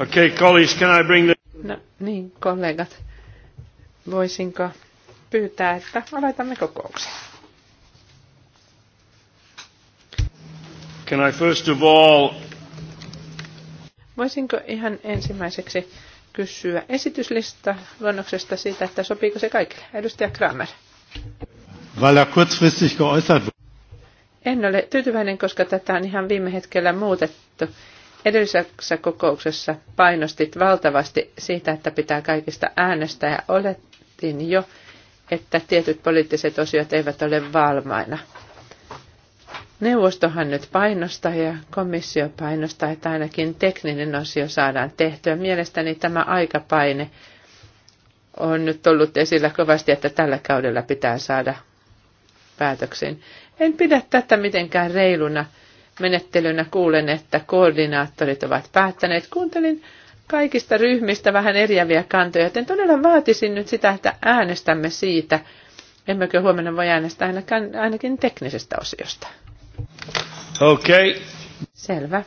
Okay, colleagues, can I bring the... No niin, kollegat. Voisinko pyytää, että aloitamme kokouksen? Can I first of all... Voisinko ihan ensimmäiseksi kysyä esityslista luonnoksesta siitä, että sopiiko se kaikille? Edustaja Kramer. Weil er kurzfristig geäußert En ole tyytyväinen, koska tätä on ihan viime hetkellä muutettu Edellisessä kokouksessa painostit valtavasti siitä, että pitää kaikista äänestää ja olettiin jo, että tietyt poliittiset osiot eivät ole valmaina. Neuvostohan nyt painostaa ja komissio painostaa, että ainakin tekninen osio saadaan tehtyä. Mielestäni tämä aikapaine on nyt ollut esillä kovasti, että tällä kaudella pitää saada päätöksiin. En pidä tätä mitenkään reiluna menettelynä kuulen, että koordinaattorit ovat päättäneet. Kuuntelin kaikista ryhmistä vähän eriäviä kantoja, joten todella vaatisin nyt sitä, että äänestämme siitä. Emmekö huomenna voi äänestää ainakin, ainakin teknisestä osiosta. Okei. Okay. Selvä.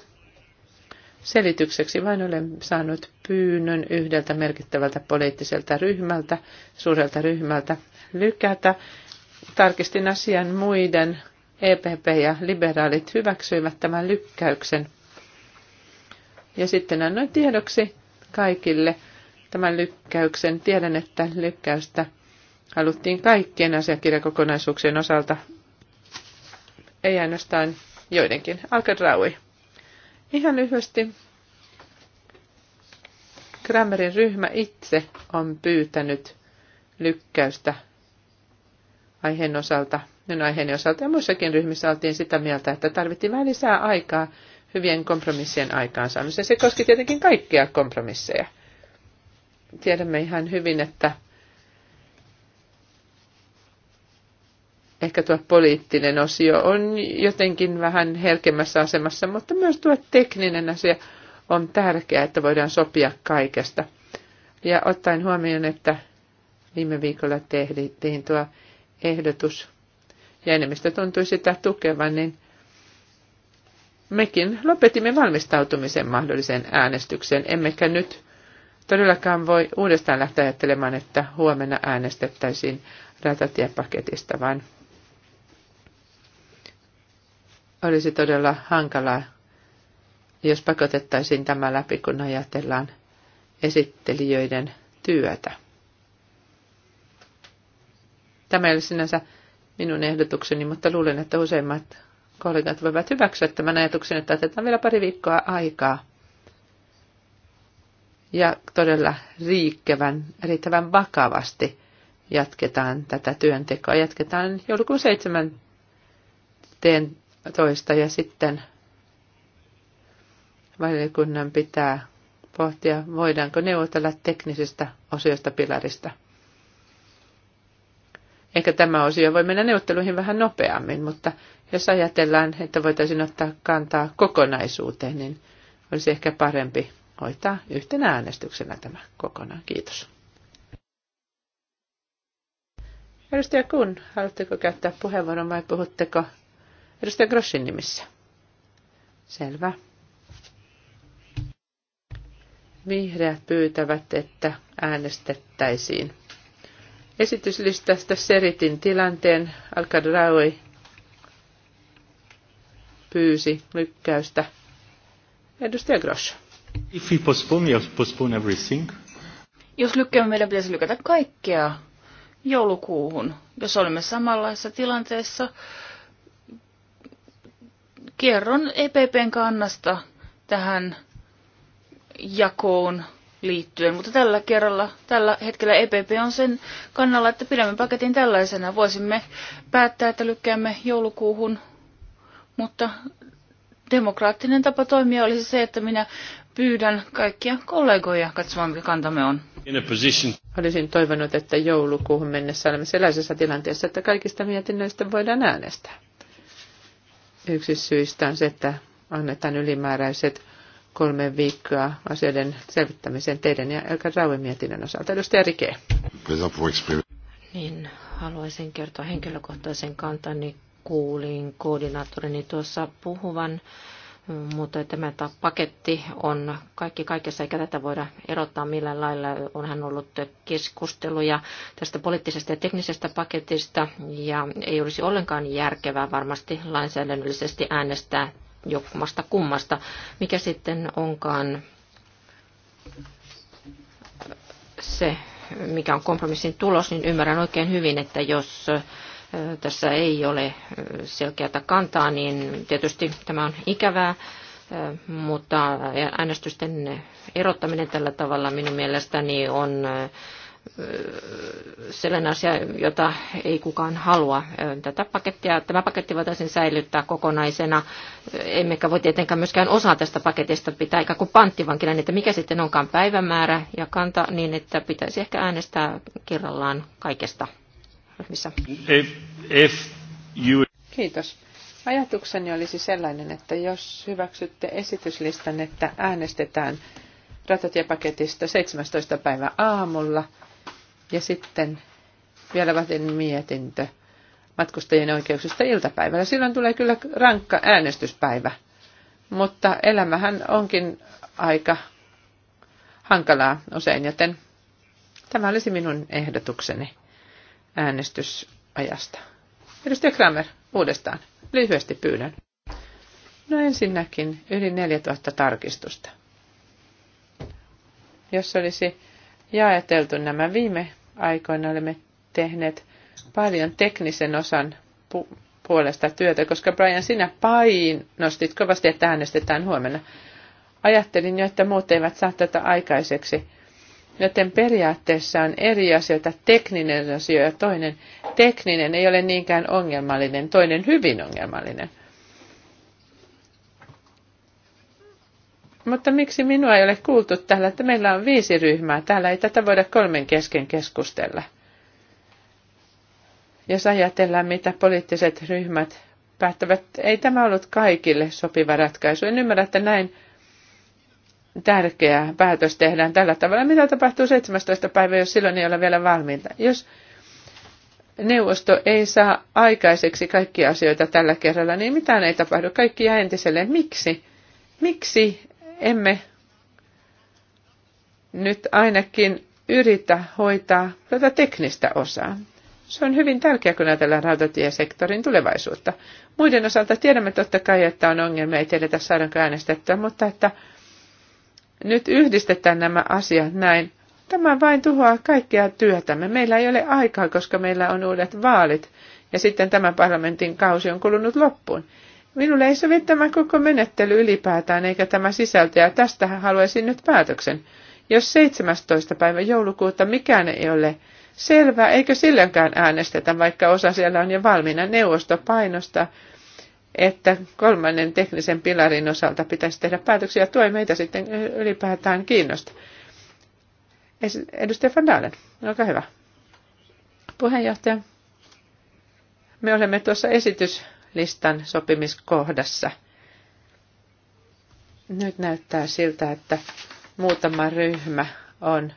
Selitykseksi vain olen saanut pyynnön yhdeltä merkittävältä poliittiselta ryhmältä, suurelta ryhmältä lykätä. Tarkistin asian muiden EPP ja liberaalit hyväksyivät tämän lykkäyksen. Ja sitten annoin tiedoksi kaikille tämän lykkäyksen. Tiedän, että lykkäystä haluttiin kaikkien asiakirjakokonaisuuksien osalta, ei ainoastaan joidenkin. Alkadraui. Ihan lyhyesti. Grammerin ryhmä itse on pyytänyt lykkäystä aiheen osalta minun aiheeni osalta ja muissakin ryhmissä oltiin sitä mieltä, että tarvittiin vähän lisää aikaa hyvien kompromissien aikaansaamiseen. Se koski tietenkin kaikkia kompromisseja. Tiedämme ihan hyvin, että ehkä tuo poliittinen osio on jotenkin vähän herkemmässä asemassa, mutta myös tuo tekninen asia on tärkeää, että voidaan sopia kaikesta. Ja ottaen huomioon, että viime viikolla tehtiin tuo ehdotus ja enemmistö tuntui sitä tukevan, niin mekin lopetimme valmistautumisen mahdolliseen äänestykseen, emmekä nyt todellakaan voi uudestaan lähteä ajattelemaan, että huomenna äänestettäisiin ratatiepaketista, vaan olisi todella hankalaa, jos pakotettaisiin tämä läpi, kun ajatellaan esittelijöiden työtä. Tämä ei ole sinänsä minun ehdotukseni, mutta luulen, että useimmat kollegat voivat hyväksyä tämän ajatuksen, että otetaan vielä pari viikkoa aikaa. Ja todella riikkevän, riittävän vakavasti jatketaan tätä työntekoa. Jatketaan joulukuun 17 ja sitten valiokunnan pitää pohtia, voidaanko neuvotella teknisistä osioista pilarista – ehkä tämä osio voi mennä neuvotteluihin vähän nopeammin, mutta jos ajatellaan, että voitaisiin ottaa kantaa kokonaisuuteen, niin olisi ehkä parempi hoitaa yhtenä äänestyksenä tämä kokonaan. Kiitos. Edustaja Kun, haluatteko käyttää puheenvuoron vai puhutteko edustaja Grossin nimissä? Selvä. Vihreät pyytävät, että äänestettäisiin esityslistasta Seritin tilanteen. al pyysi lykkäystä. Edustaja Grosch. If we postpone, we postpone everything. Jos lykkäämme, meidän pitäisi lykätä kaikkea joulukuuhun. Jos olemme samanlaisessa tilanteessa, kierron EPPn kannasta tähän jakoon liittyen, mutta tällä kerralla, tällä hetkellä EPP on sen kannalla, että pidämme paketin tällaisena. Voisimme päättää, että lykkäämme joulukuuhun, mutta demokraattinen tapa toimia olisi se, että minä pyydän kaikkia kollegoja katsomaan, mikä kantamme on. Olisin toivonut, että joulukuuhun mennessä olemme sellaisessa tilanteessa, että kaikista mietinnöistä voidaan äänestää. Yksi syistä on se, että annetaan ylimääräiset kolme viikkoa asioiden selvittämiseen teidän ja Elka Rauen mietinnön osalta. Edustaja Rike. Niin, haluaisin kertoa henkilökohtaisen kantani. Kuulin koordinaattorini tuossa puhuvan, mutta tämä paketti on kaikki kaikessa, eikä tätä voida erottaa millään lailla. Onhan ollut keskusteluja tästä poliittisesta ja teknisestä paketista, ja ei olisi ollenkaan järkevää varmasti lainsäädännöllisesti äänestää jommasta kummasta, mikä sitten onkaan se, mikä on kompromissin tulos, niin ymmärrän oikein hyvin, että jos tässä ei ole selkeätä kantaa, niin tietysti tämä on ikävää, mutta äänestysten erottaminen tällä tavalla minun mielestäni on sellainen asia, jota ei kukaan halua. Tätä pakettia, tämä paketti voitaisiin säilyttää kokonaisena. Emmekä voi tietenkään myöskään osaa tästä paketista pitää ikään kuin panttivankina, niin että mikä sitten onkaan päivämäärä ja kanta, niin että pitäisi ehkä äänestää kerrallaan kaikesta ryhmissä. If, if you... Kiitos. Ajatukseni olisi sellainen, että jos hyväksytte esityslistan, että äänestetään ratatiepaketista 17. päivä aamulla – ja sitten vielä vähän mietintö matkustajien oikeuksista iltapäivällä. Silloin tulee kyllä rankka äänestyspäivä. Mutta elämähän onkin aika hankalaa usein, joten tämä olisi minun ehdotukseni äänestysajasta. Edustaja Kramer, uudestaan. Lyhyesti pyydän. No ensinnäkin yli 4000 tarkistusta. Jos olisi jaeteltu nämä viime aikoina olemme tehneet paljon teknisen osan pu- puolesta työtä, koska Brian, sinä painostit kovasti, että äänestetään huomenna. Ajattelin jo, että muut eivät saa tätä aikaiseksi. Joten periaatteessa on eri asioita tekninen asia ja toinen tekninen ei ole niinkään ongelmallinen, toinen hyvin ongelmallinen. Mutta miksi minua ei ole kuultu täällä, että meillä on viisi ryhmää, täällä ei tätä voida kolmen kesken keskustella. Jos ajatellaan, mitä poliittiset ryhmät päättävät, ei tämä ollut kaikille sopiva ratkaisu. En ymmärrä, että näin tärkeä päätös tehdään tällä tavalla. Mitä tapahtuu 17. päivä, jos silloin ei ole vielä valmiita? Jos neuvosto ei saa aikaiseksi kaikkia asioita tällä kerralla, niin mitään ei tapahdu. Kaikki jää entiselleen. Miksi? Miksi emme nyt ainakin yritä hoitaa tätä teknistä osaa. Se on hyvin tärkeää, kun ajatellaan rautatiesektorin tulevaisuutta. Muiden osalta tiedämme totta kai, että on ongelmia, ei tiedetä saadaanko äänestettyä, mutta että nyt yhdistetään nämä asiat näin. Tämä vain tuhoaa kaikkea työtämme. Meillä ei ole aikaa, koska meillä on uudet vaalit ja sitten tämä parlamentin kausi on kulunut loppuun. Minulle ei sovi tämä koko menettely ylipäätään eikä tämä sisältö, ja tästä haluaisin nyt päätöksen. Jos 17. päivä joulukuuta mikään ei ole selvää, eikö silläkään äänestetä, vaikka osa siellä on jo valmiina neuvostopainosta, painosta, että kolmannen teknisen pilarin osalta pitäisi tehdä päätöksiä, tuo meitä sitten ylipäätään kiinnosta. Edustaja Van Dalen, olkaa hyvä. Puheenjohtaja, me olemme tuossa esitys listan sopimiskohdassa. Nyt näyttää siltä, että muutama ryhmä on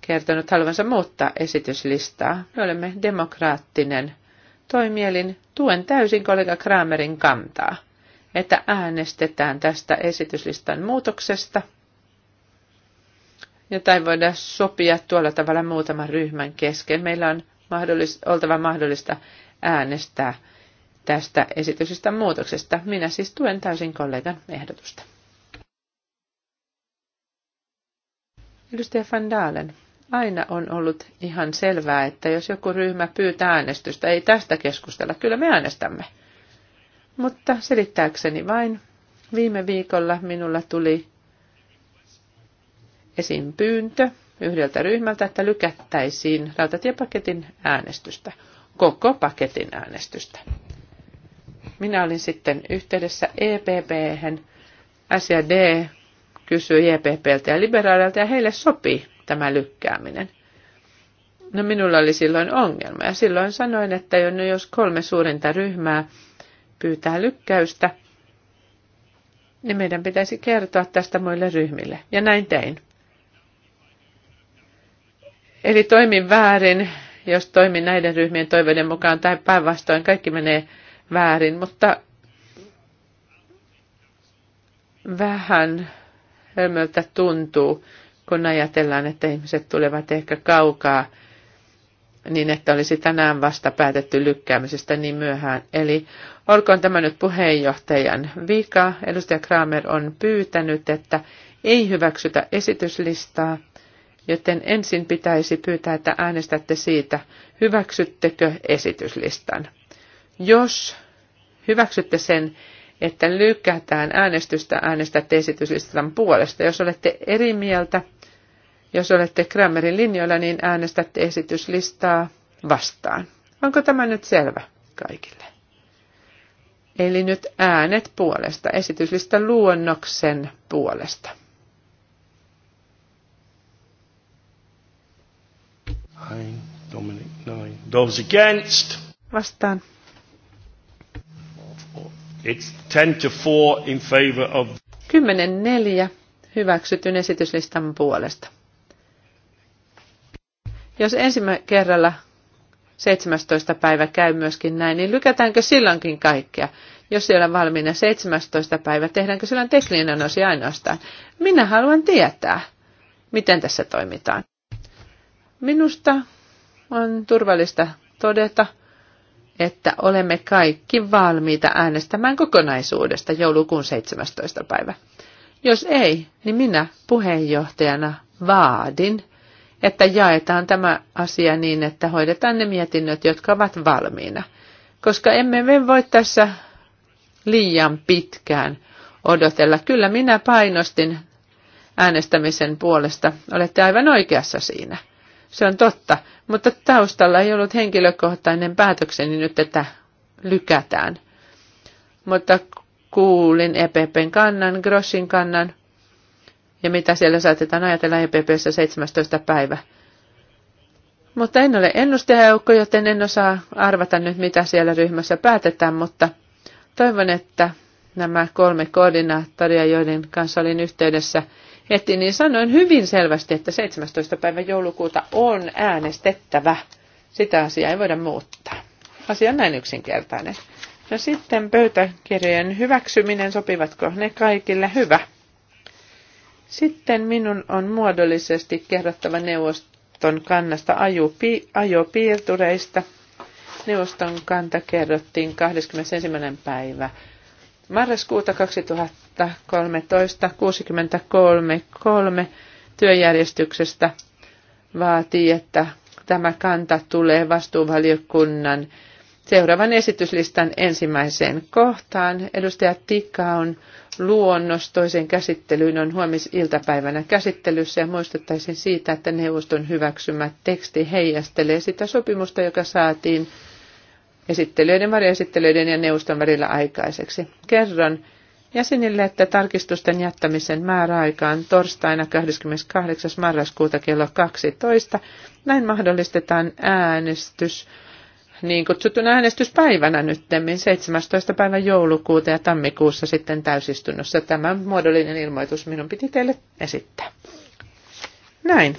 kertonut haluansa muuttaa esityslistaa. Me olemme demokraattinen toimielin. Tuen täysin kollega Kramerin kantaa, että äänestetään tästä esityslistan muutoksesta. Jotain voidaan sopia tuolla tavalla muutaman ryhmän kesken. Meillä on mahdollis- oltava mahdollista äänestää tästä esityksestä muutoksesta. Minä siis tuen täysin kollegan ehdotusta. Edustaja Van Dalen, aina on ollut ihan selvää, että jos joku ryhmä pyytää äänestystä, ei tästä keskustella, kyllä me äänestämme. Mutta selittääkseni vain, viime viikolla minulla tuli esiin pyyntö yhdeltä ryhmältä, että lykättäisiin rautatiepaketin äänestystä, koko paketin äänestystä. Minä olin sitten yhteydessä epp SD kysyi EPPltä ja liberaaleilta ja heille sopii tämä lykkääminen. No minulla oli silloin ongelma ja silloin sanoin, että no jos kolme suurinta ryhmää pyytää lykkäystä, niin meidän pitäisi kertoa tästä muille ryhmille. Ja näin tein. Eli toimin väärin, jos toimin näiden ryhmien toiveiden mukaan tai päinvastoin. Kaikki menee väärin, mutta vähän hölmöltä tuntuu, kun ajatellaan, että ihmiset tulevat ehkä kaukaa niin, että olisi tänään vasta päätetty lykkäämisestä niin myöhään. Eli olkoon tämä nyt puheenjohtajan vika. Edustaja Kramer on pyytänyt, että ei hyväksytä esityslistaa, joten ensin pitäisi pyytää, että äänestätte siitä, hyväksyttekö esityslistan. Jos hyväksytte sen, että lykätään äänestystä, äänestätte esityslistan puolesta. Jos olette eri mieltä, jos olette Grammerin linjoilla, niin äänestätte esityslistaa vastaan. Onko tämä nyt selvä kaikille? Eli nyt äänet puolesta, esityslista luonnoksen puolesta. Aye, Dominic, nine. Those against. Vastaan. It's 10 to 4 in favor of... hyväksytyn esityslistan puolesta. Jos ensimmäisellä kerralla 17. päivä käy myöskin näin, niin lykätäänkö silloinkin kaikkea? Jos siellä on valmiina 17. päivä, tehdäänkö silloin tekninen osi ainoastaan? Minä haluan tietää, miten tässä toimitaan. Minusta on turvallista todeta, että olemme kaikki valmiita äänestämään kokonaisuudesta joulukuun 17. päivä. Jos ei, niin minä puheenjohtajana vaadin, että jaetaan tämä asia niin, että hoidetaan ne mietinnöt, jotka ovat valmiina. Koska emme me voi tässä liian pitkään odotella. Kyllä minä painostin äänestämisen puolesta. Olette aivan oikeassa siinä. Se on totta, mutta taustalla ei ollut henkilökohtainen päätökseni nyt, että lykätään. Mutta kuulin EPPn kannan, Grossin kannan, ja mitä siellä saatetaan ajatella EPPssä 17. päivä. Mutta en ole ennustajajoukko, joten en osaa arvata nyt, mitä siellä ryhmässä päätetään, mutta toivon, että nämä kolme koordinaattoria, joiden kanssa olin yhteydessä, heti, niin sanoin hyvin selvästi, että 17. päivä joulukuuta on äänestettävä. Sitä asiaa ei voida muuttaa. Asia on näin yksinkertainen. No sitten pöytäkirjojen hyväksyminen, sopivatko ne kaikille? Hyvä. Sitten minun on muodollisesti kerrottava neuvoston kannasta ajopi, ajopiirtureista. Neuvoston kanta kerrottiin 21. päivä marraskuuta 2013 63.3 työjärjestyksestä vaatii, että tämä kanta tulee vastuuvaliokunnan seuraavan esityslistan ensimmäiseen kohtaan. Edustaja Tikka on luonnos toisen käsittelyyn on huomisiltapäivänä käsittelyssä ja muistuttaisin siitä, että neuvoston hyväksymä teksti heijastelee sitä sopimusta, joka saatiin esittelyiden, esittelijöiden ja neuvoston välillä aikaiseksi. Kerron jäsenille, että tarkistusten jättämisen määräaika on torstaina 28. marraskuuta kello 12. Näin mahdollistetaan äänestys niin kutsutun äänestyspäivänä nyt, 17. päivä joulukuuta ja tammikuussa sitten täysistunnossa. Tämä muodollinen ilmoitus minun piti teille esittää. Näin.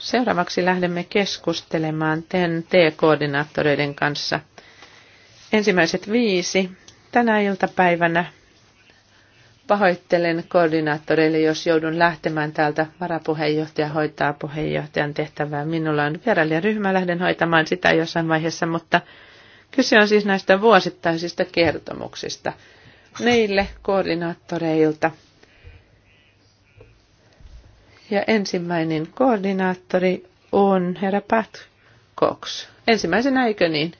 Seuraavaksi lähdemme keskustelemaan TEN-T-koordinaattoreiden kanssa. Ensimmäiset viisi tänä iltapäivänä. Pahoittelen koordinaattoreille, jos joudun lähtemään täältä. Varapuheenjohtaja hoitaa puheenjohtajan tehtävää. Minulla on vierailijaryhmä, lähden hoitamaan sitä jossain vaiheessa, mutta kyse on siis näistä vuosittaisista kertomuksista. Meille koordinaattoreilta ja ensimmäinen koordinaattori on herra Pat Cox. Ensimmäisenä eikö niin?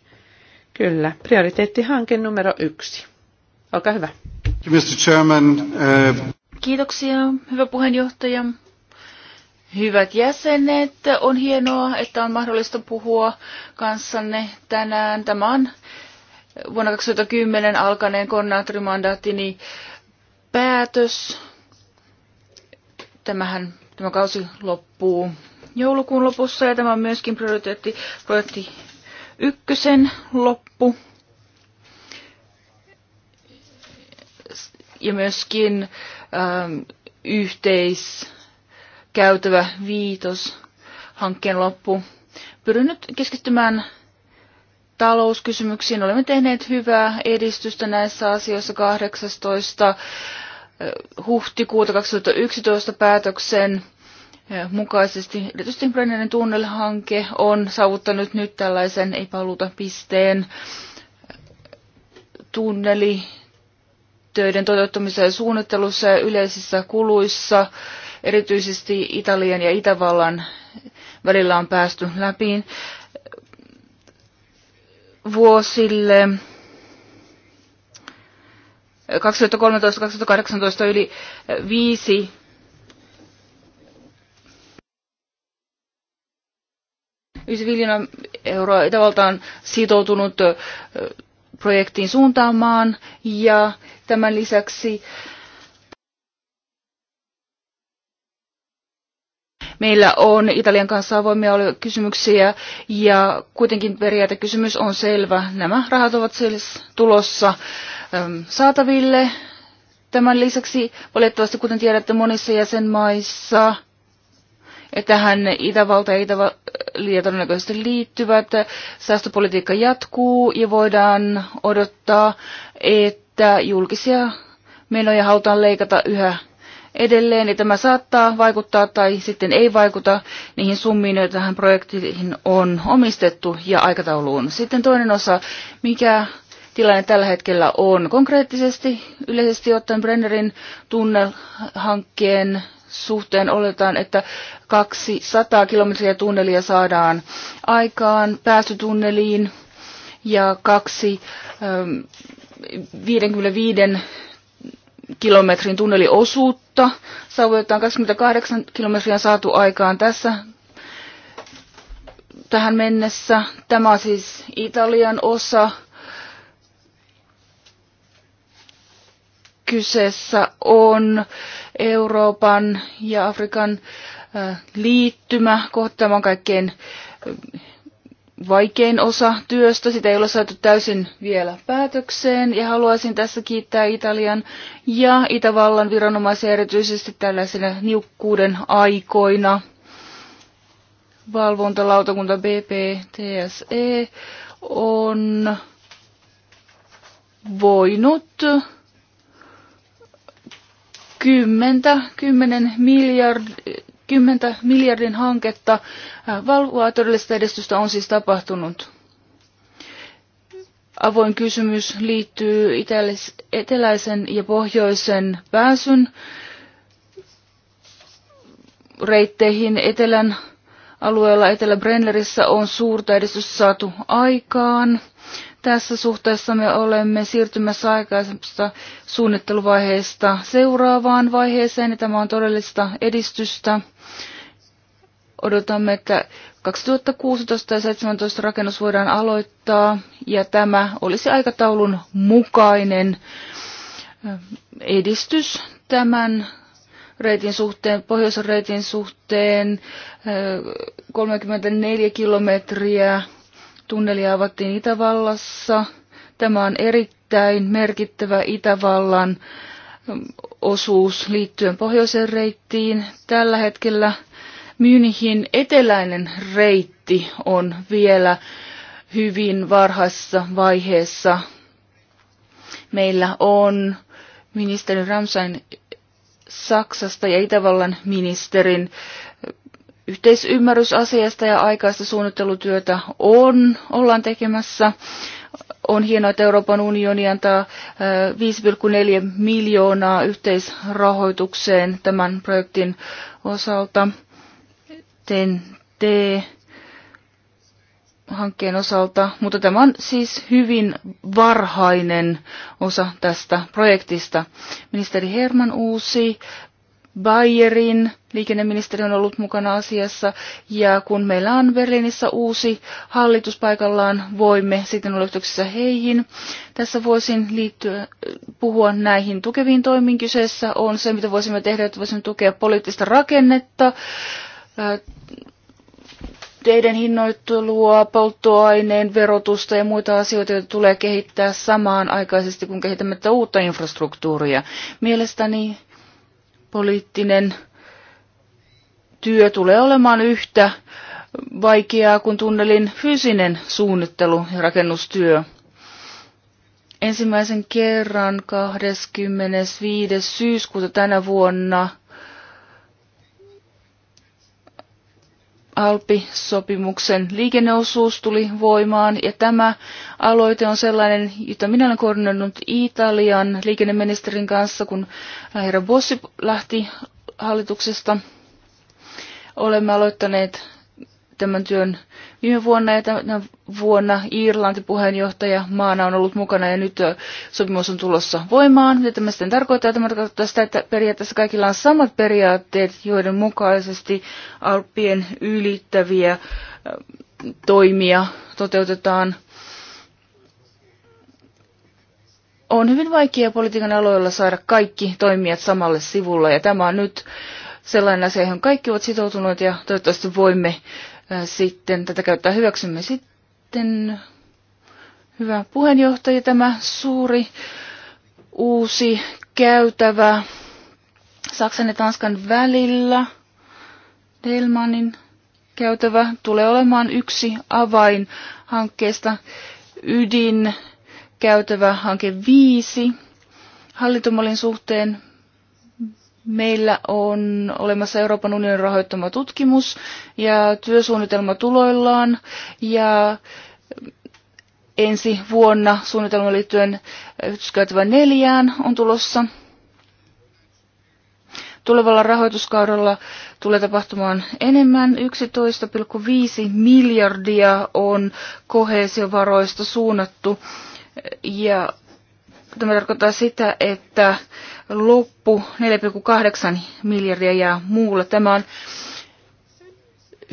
Kyllä, prioriteettihanke numero yksi. Olkaa hyvä. Mr. Chairman, uh... Kiitoksia, hyvä puheenjohtaja. Hyvät jäsenet, on hienoa, että on mahdollista puhua kanssanne tänään. Tämä on vuonna 2010 alkaneen koordinaattorimandaattini päätös. Tämähän Tämä kausi loppuu joulukuun lopussa ja tämä on myöskin prioriteetti projekti ykkösen loppu. Ja myöskin ähm, yhteiskäytävä viitos hankkeen loppu. Pyrin nyt keskittymään talouskysymyksiin. Olemme tehneet hyvää edistystä näissä asioissa 18 huhtikuuta 2011 päätöksen mukaisesti. Erityisesti Brennerin tunnelhanke on saavuttanut nyt tällaisen ei pisteen tunneli töiden toteuttamisessa ja suunnittelussa ja yleisissä kuluissa. Erityisesti Italian ja Itävallan välillä on päästy läpi vuosille 2013-2018 yli eh, viisi Yksi miljoona euroa Itävalta on sitoutunut eh, projektiin suuntaamaan ja tämän lisäksi Meillä on Italian kanssa avoimia kysymyksiä ja kuitenkin periaatekysymys on selvä. Nämä rahat ovat siis tulossa saataville. Tämän lisäksi valitettavasti, kuten tiedätte, monissa jäsenmaissa että tähän Itävalta ja Itävalta todennäköisesti liittyvät. Säästöpolitiikka jatkuu ja voidaan odottaa, että julkisia menoja halutaan leikata yhä edelleen, ja tämä saattaa vaikuttaa tai sitten ei vaikuta niihin summiin, joita tähän projektiin on omistettu ja aikatauluun. Sitten toinen osa, mikä tilanne tällä hetkellä on konkreettisesti, yleisesti ottaen Brennerin tunnelhankkeen suhteen oletaan, että 200 kilometriä tunnelia saadaan aikaan päästötunneliin ja kaksi 55 kilometrin tunneliosuutta saavutetaan. 28 kilometriä saatu aikaan tässä tähän mennessä. Tämä on siis Italian osa. Kyseessä on Euroopan ja Afrikan äh, liittymä. Kohta tämä on kaikkein äh, vaikein osa työstä. Sitä ei ole saatu täysin vielä päätökseen ja haluaisin tässä kiittää Italian ja Itävallan viranomaisia erityisesti tällaisena niukkuuden aikoina. Valvontalautakunta BPTSE on voinut kymmentä, kymmenen miljard, 10 miljardin hanketta. Valvoa todellista edistystä on siis tapahtunut. Avoin kysymys liittyy eteläisen ja pohjoisen pääsyn reitteihin etelän alueella Etelä-Brennerissä on suurta edistystä saatu aikaan. Tässä suhteessa me olemme siirtymässä aikaisemmasta suunnitteluvaiheesta seuraavaan vaiheeseen, ja tämä on todellista edistystä. Odotamme, että 2016 ja 2017 rakennus voidaan aloittaa, ja tämä olisi aikataulun mukainen äh, edistys tämän reitin suhteen, pohjoisen reitin suhteen, 34 äh, kilometriä tunneli avattiin Itävallassa. Tämä on erittäin merkittävä Itävallan mm, osuus liittyen pohjoiseen reittiin. Tällä hetkellä Myynihin eteläinen reitti on vielä hyvin varhaisessa vaiheessa. Meillä on ministeri Ramsain Saksasta ja Itävallan ministerin yhteisymmärrys asiasta ja aikaista suunnittelutyötä on, ollaan tekemässä. On hienoa, että Euroopan unioni antaa 5,4 äh, miljoonaa yhteisrahoitukseen tämän projektin osalta. TEN-T-hankkeen osalta, mutta tämä on siis hyvin varhainen osa tästä projektista. Ministeri Herman uusi Bayerin liikenneministeri on ollut mukana asiassa ja kun meillä on Berliinissä uusi hallitus paikallaan, voimme sitten olla yhteyksissä heihin. Tässä voisin liittyä, puhua näihin tukeviin toimiin. Kyseessä on se, mitä voisimme tehdä, että voisimme tukea poliittista rakennetta, äh, teidän hinnoittelua, polttoaineen verotusta ja muita asioita, joita tulee kehittää samaan aikaisesti, kun kehitämme uutta infrastruktuuria. Mielestäni poliittinen työ tulee olemaan yhtä vaikeaa kuin tunnelin fyysinen suunnittelu ja rakennustyö. Ensimmäisen kerran 25. syyskuuta tänä vuonna – Alpi-sopimuksen liikenneosuus tuli voimaan ja tämä aloite on sellainen, jota minä olen koordinoinut Italian liikenneministerin kanssa, kun herra Bossi lähti hallituksesta. Olemme aloittaneet tämän työn viime vuonna ja tänä vuonna Irlanti puheenjohtaja maana on ollut mukana ja nyt sopimus on tulossa voimaan. Ja tämä sitten tarkoittaa? Tämä tarkoittaa sitä, että periaatteessa kaikilla on samat periaatteet, joiden mukaisesti alppien ylittäviä toimia toteutetaan. On hyvin vaikea politiikan aloilla saada kaikki toimijat samalle sivulle ja tämä on nyt sellainen asia, johon kaikki ovat sitoutuneet ja toivottavasti voimme sitten tätä käyttää hyväksymme sitten. Hyvä puheenjohtaja, tämä suuri uusi käytävä Saksan ja Tanskan välillä, Delmanin käytävä, tulee olemaan yksi avain hankkeesta ydin käytävä hanke 5 hallintomallin suhteen Meillä on olemassa Euroopan unionin rahoittama tutkimus ja työsuunnitelma tuloillaan ja ensi vuonna suunnitelman liittyen yhdyskäytävän neljään on tulossa. Tulevalla rahoituskaudella tulee tapahtumaan enemmän. 11,5 miljardia on kohesiovaroista suunnattu ja Tämä tarkoittaa sitä, että loppu 4,8 miljardia jää muulle. Tämä on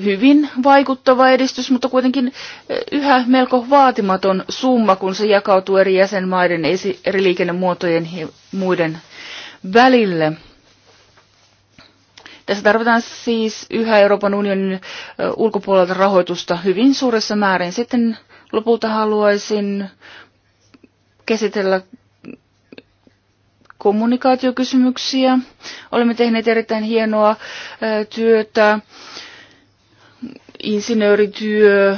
hyvin vaikuttava edistys, mutta kuitenkin eh, yhä melko vaatimaton summa, kun se jakautuu eri jäsenmaiden, eri liikennemuotojen ja muiden välille. Tässä tarvitaan siis yhä Euroopan unionin eh, ulkopuolelta rahoitusta hyvin suuressa määrin. Sitten lopulta haluaisin käsitellä kommunikaatiokysymyksiä. Olemme tehneet erittäin hienoa työtä, insinöörityö,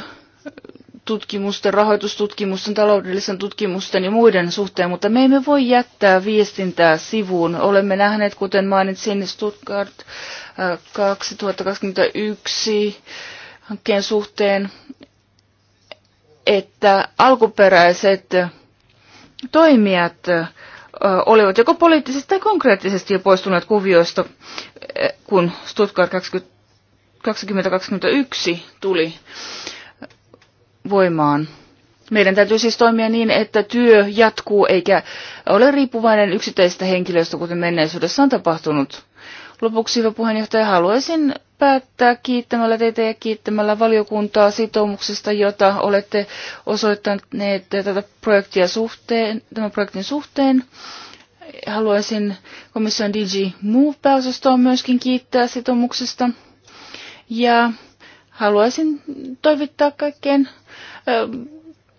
tutkimusten, rahoitustutkimusten, taloudellisen tutkimusten ja muiden suhteen, mutta me emme voi jättää viestintää sivuun. Olemme nähneet, kuten mainitsin, Stuttgart 2021 hankkeen suhteen, että alkuperäiset toimijat olivat joko poliittisesti tai konkreettisesti jo poistuneet kuvioista, kun Stuttgart 2021 tuli voimaan. Meidän täytyy siis toimia niin, että työ jatkuu eikä ole riippuvainen yksittäisistä henkilöistä, kuten menneisyydessä on tapahtunut. Lopuksi, hyvä puheenjohtaja, haluaisin päättää kiittämällä teitä ja kiittämällä valiokuntaa sitoumuksesta, jota olette osoittaneet tätä projektia suhteen, tämän projektin suhteen. Haluaisin komission DG Move-pääosastoa myöskin kiittää sitoumuksesta. Ja haluaisin toivottaa kaikkeen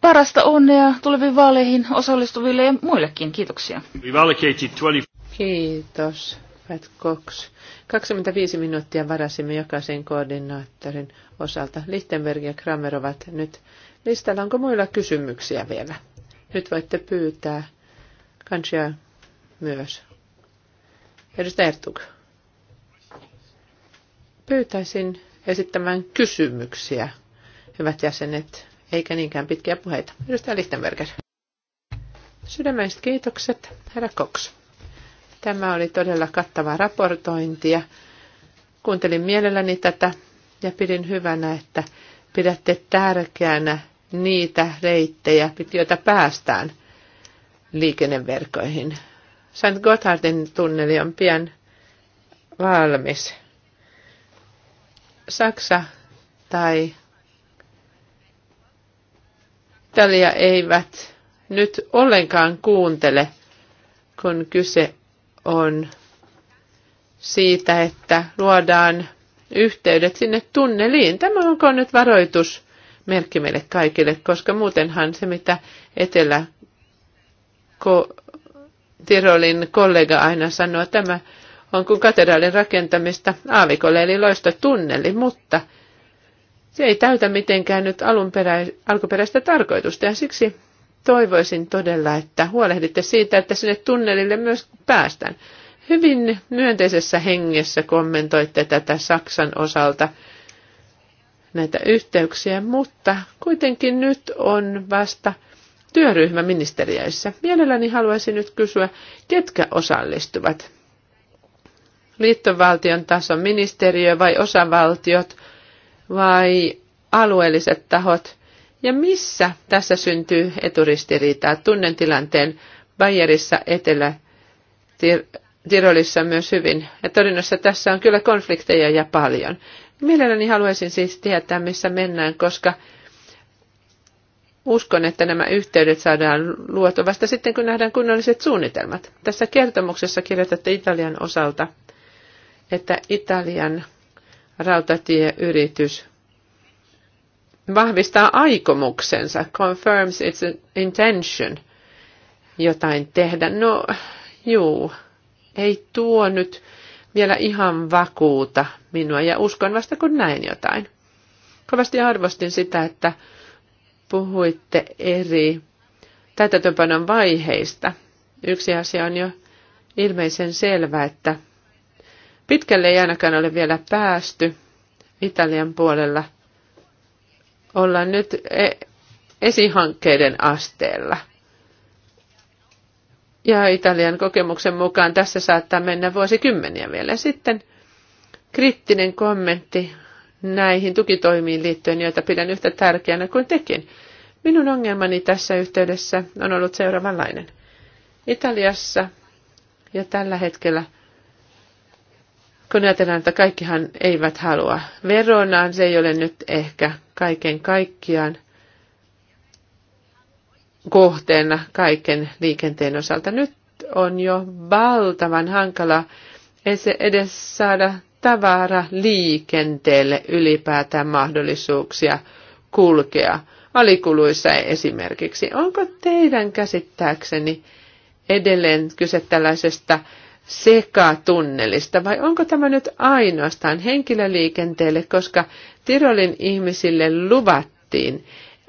parasta onnea tuleviin vaaleihin osallistuville ja muillekin. Kiitoksia. Kiitos. Pat Cox. 25 minuuttia varasimme jokaisen koordinaattorin osalta. Lichtenberg ja Kramer ovat nyt listalla. Onko muilla kysymyksiä vielä? Nyt voitte pyytää kansia myös. Edustaja Ertug. Pyytäisin esittämään kysymyksiä, hyvät jäsenet, eikä niinkään pitkiä puheita. Edustaja Lichtenberger. Sydämäiset kiitokset, herra koks. Tämä oli todella kattava raportointi ja Kuuntelin mielelläni tätä ja pidin hyvänä, että pidätte tärkeänä niitä reittejä, joita päästään liikenneverkoihin. St. Gotthardin tunneli on pian valmis. Saksa tai Italia eivät nyt ollenkaan kuuntele, kun kyse on siitä, että luodaan yhteydet sinne tunneliin. Tämä onko nyt varoitus merkki meille kaikille, koska muutenhan se, mitä etelä Tirolin kollega aina sanoo, tämä on kuin katedraalin rakentamista aavikolle, eli tunneli, mutta se ei täytä mitenkään nyt alunperä, alkuperäistä tarkoitusta, ja siksi toivoisin todella, että huolehditte siitä, että sinne tunnelille myös päästään. Hyvin myönteisessä hengessä kommentoitte tätä Saksan osalta näitä yhteyksiä, mutta kuitenkin nyt on vasta työryhmä ministeriöissä. Mielelläni haluaisin nyt kysyä, ketkä osallistuvat? Liittovaltion tason ministeriö vai osavaltiot vai alueelliset tahot – ja missä tässä syntyy eturistiriitaa? Tunnen tilanteen Bayerissa etelä Tirolissa myös hyvin. Ja todennäköisesti tässä on kyllä konflikteja ja paljon. Mielelläni haluaisin siis tietää, missä mennään, koska uskon, että nämä yhteydet saadaan luotu vasta sitten, kun nähdään kunnolliset suunnitelmat. Tässä kertomuksessa kirjoitatte Italian osalta, että Italian rautatieyritys vahvistaa aikomuksensa, confirms its intention, jotain tehdä. No, juu, ei tuo nyt vielä ihan vakuuta minua ja uskon vasta kun näin jotain. Kovasti arvostin sitä, että puhuitte eri täytäntöpanon vaiheista. Yksi asia on jo ilmeisen selvä, että pitkälle ei ainakaan ole vielä päästy Italian puolella – ollaan nyt e- esihankkeiden asteella. Ja Italian kokemuksen mukaan tässä saattaa mennä vuosikymmeniä vielä. Sitten kriittinen kommentti näihin tukitoimiin liittyen, joita pidän yhtä tärkeänä kuin tekin. Minun ongelmani tässä yhteydessä on ollut seuraavanlainen. Italiassa ja tällä hetkellä – kun ajatellaan, että kaikkihan eivät halua veronaan, se ei ole nyt ehkä kaiken kaikkiaan kohteena kaiken liikenteen osalta. Nyt on jo valtavan hankala edes saada tavara liikenteelle ylipäätään mahdollisuuksia kulkea alikuluissa esimerkiksi. Onko teidän käsittääkseni edelleen kyse tällaisesta sekatunnelista vai onko tämä nyt ainoastaan henkilöliikenteelle, koska Tirolin ihmisille luvattiin,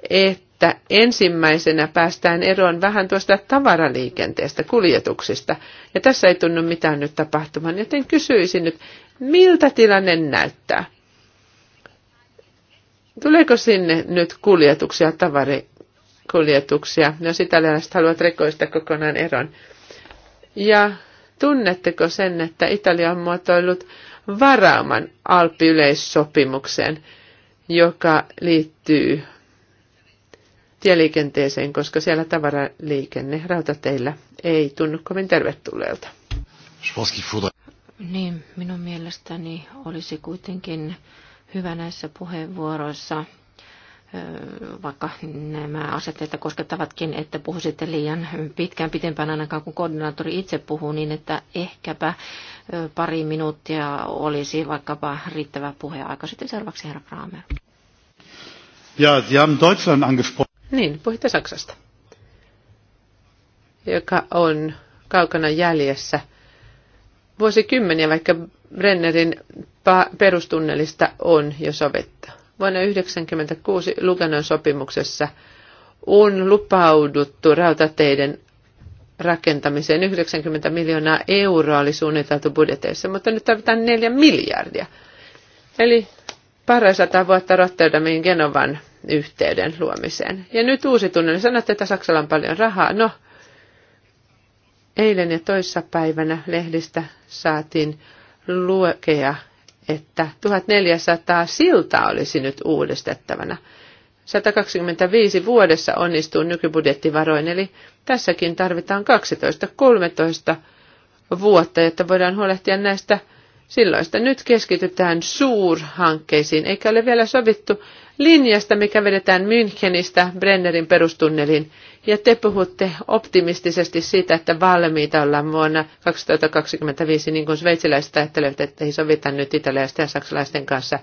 että ensimmäisenä päästään eroon vähän tuosta tavaraliikenteestä, kuljetuksista. Ja tässä ei tunnu mitään nyt tapahtumaan, joten kysyisin nyt, miltä tilanne näyttää? Tuleeko sinne nyt kuljetuksia, tavarikuljetuksia, jos no, italialaiset haluat rekoista kokonaan eron? Ja Tunnetteko sen, että Italia on muotoillut varauman alppiyleissopimukseen, joka liittyy tieliikenteeseen, koska siellä tavaraliikenne rautateillä ei tunnu kovin tervetulleelta. Niin, minun mielestäni olisi kuitenkin hyvä näissä puheenvuoroissa vaikka nämä asetteita koskettavatkin, että puhuisitte liian pitkään, pitempään ainakaan kun koordinaattori itse puhuu, niin että ehkäpä pari minuuttia olisi vaikkapa riittävä puheaika. Sitten seuraavaksi herra Kramer. Ja, Sie haben Deutschland angesprochen. Niin, puhuitte Saksasta, joka on kaukana jäljessä vuosikymmeniä, vaikka Brennerin perustunnelista on jo sovittu Vuonna 1996 Luganon sopimuksessa on lupauduttu rautateiden rakentamiseen. 90 miljoonaa euroa oli suunniteltu budjeteissa, mutta nyt tarvitaan 4 miljardia. Eli pari sata vuotta Rotterdamin Genovan yhteyden luomiseen. Ja nyt uusi tunne, sanotte, että Saksalla on paljon rahaa. No, eilen ja toissapäivänä lehdistä saatiin lukea että 1400 siltaa olisi nyt uudistettavana. 125 vuodessa onnistuu nykybudjettivaroin, eli tässäkin tarvitaan 12-13 vuotta, jotta voidaan huolehtia näistä Silloin sitä nyt keskitytään suurhankkeisiin, eikä ole vielä sovittu linjasta, mikä vedetään Münchenistä Brennerin perustunnelin. Ja te puhutte optimistisesti siitä, että valmiita ollaan vuonna 2025, niin kuin sveitsiläiset ajattelevat, että ei sovita nyt italialaisten ja saksalaisten kanssa.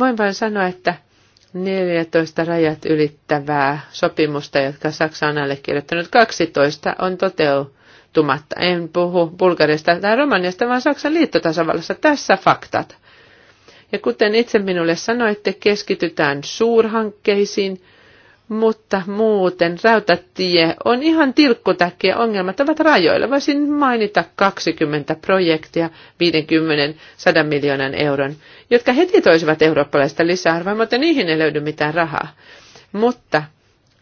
Voin vain sanoa, että 14 rajat ylittävää sopimusta, jotka Saksa on allekirjoittanut, 12 on toteutettu muuttumatta. En puhu Bulgariasta tai Romaniasta, vaan Saksan liittotasavallassa. Tässä faktat. Ja kuten itse minulle sanoitte, keskitytään suurhankkeisiin, mutta muuten rautatie on ihan tilkkutäkkiä. ongelmat ovat rajoilla. Voisin mainita 20 projektia 50-100 miljoonan euron, jotka heti toisivat eurooppalaista lisäarvoa, mutta niihin ei löydy mitään rahaa. Mutta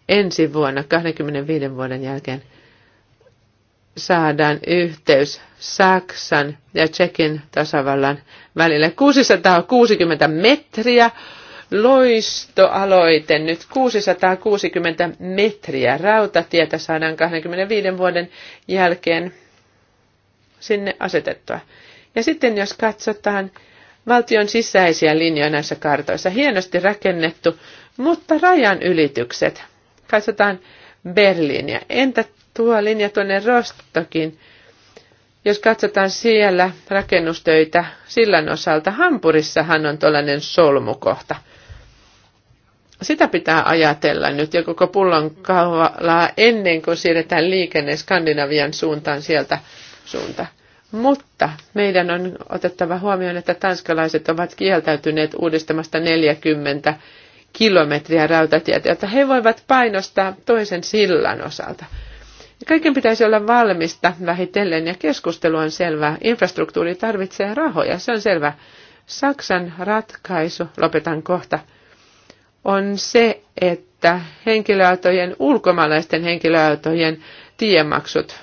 ensi vuonna, 25 vuoden jälkeen, saadaan yhteys Saksan ja Tsekin tasavallan välillä. 660 metriä loistoaloite nyt 660 metriä rautatietä saadaan 25 vuoden jälkeen sinne asetettua. Ja sitten jos katsotaan valtion sisäisiä linjoja näissä kartoissa, hienosti rakennettu, mutta rajan ylitykset. Katsotaan Berliiniä. Entä tuo linja tuonne Rostokin. Jos katsotaan siellä rakennustöitä sillan osalta, Hampurissahan on tuollainen solmukohta. Sitä pitää ajatella nyt ja koko pullon kaulaa ennen kuin siirretään liikenne Skandinavian suuntaan sieltä suunta. Mutta meidän on otettava huomioon, että tanskalaiset ovat kieltäytyneet uudistamasta 40 kilometriä rautatietä, jotta he voivat painostaa toisen sillan osalta. Kaiken pitäisi olla valmista vähitellen ja keskustelu on selvä. Infrastruktuuri tarvitsee rahoja, se on selvä. Saksan ratkaisu, lopetan kohta, on se, että henkilöautojen, ulkomaalaisten henkilöautojen tiemaksut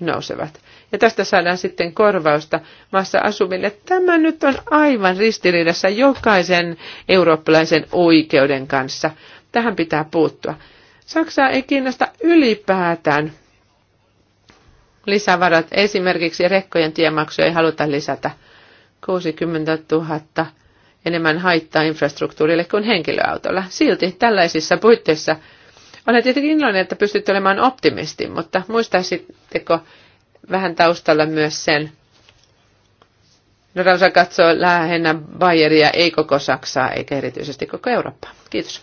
nousevat. Ja tästä saadaan sitten korvausta maassa asuville. Tämä nyt on aivan ristiriidassa jokaisen eurooppalaisen oikeuden kanssa. Tähän pitää puuttua. Saksaa ei kiinnosta ylipäätään lisävarat. Esimerkiksi rekkojen tiemaksuja ei haluta lisätä 60 000 enemmän haittaa infrastruktuurille kuin henkilöautolla. Silti tällaisissa puitteissa olen tietenkin iloinen, että pystyt olemaan optimisti, mutta muistaisitteko vähän taustalla myös sen, Rausa katsoo lähinnä Bayeria, ei koko Saksaa, eikä erityisesti koko Eurooppaa. Kiitos.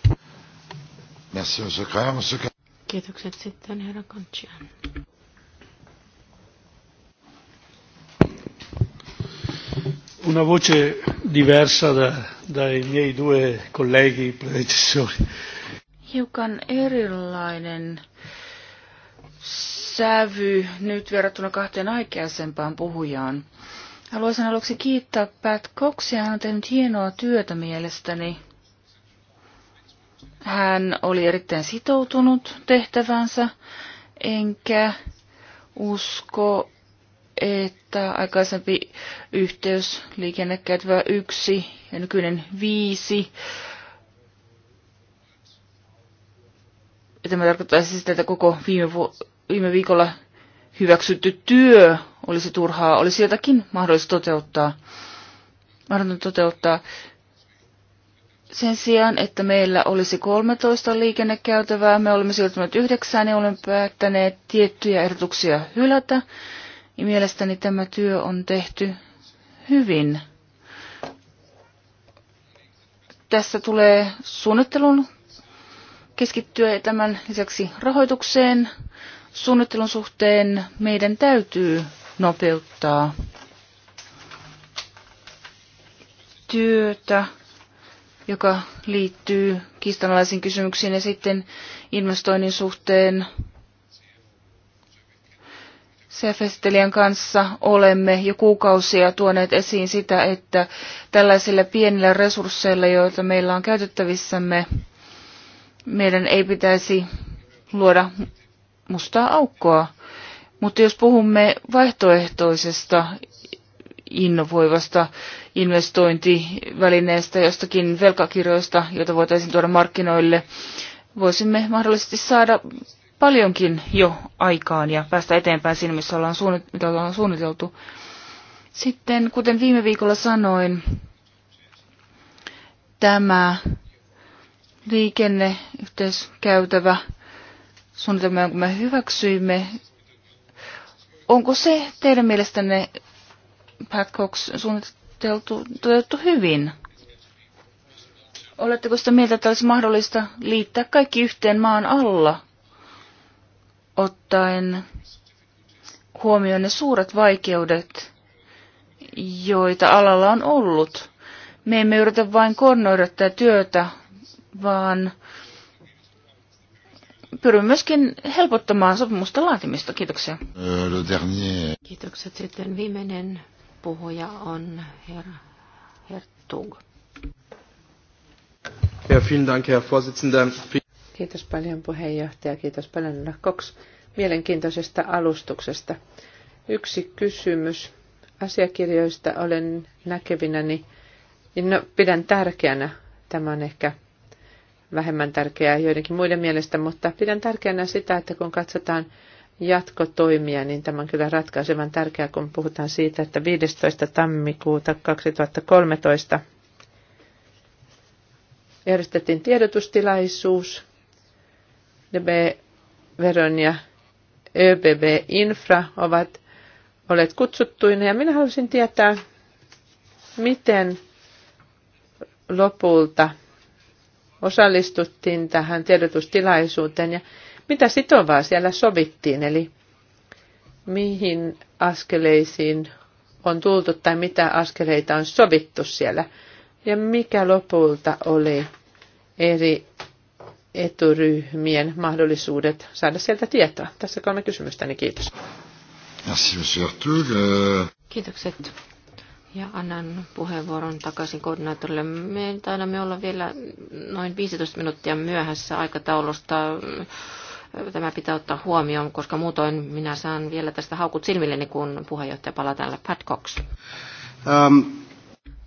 Kiitokset sitten, herra Kontsian. Una voce diversa da, dai miei due colleghi predecessori. Hiukan erilainen sävy nyt verrattuna kahteen aikaisempaan puhujaan. Haluaisin aluksi kiittää Pat Coxia. Hän on tehnyt hienoa työtä mielestäni. Hän oli erittäin sitoutunut tehtävänsä, enkä usko, että aikaisempi yhteys liikennekäytävä 1 ja nykyinen 5 Tämä tarkoittaa siis, että koko viime, vu- viime viikolla hyväksytty työ olisi turhaa, olisi jotakin mahdollista toteuttaa. Mahdollista toteuttaa sen sijaan, että meillä olisi 13 liikennekäytävää, me olemme siirtyneet yhdeksään ja olemme päättäneet tiettyjä ehdotuksia hylätä. Ja mielestäni tämä työ on tehty hyvin. Tässä tulee suunnittelun keskittyä ja tämän lisäksi rahoitukseen. Suunnittelun suhteen meidän täytyy nopeuttaa työtä, joka liittyy kiistanalaisiin kysymyksiin ja sitten investoinnin suhteen cf kanssa olemme jo kuukausia tuoneet esiin sitä, että tällaisilla pienillä resursseilla, joita meillä on käytettävissämme, meidän ei pitäisi luoda mustaa aukkoa. Mutta jos puhumme vaihtoehtoisesta innovoivasta investointivälineestä, jostakin velkakirjoista, joita voitaisiin tuoda markkinoille, voisimme mahdollisesti saada paljonkin jo aikaan ja päästä eteenpäin siinä, missä ollaan mitä ollaan suunniteltu. Sitten, kuten viime viikolla sanoin, tämä liikenneyhteiskäytävä suunnitelma, jonka me hyväksyimme, onko se teidän mielestänne, Pat Cox, suunniteltu, toteutettu hyvin? Oletteko sitä mieltä, että olisi mahdollista liittää kaikki yhteen maan alla? ottaen huomioon ne suuret vaikeudet, joita alalla on ollut. Me emme yritä vain koordinoida tätä työtä, vaan pyrimme myöskin helpottamaan sopimusta laatimista. Kiitoksia. Euh, Kiitokset. Sitten viimeinen puhuja on herra Hertug. Ja, vielen Dank, Herr Vorsitzender. Kiitos paljon puheenjohtaja, kiitos paljon Koks mielenkiintoisesta alustuksesta. Yksi kysymys asiakirjoista olen näkevinäni, niin no, pidän tärkeänä, tämä on ehkä vähemmän tärkeää joidenkin muiden mielestä, mutta pidän tärkeänä sitä, että kun katsotaan jatkotoimia, niin tämä on kyllä ratkaisevan tärkeää, kun puhutaan siitä, että 15. tammikuuta 2013 järjestettiin tiedotustilaisuus DB Veron ja ÖBB Infra ovat olleet kutsuttuina ja minä haluaisin tietää, miten lopulta osallistuttiin tähän tiedotustilaisuuteen ja mitä sitovaa siellä sovittiin, eli mihin askeleisiin on tultu tai mitä askeleita on sovittu siellä ja mikä lopulta oli eri eturyhmien mahdollisuudet saada sieltä tietoa. Tässä kolme kysymystäni, niin kiitos. Euh, Kiitokset. Ja annan puheenvuoron takaisin koordinaattorille. Me taidamme olla vielä noin 15 minuuttia myöhässä aikataulusta. Tämä pitää ottaa huomioon, koska muutoin minä saan vielä tästä haukut silmilleni, kun puheenjohtaja palaa täällä. Pat Cox. Um.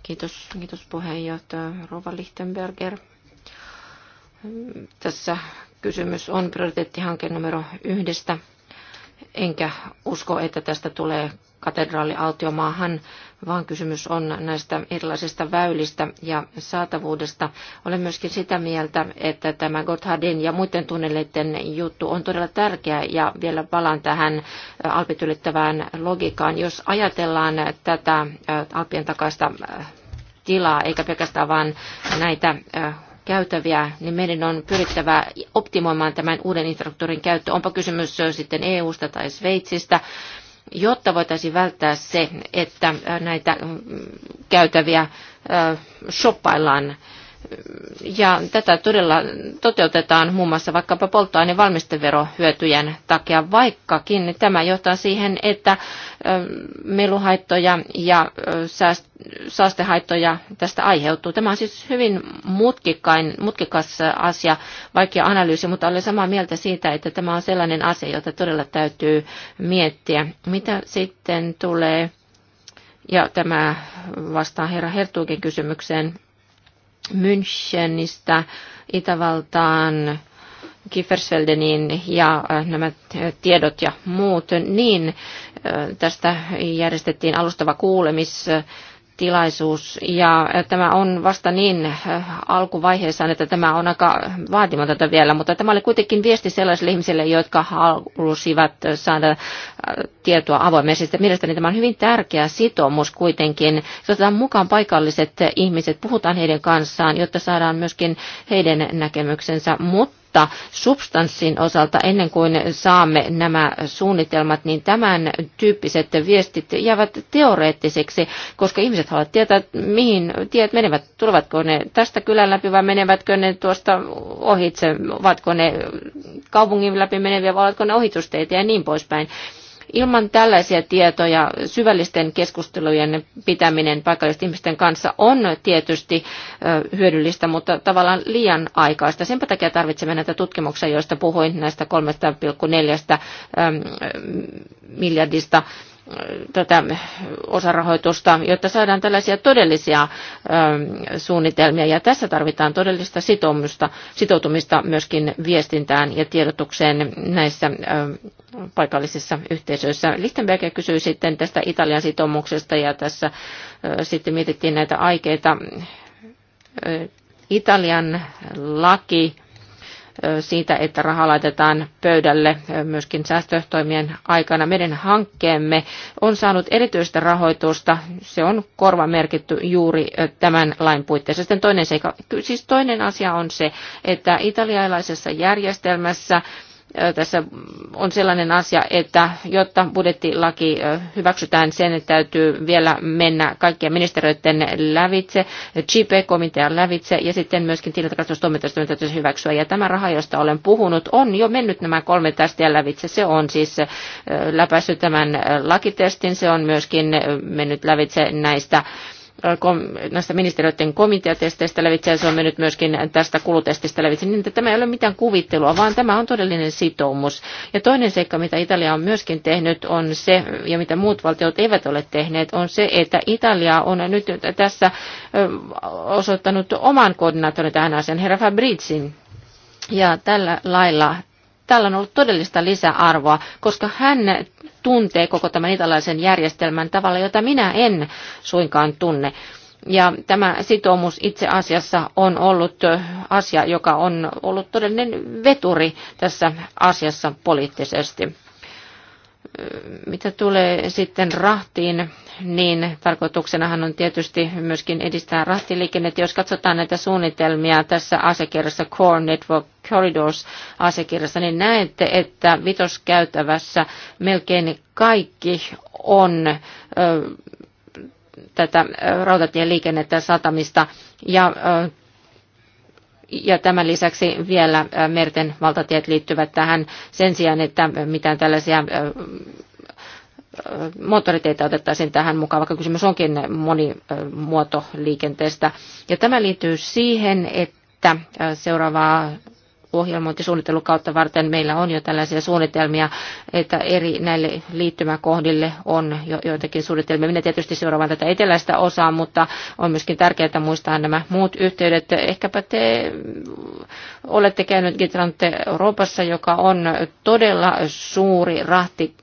Kiitos, kiitos puheenjohtaja Rova Lichtenberger. Tässä kysymys on prioriteettihanke numero yhdestä, enkä usko, että tästä tulee katedraali autiomaahan, vaan kysymys on näistä erilaisista väylistä ja saatavuudesta. Olen myöskin sitä mieltä, että tämä Gotthardin ja muiden tunneleiden juttu on todella tärkeä ja vielä palaan tähän alpit ylittävään logiikkaan. Jos ajatellaan tätä alpien takaista tilaa, eikä pelkästään vain näitä käytäviä, niin meidän on pyrittävä optimoimaan tämän uuden infrastruktuurin käyttö, onpa kysymys sitten EU-sta tai Sveitsistä, jotta voitaisiin välttää se, että näitä mm, käytäviä shoppaillaan ja tätä todella toteutetaan muun muassa vaikkapa polttoainevalmisteverohyötyjen takia, vaikkakin tämä johtaa siihen, että meluhaittoja ja saastehaittoja tästä aiheutuu. Tämä on siis hyvin mutkikkain, mutkikas asia, vaikea analyysi, mutta olen samaa mieltä siitä, että tämä on sellainen asia, jota todella täytyy miettiä. Mitä sitten tulee, ja tämä vastaa herra Hertuukin kysymykseen, Münchenistä Itävaltaan, Kiefersfeldeniin ja äh, nämä äh, tiedot ja muut, niin äh, tästä järjestettiin alustava kuulemis tilaisuus. Ja äh, tämä on vasta niin äh, alkuvaiheessa, että tämä on aika vaatimatonta vielä, mutta tämä oli kuitenkin viesti sellaisille ihmisille, jotka halusivat saada äh, tietoa avoimesti. Mielestäni tämä on hyvin tärkeä sitoumus kuitenkin. Otetaan mukaan paikalliset ihmiset, puhutaan heidän kanssaan, jotta saadaan myöskin heidän näkemyksensä, mutta mutta substanssin osalta ennen kuin saamme nämä suunnitelmat, niin tämän tyyppiset viestit jäävät teoreettiseksi, koska ihmiset haluavat tietää, mihin tiet menevät, tulevatko ne tästä kylän läpi vai menevätkö ne tuosta ohitse, ovatko ne kaupungin läpi meneviä vai ovatko ne ohitusteita ja niin poispäin. Ilman tällaisia tietoja syvällisten keskustelujen pitäminen paikallisten ihmisten kanssa on tietysti hyödyllistä, mutta tavallaan liian aikaista. Sen takia tarvitsemme näitä tutkimuksia, joista puhuin näistä 3,4 miljardista tätä osarahoitusta, jotta saadaan tällaisia todellisia suunnitelmia. Ja tässä tarvitaan todellista sitoumusta, sitoutumista myöskin viestintään ja tiedotukseen näissä paikallisissa yhteisöissä. Lichtenberg kysyi sitten tästä Italian sitoumuksesta ja tässä sitten mietittiin näitä aikeita. Italian laki siitä, että raha laitetaan pöydälle myöskin säästötoimien aikana. Meidän hankkeemme on saanut erityistä rahoitusta. Se on korva merkitty juuri tämän lain puitteissa. Sitten toinen, seika, siis toinen asia on se, että italialaisessa järjestelmässä tässä on sellainen asia, että jotta budjettilaki hyväksytään, sen täytyy vielä mennä kaikkien ministeriöiden lävitse, gp komitean lävitse ja sitten myöskin tilintarkastustoimintastoimen täytyy hyväksyä. Ja tämä raha, josta olen puhunut, on jo mennyt nämä kolme tästä lävitse. Se on siis läpäissyt tämän lakitestin, se on myöskin mennyt lävitse näistä näistä ministeriöiden komiteatesteistä lävitse, ja se on mennyt myöskin tästä kulutestistä lävitse, niin että tämä ei ole mitään kuvittelua, vaan tämä on todellinen sitoumus. Ja toinen seikka, mitä Italia on myöskin tehnyt, on se, ja mitä muut valtiot eivät ole tehneet, on se, että Italia on nyt tässä osoittanut oman koordinaattorin tähän asiaan, herra Fabrizin. Ja tällä lailla tällä on ollut todellista lisäarvoa, koska hän tuntee koko tämän italaisen järjestelmän tavalla, jota minä en suinkaan tunne. Ja tämä sitoumus itse asiassa on ollut asia, joka on ollut todellinen veturi tässä asiassa poliittisesti. Mitä tulee sitten rahtiin, niin tarkoituksenahan on tietysti myöskin edistää rahtiliikennettä. Jos katsotaan näitä suunnitelmia tässä asiakirjassa Core Network Corridors asiakirjassa, niin näette, että vitoskäytävässä melkein kaikki on ö, tätä rautatieliikennettä satamista ja ö, ja tämän lisäksi vielä merten valtatiet liittyvät tähän sen sijaan, että mitään tällaisia moottoriteitä otettaisiin tähän mukaan, vaikka kysymys onkin monimuotoliikenteestä. Ja tämä liittyy siihen, että seuraavaa ohjelmointisuunnittelun kautta varten meillä on jo tällaisia suunnitelmia, että eri näille liittymäkohdille on jo, joitakin suunnitelmia. Minä tietysti seuraavan tätä eteläistä osaa, mutta on myöskin tärkeää muistaa nämä muut yhteydet. Ehkäpä te olette käynyt Gitrante Euroopassa, joka on todella suuri rahti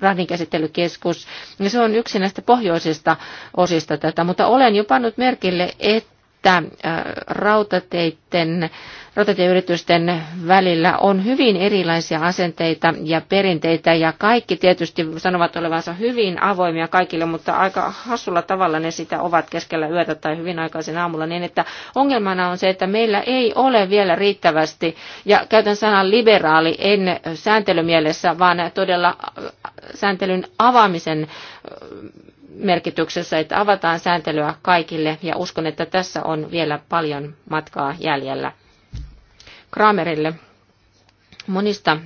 rahdinkäsittelykeskus. Se on yksi näistä pohjoisista osista tätä, mutta olen jo pannut merkille, että että äh, rautateiden, rautatieyritysten välillä on hyvin erilaisia asenteita ja perinteitä ja kaikki tietysti sanovat olevansa hyvin avoimia kaikille, mutta aika hassulla tavalla ne sitä ovat keskellä yötä tai hyvin aikaisin aamulla niin, että ongelmana on se, että meillä ei ole vielä riittävästi ja käytän sanan liberaali en sääntelymielessä, vaan todella äh, sääntelyn avaamisen äh, merkityksessä, että avataan sääntelyä kaikille ja uskon, että tässä on vielä paljon matkaa jäljellä. Kramerille monista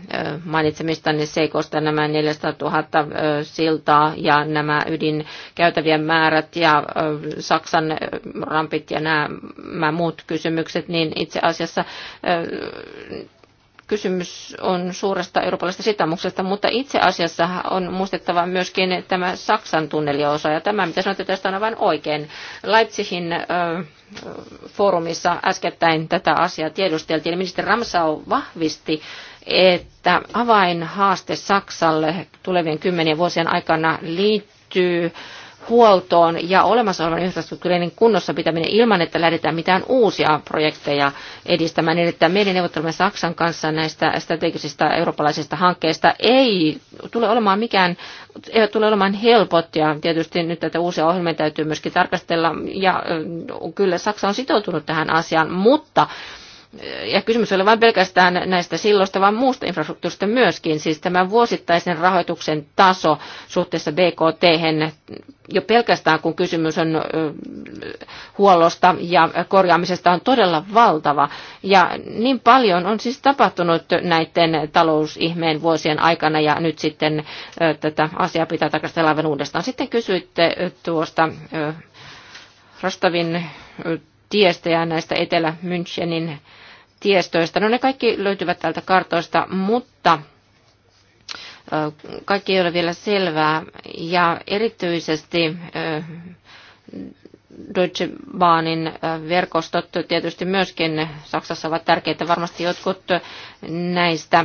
mainitsemistanne seikoista nämä 400 000 siltaa ja nämä ydinkäytävien määrät ja Saksan rampit ja nämä muut kysymykset, niin itse asiassa kysymys on suuresta eurooppalaisesta sitamuksesta, mutta itse asiassa on muistettava myöskin tämä Saksan tunneliosa. Ja tämä, mitä sanoitte, tästä on aivan oikein. Leipzigin ö, foorumissa äskettäin tätä asiaa tiedusteltiin. Ministeri Ramsau vahvisti, että avainhaaste Saksalle tulevien kymmenien vuosien aikana liittyy huoltoon ja olemassa olevan infrastruktuurin kunnossa pitäminen ilman, että lähdetään mitään uusia projekteja edistämään. Eli että meidän neuvottelumme Saksan kanssa näistä strategisista eurooppalaisista hankkeista ei tule olemaan mikään ei tule olemaan helpot ja tietysti nyt tätä uusia ohjelmia täytyy myöskin tarkastella ja kyllä Saksa on sitoutunut tähän asiaan, mutta ja kysymys ole vain pelkästään näistä silloista, vaan muusta infrastruktuurista myöskin. Siis tämä vuosittaisen rahoituksen taso suhteessa BKT, jo pelkästään kun kysymys on huollosta ja korjaamisesta, on todella valtava. Ja niin paljon on siis tapahtunut näiden talousihmeen vuosien aikana, ja nyt sitten tätä asiaa pitää tarkastella aivan uudestaan. Sitten kysyitte tuosta Rastavin tiestä ja näistä Etelä-Münchenin tiestoista. No ne kaikki löytyvät tältä kartoista, mutta kaikki ei ole vielä selvää. Ja erityisesti Deutsche Bahnin verkostot tietysti myöskin Saksassa ovat tärkeitä. Varmasti jotkut näistä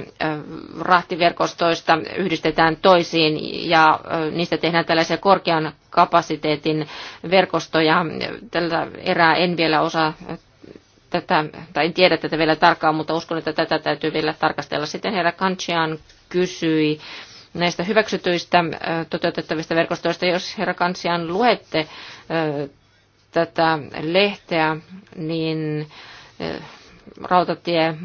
rahtiverkostoista yhdistetään toisiin ja niistä tehdään tällaisia korkean kapasiteetin verkostoja. Tällä erää en vielä osaa tätä, tai en tiedä tätä vielä tarkkaan, mutta uskon, että tätä täytyy vielä tarkastella. Sitten herra Kanchian kysyi näistä hyväksytyistä toteutettavista verkostoista. Jos herra Kansian luette tätä lehteä, niin rautatie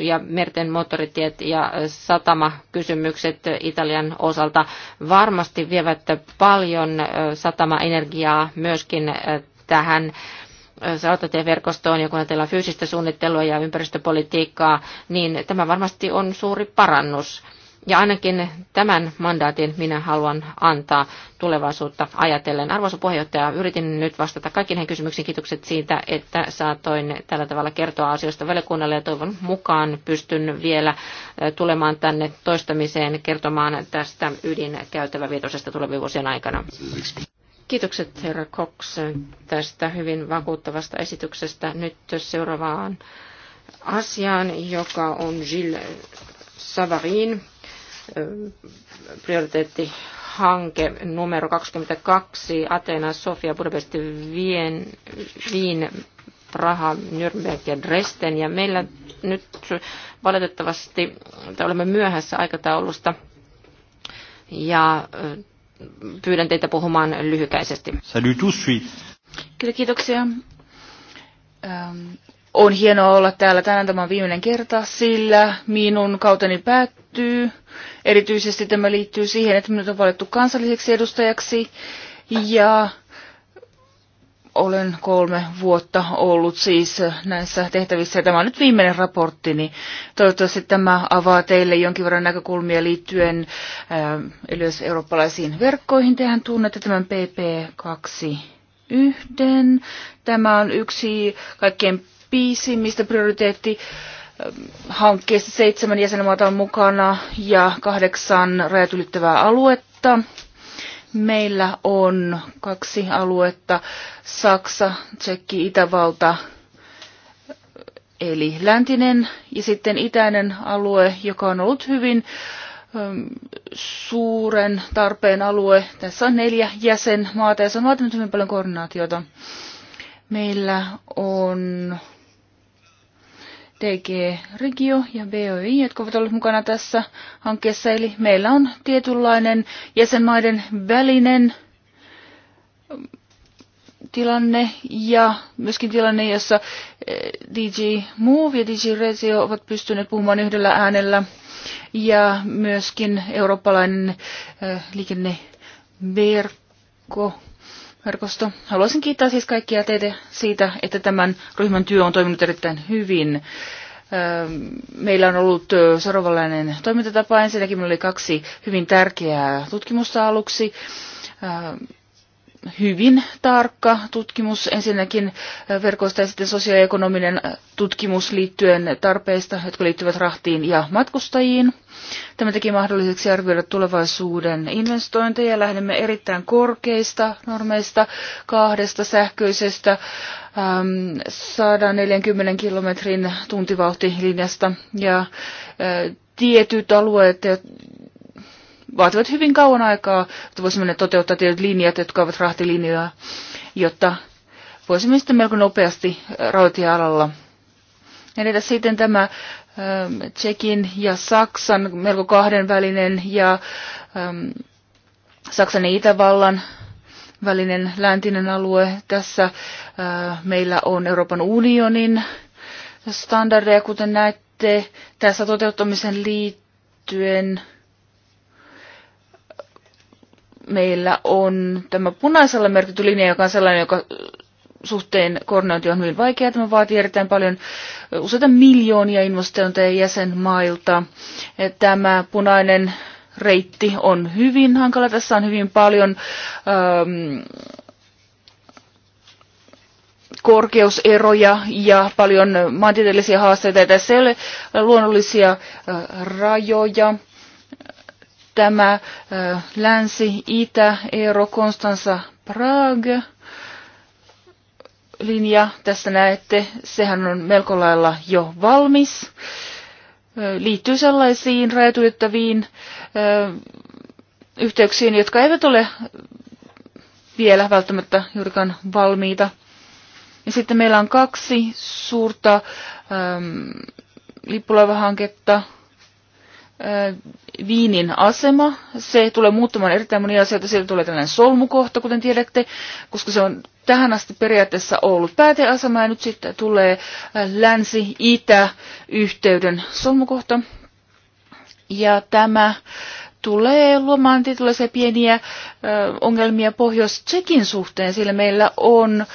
ja merten moottoritiet ja satamakysymykset Italian osalta varmasti vievät paljon satamaenergiaa myöskin tähän rautatieverkostoon ja kun ajatellaan fyysistä suunnittelua ja ympäristöpolitiikkaa, niin tämä varmasti on suuri parannus. Ja ainakin tämän mandaatin minä haluan antaa tulevaisuutta ajatellen. Arvoisa puheenjohtaja, yritin nyt vastata kaikkiin näihin kysymyksiin. Kiitokset siitä, että saatoin tällä tavalla kertoa asioista valiokunnalle ja toivon mukaan pystyn vielä tulemaan tänne toistamiseen kertomaan tästä ydinkäytävävietoisesta tulevien vuosien aikana. Kiitokset herra Cox tästä hyvin vakuuttavasta esityksestä. Nyt seuraavaan asiaan, joka on Gilles Savarin prioriteettihanke numero 22, Atena, Sofia, Budapest, Vien, Viin, Praha, Nürnberg ja Dresden. Ja meillä nyt valitettavasti olemme myöhässä aikataulusta. Ja pyydän teitä puhumaan lyhykäisesti. Salut tous, Kyllä, kiitoksia. Ähm, on hienoa olla täällä tänään tämän viimeinen kerta, sillä minun kauteni päättyy. Erityisesti tämä liittyy siihen, että minut on valittu kansalliseksi edustajaksi ja olen kolme vuotta ollut siis näissä tehtävissä ja tämä on nyt viimeinen niin Toivottavasti tämä avaa teille jonkin verran näkökulmia liittyen äh, ylös eurooppalaisiin verkkoihin. Tehän tunnette tämän PP2 yhden. Tämä on yksi kaikkein piisimmistä prioriteetti äh, hankkeesta seitsemän jäsenmaata on mukana ja kahdeksan rajat ylittävää aluetta. Meillä on kaksi aluetta, Saksa, Tsekki, Itävalta, eli läntinen ja sitten itäinen alue, joka on ollut hyvin ähm, suuren tarpeen alue. Tässä on neljä jäsenmaata ja se on vaatinut hyvin paljon koordinaatiota. Meillä on TG Regio ja BOI, jotka ovat olleet mukana tässä hankkeessa. Eli meillä on tietynlainen jäsenmaiden välinen tilanne ja myöskin tilanne, jossa eh, DG Move ja DG Resio ovat pystyneet puhumaan yhdellä äänellä ja myöskin eurooppalainen eh, liikenneverkko verkosto. Haluaisin kiittää siis kaikkia teitä siitä, että tämän ryhmän työ on toiminut erittäin hyvin. Meillä on ollut sarovallainen toimintatapa. Ensinnäkin meillä oli kaksi hyvin tärkeää tutkimusta aluksi hyvin tarkka tutkimus, ensinnäkin äh, verkoista ja sitten sosioekonominen äh, tutkimus liittyen tarpeista, jotka liittyvät rahtiin ja matkustajiin. Tämä teki mahdolliseksi arvioida tulevaisuuden investointeja. Lähdemme erittäin korkeista normeista, kahdesta sähköisestä 140 ähm, kilometrin tuntivauhtilinjasta ja äh, tietyt alueet, vaativat hyvin kauan aikaa, että voisimme toteuttaa tietyt linjat, jotka ovat rahtilinjoja, jotta voisimme sitten melko nopeasti rautatiealalla edetä. Sitten tämä Tsekin ja Saksan melko kahdenvälinen ja äm, Saksan ja Itävallan välinen läntinen alue. Tässä ää, meillä on Euroopan unionin standardeja, kuten näette, tässä toteuttamisen liittyen meillä on tämä punaisella merkitty linja, joka on sellainen, joka suhteen koordinointi on hyvin vaikeaa. Tämä vaatii erittäin paljon useita miljoonia investointeja jäsenmailta. E, tämä punainen reitti on hyvin hankala. Tässä on hyvin paljon ähm, korkeuseroja ja paljon maantieteellisiä haasteita. Ja tässä ei ole luonnollisia äh, rajoja tämä länsi itä ero Konstansa Prague linja, tässä näette, sehän on melko lailla jo valmis. Liittyy sellaisiin rajatyöttäviin yhteyksiin, jotka eivät ole vielä välttämättä juurikaan valmiita. Ja sitten meillä on kaksi suurta äm, lippulaivahanketta, viinin asema. Se tulee muuttumaan erittäin monia asioita. Sieltä tulee tällainen solmukohta, kuten tiedätte, koska se on tähän asti periaatteessa ollut pääteasema ja nyt sitten tulee länsi-itä-yhteyden solmukohta. Ja tämä tulee luomaan tietynlaisia pieniä ongelmia Pohjois-Tsekin suhteen, sillä meillä on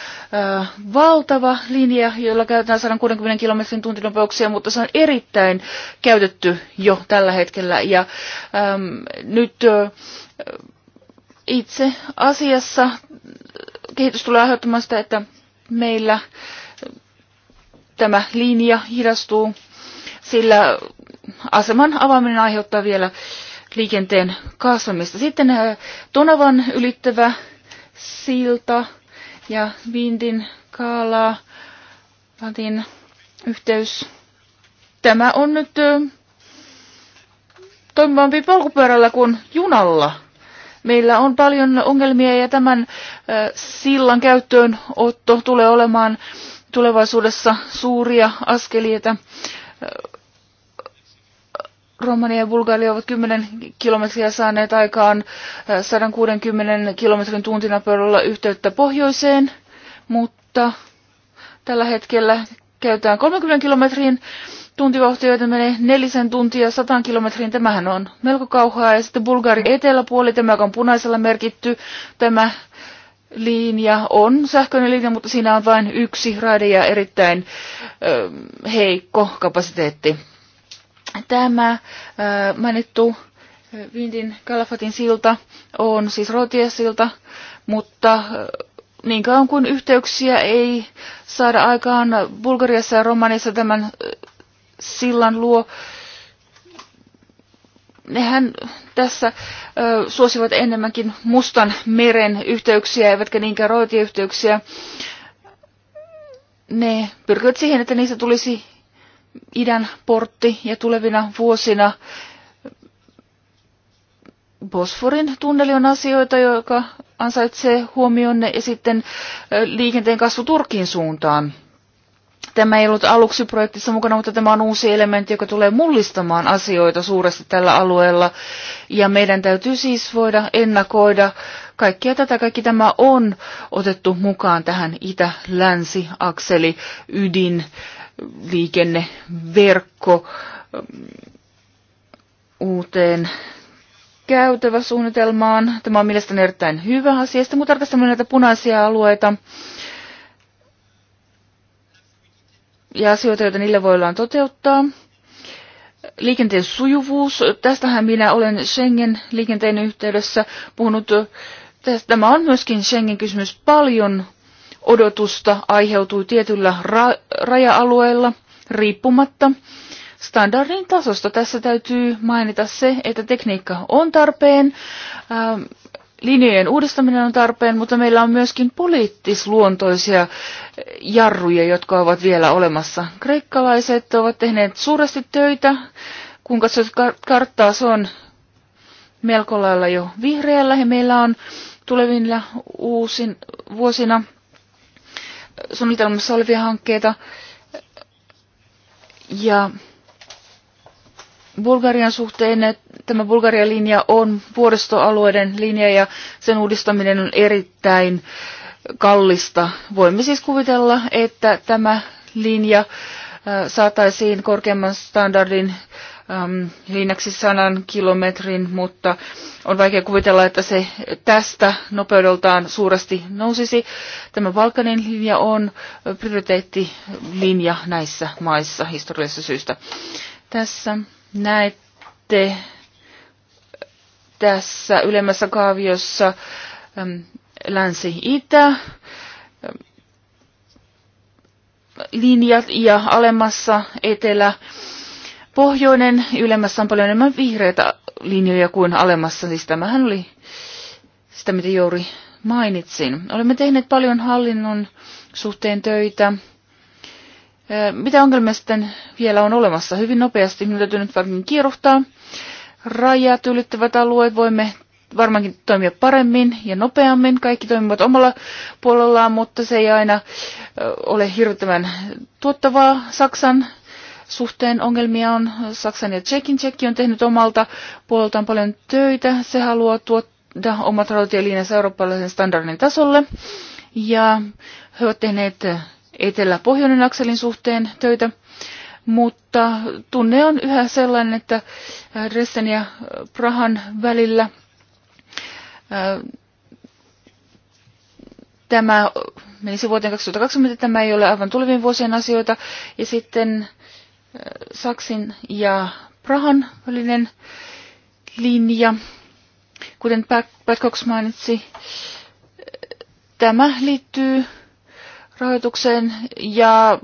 valtava linja, jolla käytetään 160 kilometrin tuntinopeuksia, mutta se on erittäin käytetty jo tällä hetkellä. Ja nyt itse asiassa kehitys tulee aiheuttamaan sitä, että meillä tämä linja hidastuu, sillä aseman avaaminen aiheuttaa vielä äh, liikenteen kasvamista. Sitten äh, Tonavan ylittävä silta ja Vindin kaala Patin yhteys. Tämä on nyt äh, toimivampi polkupyörällä kuin junalla. Meillä on paljon ongelmia ja tämän äh, sillan käyttöönotto tulee olemaan tulevaisuudessa suuria askeleita Romania ja Bulgaria ovat 10 kilometriä saaneet aikaan 160 kilometrin tuntinapeudella yhteyttä pohjoiseen, mutta tällä hetkellä käytetään 30 kilometrin tuntivauhtia, joita menee nelisen tuntia 100 kilometriin. Tämähän on melko kauhaa. Ja sitten Bulgari eteläpuoli, tämä joka on punaisella merkitty, tämä linja on sähköinen linja, mutta siinä on vain yksi raide ja erittäin ö, heikko kapasiteetti. Tämä äh, mainittu äh, Vindin Kalafatin silta on siis silta, mutta äh, niin kauan kuin yhteyksiä ei saada aikaan Bulgariassa ja Romaniassa tämän sillan luo, nehän tässä ö, suosivat enemmänkin Mustan meren yhteyksiä, eivätkä niinkään yhteyksiä, Ne pyrkivät siihen, että niistä tulisi idän portti ja tulevina vuosina Bosforin tunneli on asioita, joka ansaitsee huomionne ja sitten liikenteen kasvu Turkin suuntaan. Tämä ei ollut aluksi projektissa mukana, mutta tämä on uusi elementti, joka tulee mullistamaan asioita suuresti tällä alueella. Ja meidän täytyy siis voida ennakoida kaikkia tätä. Kaikki tämä on otettu mukaan tähän itä-länsi-akseli ydin eh, liikenneverkko eh, uuteen käytäväsuunnitelmaan. Tämä on mielestäni erittäin hyvä asia. Sitten kun näitä punaisia alueita, ja asioita, joita niillä voidaan toteuttaa. Liikenteen sujuvuus, tästähän minä olen Schengen-liikenteen yhteydessä puhunut. Tämä on myöskin Schengen-kysymys. Paljon odotusta aiheutui tietyllä ra- raja-alueella riippumatta standardin tasosta. Tässä täytyy mainita se, että tekniikka on tarpeen. Ähm, linjojen uudistaminen on tarpeen, mutta meillä on myöskin poliittisluontoisia jarruja, jotka ovat vielä olemassa. Kreikkalaiset ovat tehneet suuresti töitä. Kun katsot karttaa, se on melko lailla jo vihreällä ja meillä on tulevina uusin vuosina suunnitelmassa olevia hankkeita. Ja Bulgarian suhteen tämä Bulgarian linja on vuoristoalueiden linja ja sen uudistaminen on erittäin kallista. Voimme siis kuvitella, että tämä linja äh, saataisiin korkeamman standardin äm, linjaksi sanan kilometrin, mutta on vaikea kuvitella, että se tästä nopeudeltaan suuresti nousisi. Tämä Balkanin linja on prioriteettilinja näissä maissa historiallisesta syystä. Tässä näette tässä ylemmässä kaaviossa länsi-itä linjat ja alemmassa etelä pohjoinen. Ylemmässä on paljon enemmän vihreitä linjoja kuin alemmassa, siis tämähän oli sitä, mitä juuri mainitsin. Olemme tehneet paljon hallinnon suhteen töitä. Mitä ongelmia sitten vielä on olemassa? Hyvin nopeasti, minun täytyy nyt varmaan kierrohtaa. Rajat ylittävät alueet voimme varmaankin toimia paremmin ja nopeammin. Kaikki toimivat omalla puolellaan, mutta se ei aina ole hirvittävän tuottavaa. Saksan suhteen ongelmia on. Saksan ja Tsekin Tsekki on tehnyt omalta puoleltaan paljon töitä. Se haluaa tuoda omat rautatielinjansa eurooppalaisen standardin tasolle. Ja he ovat tehneet etelä-pohjoinen akselin suhteen töitä, mutta tunne on yhä sellainen, että äh, Dresden ja äh, Prahan välillä äh, tämä menisi vuoteen 2020, tämä ei ole aivan tulevien vuosien asioita, ja sitten Saksin ja Prahan välinen linja, kuten Pat Cox mainitsi, tämä liittyy rahoitukseen ja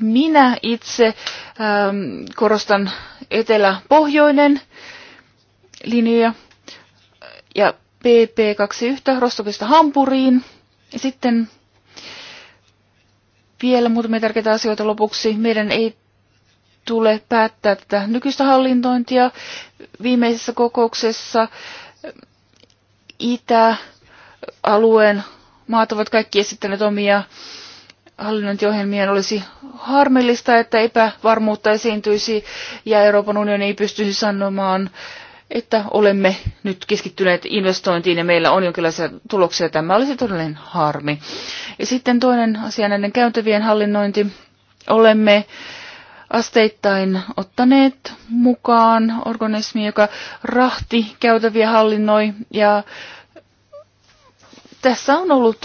minä itse ähm, korostan etelä-pohjoinen linja ja PP21 Rostopista Hampuriin. Ja sitten vielä muutamia tärkeitä asioita lopuksi. Meidän ei tule päättää tätä nykyistä hallintointia. Viimeisessä kokouksessa Itä-alueen maat ovat kaikki esittäneet omia hallinnointiohjelmien olisi harmillista, että epävarmuutta esiintyisi ja Euroopan unioni ei pystyisi sanomaan, että olemme nyt keskittyneet investointiin ja meillä on jonkinlaisia tuloksia. Tämä olisi todellinen harmi. Ja sitten toinen asia näiden käytävien hallinnointi. Olemme asteittain ottaneet mukaan organismi, joka rahti käytäviä hallinnoi ja tässä on ollut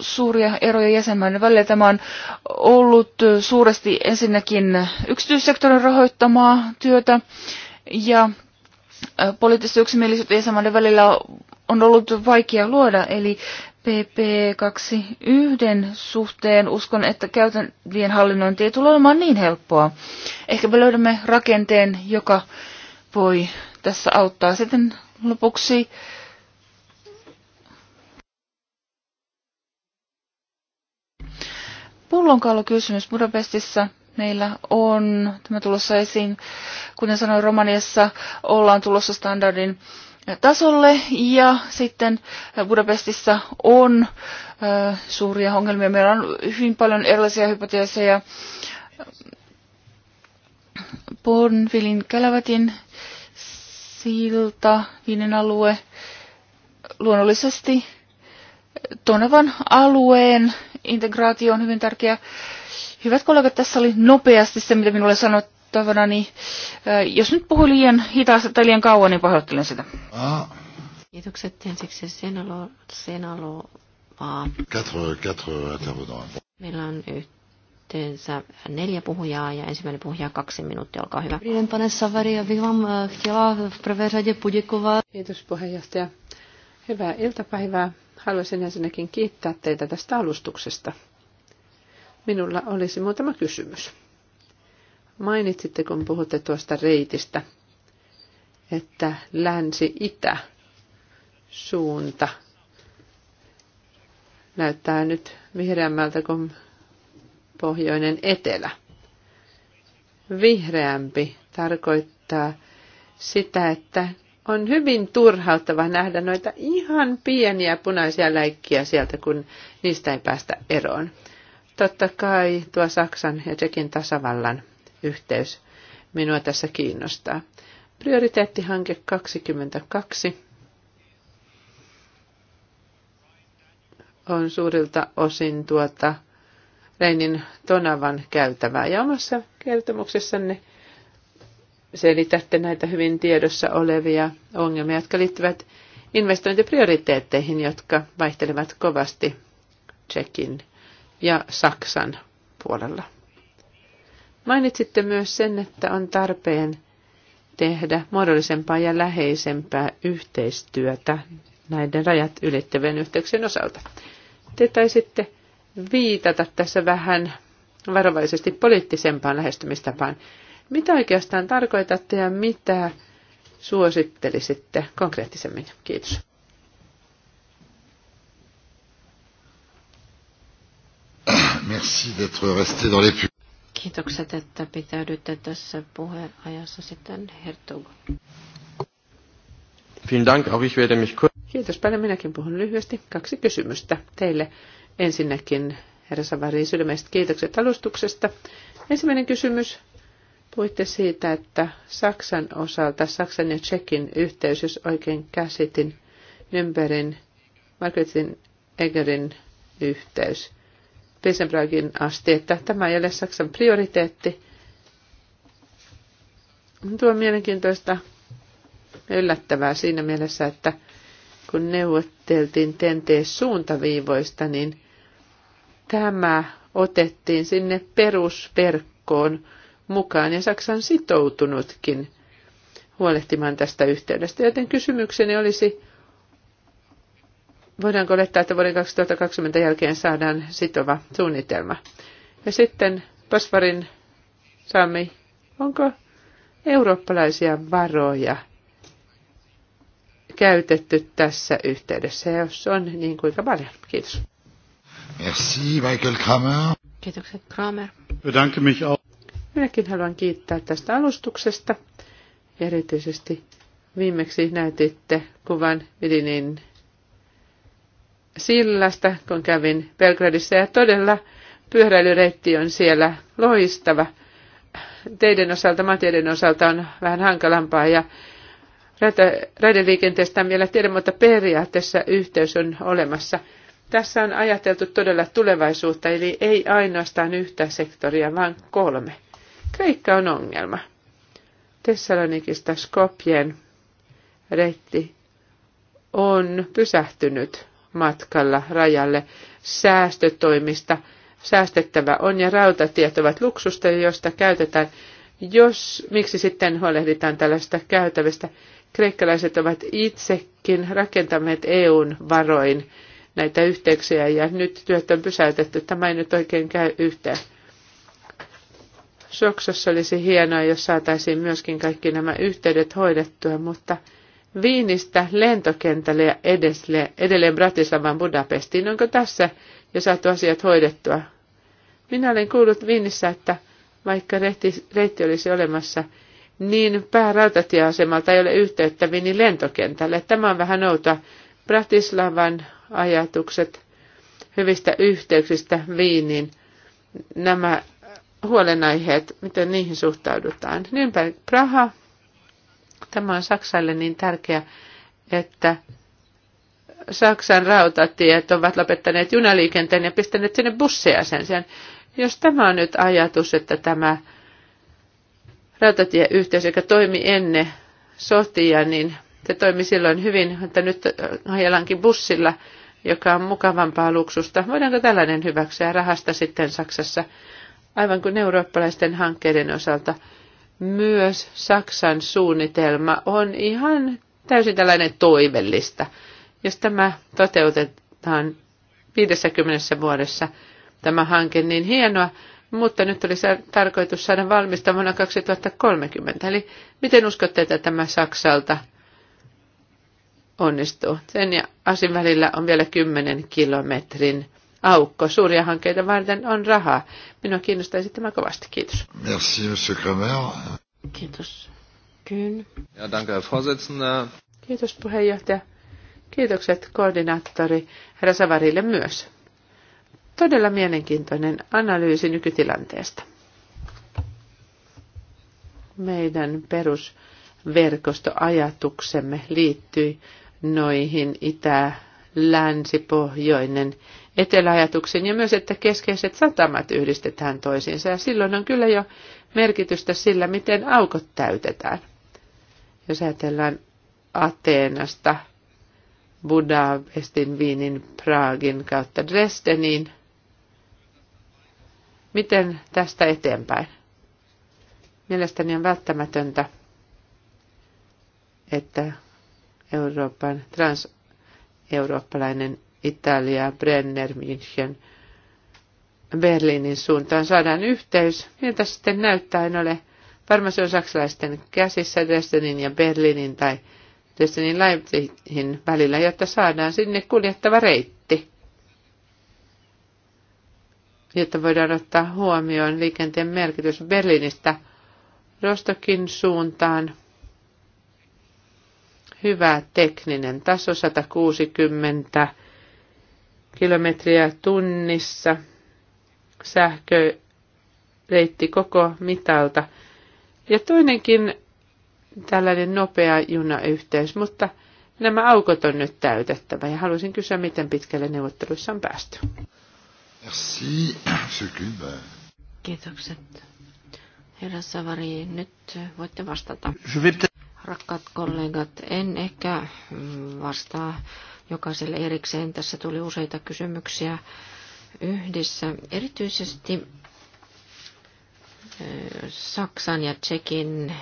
suuria eroja jäsenmaiden välillä. Tämä on ollut suuresti ensinnäkin yksityissektorin rahoittamaa työtä ja poliittista yksimielisyyttä jäsenmaiden välillä on ollut vaikea luoda, eli PP21 suhteen uskon, että käytävien hallinnointi ei tule olemaan niin helppoa. Ehkä me löydämme rakenteen, joka voi tässä auttaa. Sitten lopuksi pullonkaulakysymys Budapestissa meillä on tämä tulossa esiin. Kuten sanoin, Romaniassa ollaan tulossa standardin tasolle ja sitten Budapestissa on suuria ongelmia. Meillä on hyvin paljon erilaisia hypoteeseja. Bornvillin Kälävätin silta, viinen alue, luonnollisesti Tonevan alueen integraatio on hyvin tärkeä. Hyvät kollegat, tässä oli nopeasti se, mitä minulle sanottavana. Niin, äh, jos nyt puhuin liian hitaasti tai liian kauan, niin pahoittelen sitä. Ah. Kiitokset ensiksi Senalo, Senalo vaan. Meillä on yhteensä neljä puhujaa ja ensimmäinen puhuja kaksi minuuttia, olkaa hyvä. Dobrý pane Saveri, ja vám eh, chtěla v prvé řadě poděkovat. Kiitos puheenjohtaja. Hyvää iltapäivää. Haluaisin ensinnäkin kiittää teitä tästä alustuksesta. Minulla olisi muutama kysymys. Mainitsitte, kun puhutte tuosta reitistä, että länsi-itä suunta näyttää nyt vihreämmältä kuin pohjoinen etelä. Vihreämpi tarkoittaa sitä, että on hyvin turhauttava nähdä noita ihan pieniä punaisia läikkiä sieltä, kun niistä ei päästä eroon. Totta kai tuo Saksan ja Tsekin tasavallan yhteys minua tässä kiinnostaa. Prioriteettihanke 22 on suurilta osin tuota Reinin Tonavan käytävää. Ja omassa kertomuksessanne selitätte näitä hyvin tiedossa olevia ongelmia, jotka liittyvät investointiprioriteetteihin, jotka vaihtelevat kovasti Tsekin ja Saksan puolella. Mainitsitte myös sen, että on tarpeen tehdä muodollisempaa ja läheisempää yhteistyötä näiden rajat ylittävien yhteyksien osalta. Te taisitte viitata tässä vähän varovaisesti poliittisempaan lähestymistapaan. Mitä oikeastaan tarkoitatte ja mitä suosittelisitte konkreettisemmin? Kiitos. Merci d'être resté dans les Kiitokset, että pitäydytte tässä puheenajassa sitten Hertog. Vielen Dank, auch ich werde mich Kiitos paljon, minäkin puhun lyhyesti. Kaksi kysymystä teille. Ensinnäkin, herra Savari, sydämestä kiitokset alustuksesta. Ensimmäinen kysymys Puhuitte siitä, että Saksan osalta, Saksan ja Tsekin yhteys, jos oikein käsitin, Nymberin, Margaretin Egerin yhteys Pesenbragin asti, että tämä ei ole Saksan prioriteetti. Tuo on mielenkiintoista ja yllättävää siinä mielessä, että kun neuvotteltiin tenteen suuntaviivoista niin tämä otettiin sinne perusverkkoon mukaan ja Saksa on sitoutunutkin huolehtimaan tästä yhteydestä. Joten kysymykseni olisi, voidaanko olettaa, että vuoden 2020 jälkeen saadaan sitova suunnitelma. Ja sitten Pasvarin Sami, onko eurooppalaisia varoja käytetty tässä yhteydessä? Ja jos on, niin kuinka paljon? Kiitos. Merci, Michael Kramer. Kiitokset, Kramer. Bedanke mich auch. Minäkin haluan kiittää tästä alustuksesta. Erityisesti viimeksi näytitte kuvan Vidinin sillasta, kun kävin Belgradissa ja todella pyöräilyreitti on siellä loistava. Teiden osalta, maantieden osalta on vähän hankalampaa ja raideliikenteestä on vielä tiedä, mutta periaatteessa yhteys on olemassa. Tässä on ajateltu todella tulevaisuutta, eli ei ainoastaan yhtä sektoria, vaan kolme. Kreikka on ongelma. Tessalonikista Skopjen reitti on pysähtynyt matkalla rajalle säästötoimista. Säästettävä on ja rautatiet ovat luksusta, josta käytetään. Jos, miksi sitten huolehditaan tällaista käytävistä? Kreikkalaiset ovat itsekin rakentaneet EUn varoin näitä yhteyksiä ja nyt työt on pysäytetty. Tämä ei nyt oikein käy yhteen syöksössä olisi hienoa, jos saataisiin myöskin kaikki nämä yhteydet hoidettua, mutta Viinistä lentokentälle ja edesle, edelleen Bratislavan Budapestiin. Onko tässä jo saatu asiat hoidettua? Minä olen kuullut Viinissä, että vaikka reitti, reitti olisi olemassa, niin päärautatieasemalta ei ole yhteyttä Viinin lentokentälle. Tämä on vähän outoa. Bratislavan ajatukset hyvistä yhteyksistä Viiniin. Nämä huolenaiheet, miten niihin suhtaudutaan. Nürnberg Praha, tämä on Saksalle niin tärkeä, että Saksan rautatiet ovat lopettaneet junaliikenteen ja pistäneet sinne busseja sen sijaan. Jos tämä on nyt ajatus, että tämä rautatieyhteys, joka toimi ennen sotia, niin se toimi silloin hyvin, että nyt ajellaankin bussilla, joka on mukavampaa luksusta. Voidaanko tällainen hyväksyä rahasta sitten Saksassa? aivan kuin eurooppalaisten hankkeiden osalta, myös Saksan suunnitelma on ihan täysin tällainen toivellista. Jos tämä toteutetaan 50 vuodessa, tämä hanke, niin hienoa, mutta nyt oli tarkoitus saada valmista vuonna 2030. Eli miten uskotte, että tämä Saksalta onnistuu? Sen ja Asin välillä on vielä 10 kilometrin aukko suuria hankkeita varten on rahaa. Minua kiinnostaisi tämä kovasti. Kiitos. Merci, monsieur Kramer. Kiitos. Kyn. Ja danke, Herr Kiitos puheenjohtaja. Kiitokset koordinaattori herra Savarille myös. Todella mielenkiintoinen analyysi nykytilanteesta. Meidän perusverkostoajatuksemme liittyi noihin itä, länsipohjoinen eteläajatuksen ja myös, että keskeiset satamat yhdistetään toisiinsa ja silloin on kyllä jo merkitystä sillä, miten aukot täytetään. Jos ajatellaan Ateenasta, Budapestin, Viinin, Praagin kautta Dresdeniin, miten tästä eteenpäin? Mielestäni on välttämätöntä, että Euroopan trans-eurooppalainen Italia, Brenner, München, Berliinin suuntaan saadaan yhteys. Miltä sitten näyttää, en ole varma se on saksalaisten käsissä Dresdenin ja Berliinin tai Dresdenin Leipzigin välillä, jotta saadaan sinne kuljettava reitti, jotta voidaan ottaa huomioon liikenteen merkitys Berliinistä Rostokin suuntaan. Hyvä tekninen taso 160 kilometriä tunnissa reitti koko mitalta. Ja toinenkin tällainen nopea junayhteys, mutta nämä aukot on nyt täytettävä ja haluaisin kysyä, miten pitkälle neuvotteluissa on päästy. Merci, Kiitokset. Herra Savari, nyt voitte vastata. Rakkaat kollegat, en ehkä vastaa jokaiselle erikseen. Tässä tuli useita kysymyksiä yhdessä. Erityisesti eh, Saksan ja Tsekin eh,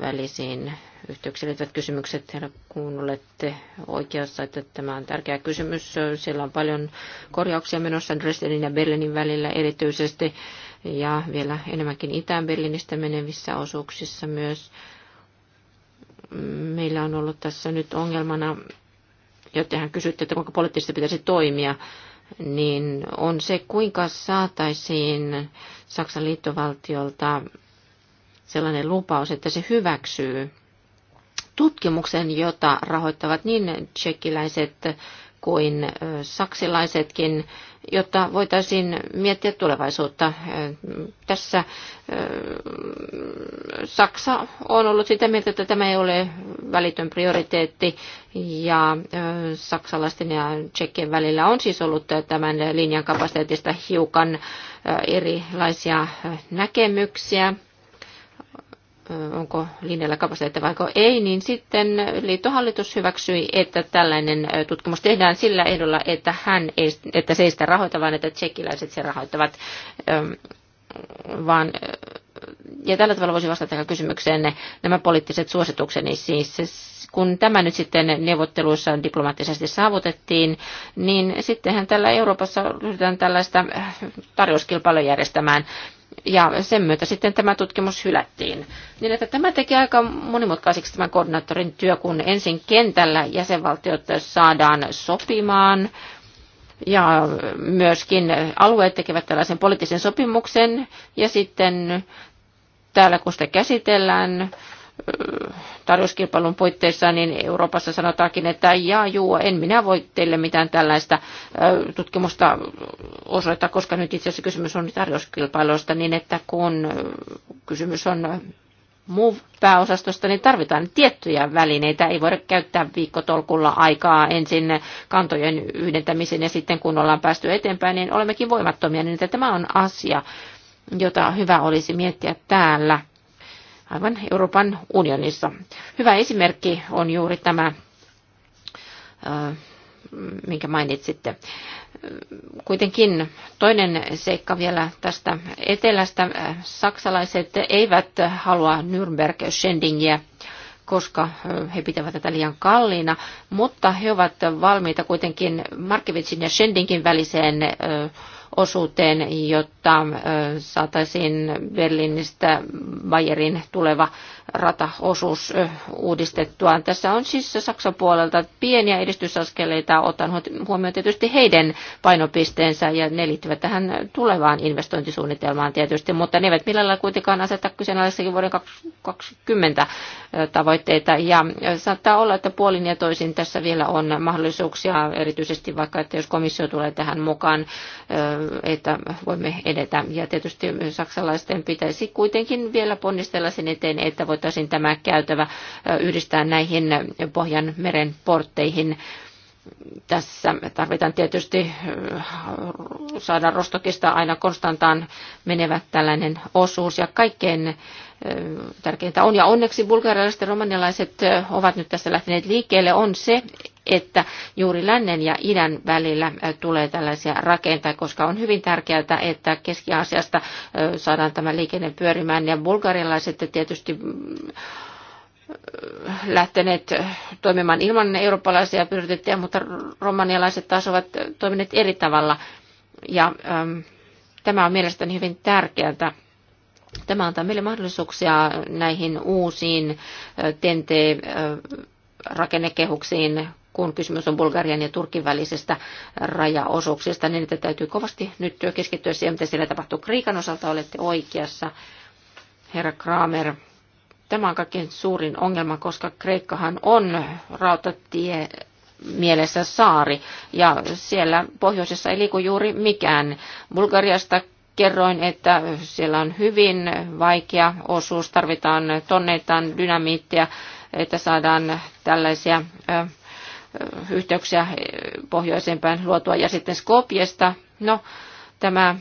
välisiin yhteyksiin liittyvät kysymykset. Herra, kun olette oikeassa, että tämä on tärkeä kysymys. Siellä on paljon korjauksia menossa Dresdenin ja Berliinin välillä erityisesti ja vielä enemmänkin Itään-Berliinistä menevissä osuuksissa myös. Meillä on ollut tässä nyt ongelmana ja tehän kysytte, että kuinka poliittisesti pitäisi toimia, niin on se, kuinka saataisiin Saksan liittovaltiolta sellainen lupaus, että se hyväksyy tutkimuksen, jota rahoittavat niin tsekkiläiset kuin saksilaisetkin jotta voitaisiin miettiä tulevaisuutta. Tässä Saksa on ollut sitä mieltä, että tämä ei ole välitön prioriteetti ja saksalaisten ja tsekkien välillä on siis ollut tämän linjan kapasiteetista hiukan erilaisia näkemyksiä onko linjalla kapasiteettia vai ei, niin sitten liittohallitus hyväksyi, että tällainen tutkimus tehdään sillä ehdolla, että, hän ei, että se ei sitä rahoita, vaan että tsekkiläiset se rahoittavat. Vaan, ja tällä tavalla voisi vastata tähän kysymykseen nämä poliittiset suositukseni. Siis kun tämä nyt sitten neuvotteluissa diplomaattisesti saavutettiin, niin sittenhän tällä Euroopassa ryhdytään tällaista tarjouskilpailua järjestämään. Ja sen myötä sitten tämä tutkimus hylättiin. Niin että tämä teki aika monimutkaiseksi tämän koordinaattorin työ, kun ensin kentällä jäsenvaltiot saadaan sopimaan ja myöskin alueet tekevät tällaisen poliittisen sopimuksen ja sitten täällä kun sitä käsitellään, tarjouskilpailun puitteissa, niin Euroopassa sanotaankin, että jaa juu, en minä voi teille mitään tällaista tutkimusta osoittaa, koska nyt itse asiassa kysymys on tarjouskilpailuista, niin että kun kysymys on muu pääosastosta, niin tarvitaan tiettyjä välineitä. Ei voida käyttää viikkotolkulla aikaa ensin kantojen yhdentämiseen ja sitten kun ollaan päästy eteenpäin, niin olemmekin voimattomia, niin että tämä on asia, jota hyvä olisi miettiä täällä aivan Euroopan unionissa. Hyvä esimerkki on juuri tämä, minkä mainitsitte. Kuitenkin toinen seikka vielä tästä etelästä. Saksalaiset eivät halua Nürnberg-Schendingiä koska he pitävät tätä liian kalliina, mutta he ovat valmiita kuitenkin Markevitsin ja Schendinkin väliseen osuuteen, jotta saataisiin Berliinistä Bayerin tuleva rataosuus uudistettuaan. Tässä on siis Saksan puolelta pieniä edistysaskeleita, otan huomioon tietysti heidän painopisteensä ja ne liittyvät tähän tulevaan investointisuunnitelmaan tietysti, mutta ne eivät millään kuitenkaan aseta kyseenalaisessakin vuoden 2020 tavoitteita ja saattaa olla, että puolin ja toisin tässä vielä on mahdollisuuksia, erityisesti vaikka, että jos komissio tulee tähän mukaan, että voimme edetä. Ja tietysti saksalaisten pitäisi kuitenkin vielä ponnistella sen eteen, että voi voitaisiin tämä käytävä yhdistää näihin Pohjanmeren portteihin tässä me tarvitaan tietysti saada Rostokista aina Konstantaan menevä tällainen osuus ja kaikkein tärkeintä on, ja onneksi bulgarialaiset ja romanialaiset ovat nyt tässä lähteneet liikkeelle, on se, että juuri lännen ja idän välillä tulee tällaisia rakenteita, koska on hyvin tärkeää, että Keski-Aasiasta saadaan tämä liikenne pyörimään. Ja bulgarialaiset tietysti lähteneet toimimaan ilman eurooppalaisia prioriteetteja, mutta romanialaiset taas ovat toimineet eri tavalla. Ja äm, tämä on mielestäni hyvin tärkeää. Tämä antaa meille mahdollisuuksia näihin uusiin äh, TNT-rakennekehuksiin, äh, kun kysymys on Bulgarian ja Turkin välisestä äh, rajaosuuksista, niin että täytyy kovasti nyt keskittyä siihen, mitä siellä tapahtuu. Kriikan osalta olette oikeassa, herra Kramer Tämä on kaikkein suurin ongelma, koska Kreikkahan on rautatie mielessä saari ja siellä pohjoisessa ei liiku juuri mikään. Bulgariasta kerroin, että siellä on hyvin vaikea osuus, tarvitaan tonneitaan dynamiittia, että saadaan tällaisia yhteyksiä pohjoisempään luotua. Ja sitten Skopjesta, no tämä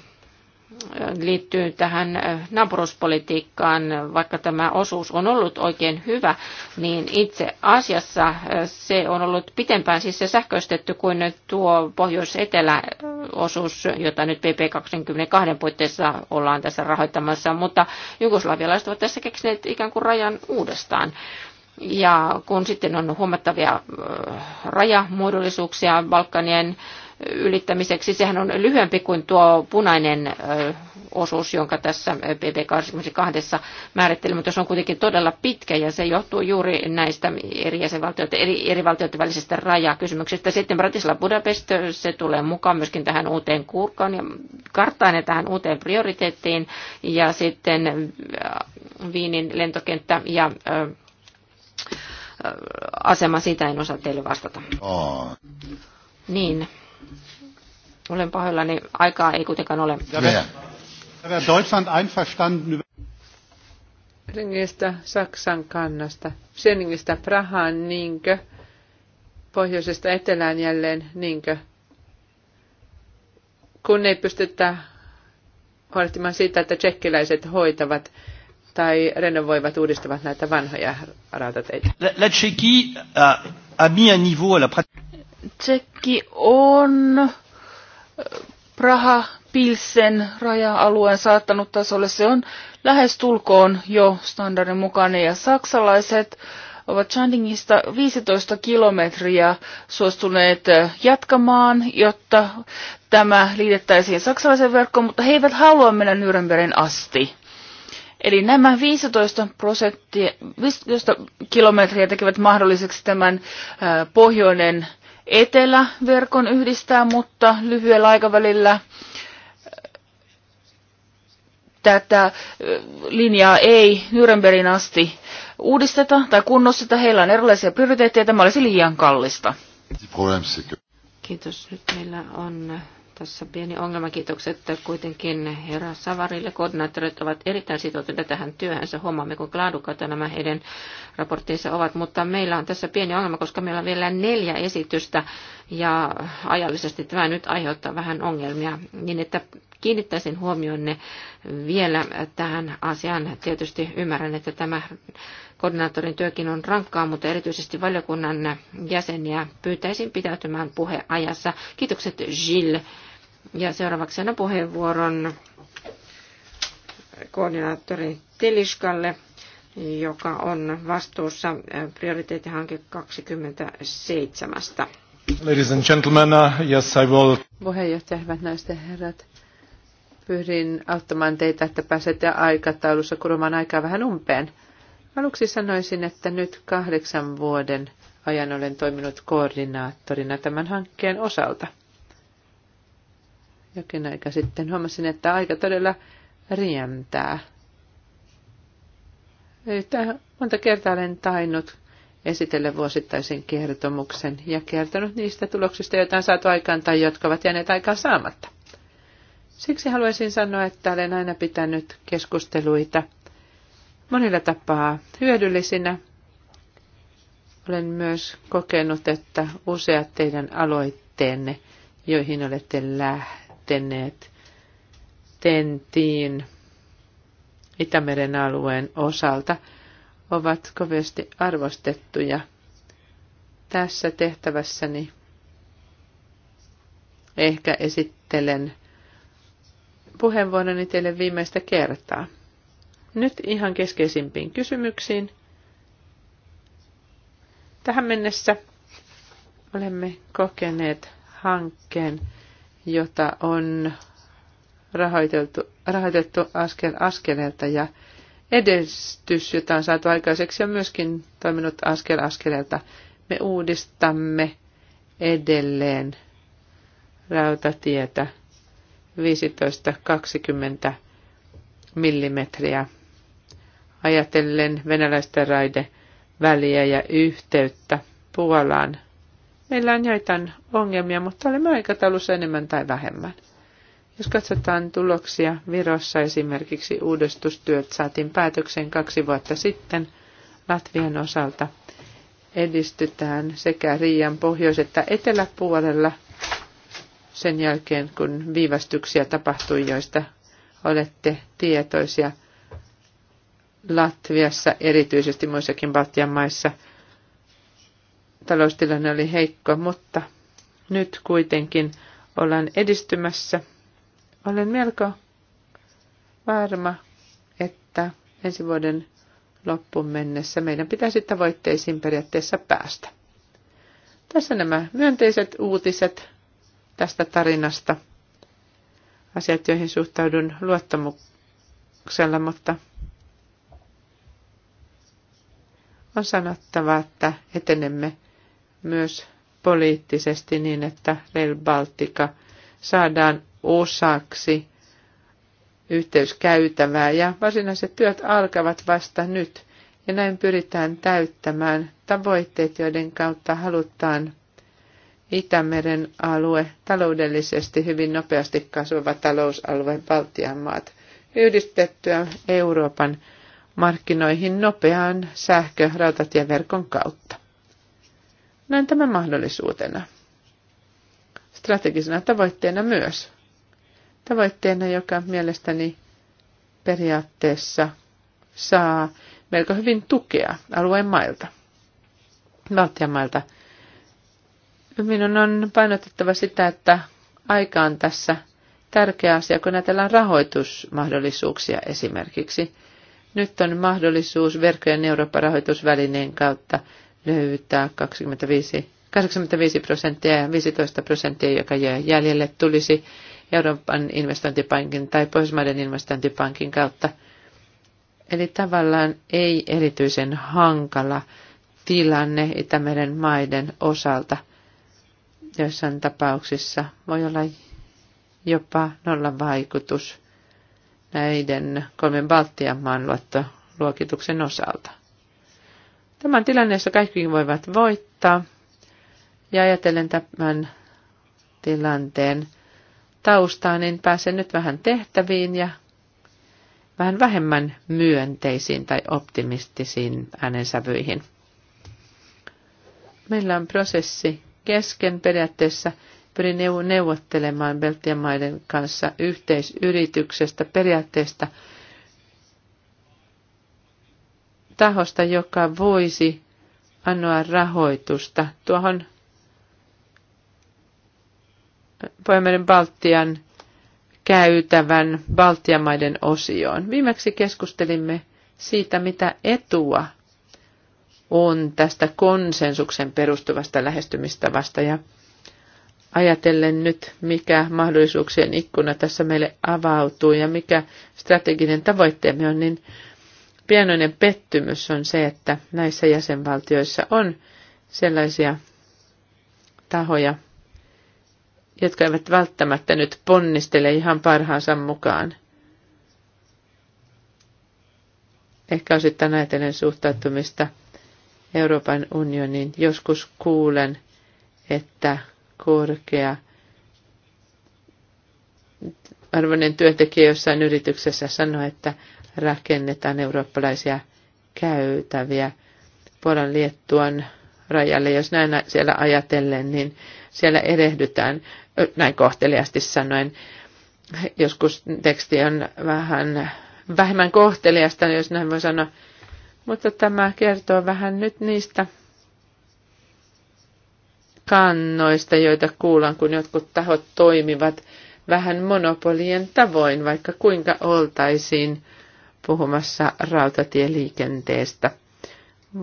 liittyy tähän naapuruspolitiikkaan, vaikka tämä osuus on ollut oikein hyvä, niin itse asiassa se on ollut pitempään siis se sähköistetty kuin tuo pohjois-etelä-osuus, jota nyt PP22 puitteissa ollaan tässä rahoittamassa, mutta jugoslavialaiset ovat tässä keksineet ikään kuin rajan uudestaan. Ja kun sitten on huomattavia rajamuodollisuuksia Balkanien ylittämiseksi. Sehän on lyhyempi kuin tuo punainen osuus, jonka tässä PP22 määrittelee, mutta se on kuitenkin todella pitkä ja se johtuu juuri näistä eri, jäsenvaltioiden, eri, eri valtioiden välisistä rajakysymyksistä. Sitten Bratislava Budapest, se tulee mukaan myöskin tähän uuteen kurkaan ja karttaan ja tähän uuteen prioriteettiin ja sitten Viinin lentokenttä ja asema, siitä en osaa teille vastata. Oh. Niin. Olen pahoillani, aikaa ei kuitenkaan ole. Deutschland einverstanden Helsingistä Saksan kannasta, Helsingistä Prahaan niinkö, pohjoisesta etelään jälleen niinkö. Kun ei pystytä huolehtimaan siitä, että tsekkiläiset hoitavat tai renovoivat, uudistavat näitä vanhoja rautateitä. La, la Tsekki a, a mis un niveau à la pratique. Tsekki on Praha Pilsen raja-alueen saattanut tasolle. Se on lähes tulkoon jo standardin mukainen ja saksalaiset ovat Chandingista 15 kilometriä suostuneet eh, jatkamaan, jotta tämä liitettäisiin saksalaisen verkkoon, mutta he eivät halua mennä Nürnbergin asti. Eli nämä 15, prosenttia, 15 kilometriä tekevät mahdolliseksi tämän eh, pohjoinen eteläverkon yhdistää, mutta lyhyellä aikavälillä äh, tätä äh, linjaa ei Nürnbergin asti uudisteta tai kunnosteta. Heillä on erilaisia prioriteetteja. Tämä olisi liian kallista. Siis- Kiitos. Nyt meillä on tässä pieni ongelma. Kiitokset kuitenkin herra Savarille. Koordinaattorit ovat erittäin sitoutuneita tähän työhönsä. Huomaamme, kun laadukkaita nämä heidän raporttinsa ovat. Mutta meillä on tässä pieni ongelma, koska meillä on vielä neljä esitystä. Ja ajallisesti tämä nyt aiheuttaa vähän ongelmia. Niin että kiinnittäisin huomionne vielä tähän asiaan. Tietysti ymmärrän, että tämä Koordinaattorin työkin on rankkaa, mutta erityisesti valiokunnan jäseniä pyytäisin pitäytymään puheajassa. Kiitokset Gilles. Ja seuraavaksi annan puheenvuoron koordinaattori Teliskalle, joka on vastuussa eh, prioriteettihanke 27. Ladies and gentlemen, uh, yes I will. Puheenjohtaja, hyvät naiset ja herrat. Pyrin auttamaan teitä, että pääsette aikataulussa kuromaan aikaa vähän umpeen. Aluksi sanoisin, että nyt kahdeksan vuoden ajan olen toiminut koordinaattorina tämän hankkeen osalta. Jokin aika sitten huomasin, että aika todella rientää. Yhtä monta kertaa olen tainnut esitellä vuosittaisen kertomuksen ja kertonut niistä tuloksista, joita on saatu aikaan tai jotka ovat jääneet aikaan saamatta. Siksi haluaisin sanoa, että olen aina pitänyt keskusteluita – monilla tapaa hyödyllisinä. Olen myös kokenut, että useat teidän aloitteenne, joihin olette lähteneet, tentiin Itämeren alueen osalta, ovat kovasti arvostettuja tässä tehtävässäni. Ehkä esittelen puheenvuoroni teille viimeistä kertaa. Nyt ihan keskeisimpiin kysymyksiin. Tähän mennessä olemme kokeneet hankkeen, jota on rahoitettu, rahoitettu askel askeleelta ja edestys, jota on saatu aikaiseksi, on myöskin toiminut askel askeleelta. Me uudistamme edelleen rautatietä 15-20 millimetriä ajatellen venäläistä raide väliä ja yhteyttä Puolaan. Meillä on joitain ongelmia, mutta olemme aikataulussa enemmän tai vähemmän. Jos katsotaan tuloksia, Virossa esimerkiksi uudistustyöt saatiin päätökseen kaksi vuotta sitten Latvian osalta. Edistytään sekä Riian pohjois- että eteläpuolella sen jälkeen, kun viivästyksiä tapahtui, joista olette tietoisia – Latviassa, erityisesti muissakin Baltian maissa, taloustilanne oli heikko, mutta nyt kuitenkin ollaan edistymässä. Olen melko varma, että ensi vuoden loppuun mennessä meidän pitäisi tavoitteisiin periaatteessa päästä. Tässä nämä myönteiset uutiset tästä tarinasta. Asiat, joihin suhtaudun luottamuksella, mutta on sanottava, että etenemme myös poliittisesti niin, että Rail Baltica saadaan osaksi yhteyskäytävää ja varsinaiset työt alkavat vasta nyt ja näin pyritään täyttämään tavoitteet, joiden kautta halutaan Itämeren alue, taloudellisesti hyvin nopeasti kasvava talousalue, Baltian maat, yhdistettyä Euroopan markkinoihin nopeaan sähkö-rautatieverkon kautta. Näen tämän mahdollisuutena. Strategisena tavoitteena myös. Tavoitteena, joka mielestäni periaatteessa saa melko hyvin tukea alueen mailta, valtion mailta. Minun on painotettava sitä, että aika on tässä tärkeä asia, kun ajatellaan rahoitusmahdollisuuksia esimerkiksi – nyt on mahdollisuus verkkojen eurooppa kautta löytää 25, 85 prosenttia ja 15 prosenttia, joka jää jäljelle, tulisi Euroopan investointipankin tai Pohjoismaiden investointipankin kautta. Eli tavallaan ei erityisen hankala tilanne Itämeren maiden osalta. Joissain tapauksissa voi olla jopa nolla vaikutus näiden kolmen Baltian maan luottoluokituksen osalta. Tämän on kaikkiin kaikki voivat voittaa. Ja ajatellen tämän tilanteen taustaa, niin pääsen nyt vähän tehtäviin ja vähän vähemmän myönteisiin tai optimistisiin äänensävyihin. Meillä on prosessi kesken periaatteessa pyrin neuvottelemaan Beltian maiden kanssa yhteisyrityksestä, periaatteesta, tahosta, joka voisi annoa rahoitusta tuohon Pohjanmeren Baltian käytävän Baltian maiden osioon. Viimeksi keskustelimme siitä, mitä etua on tästä konsensuksen perustuvasta lähestymistavasta ja ajatellen nyt, mikä mahdollisuuksien ikkuna tässä meille avautuu ja mikä strateginen tavoitteemme on, niin pienoinen pettymys on se, että näissä jäsenvaltioissa on sellaisia tahoja, jotka eivät välttämättä nyt ponnistele ihan parhaansa mukaan. Ehkä osittain ajatellen suhtautumista Euroopan unioniin. Joskus kuulen, että korkea arvoinen työntekijä jossain yrityksessä sanoi, että rakennetaan eurooppalaisia käytäviä Puolan Liettuan rajalle. Jos näin siellä ajatellen, niin siellä erehdytään, näin kohteliasti sanoen. Joskus teksti on vähän vähemmän kohteliasta, jos näin voi sanoa. Mutta tämä kertoo vähän nyt niistä kannoista, joita kuullaan, kun jotkut tahot toimivat vähän monopolien tavoin, vaikka kuinka oltaisiin puhumassa rautatieliikenteestä.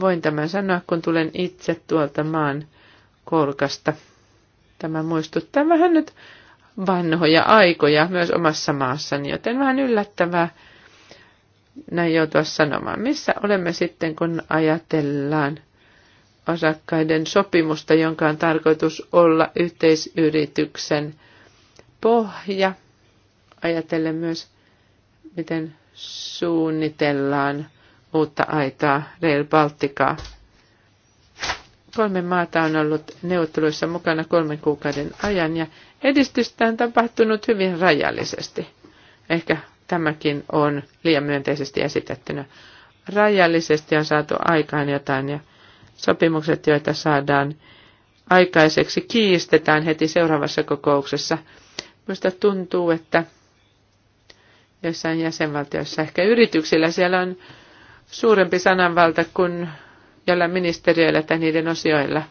Voin tämän sanoa, kun tulen itse tuolta maan kolkasta. Tämä muistuttaa vähän nyt vanhoja aikoja myös omassa maassani, joten vähän yllättävää näin joutua sanomaan. Missä olemme sitten, kun ajatellaan osakkaiden sopimusta, jonka on tarkoitus olla yhteisyrityksen pohja. Ajatellen myös, miten suunnitellaan uutta aitaa Rail Balticaa. Kolme maata on ollut neuvotteluissa mukana kolmen kuukauden ajan ja edistystä on tapahtunut hyvin rajallisesti. Ehkä tämäkin on liian myönteisesti esitettynä. Rajallisesti on saatu aikaan jotain ja sopimukset, joita saadaan aikaiseksi, kiistetään heti seuraavassa kokouksessa. Minusta tuntuu, että joissain jäsenvaltiossa, ehkä yrityksillä siellä on suurempi sananvalta kuin jolla ministeriöillä tai niiden osioilla.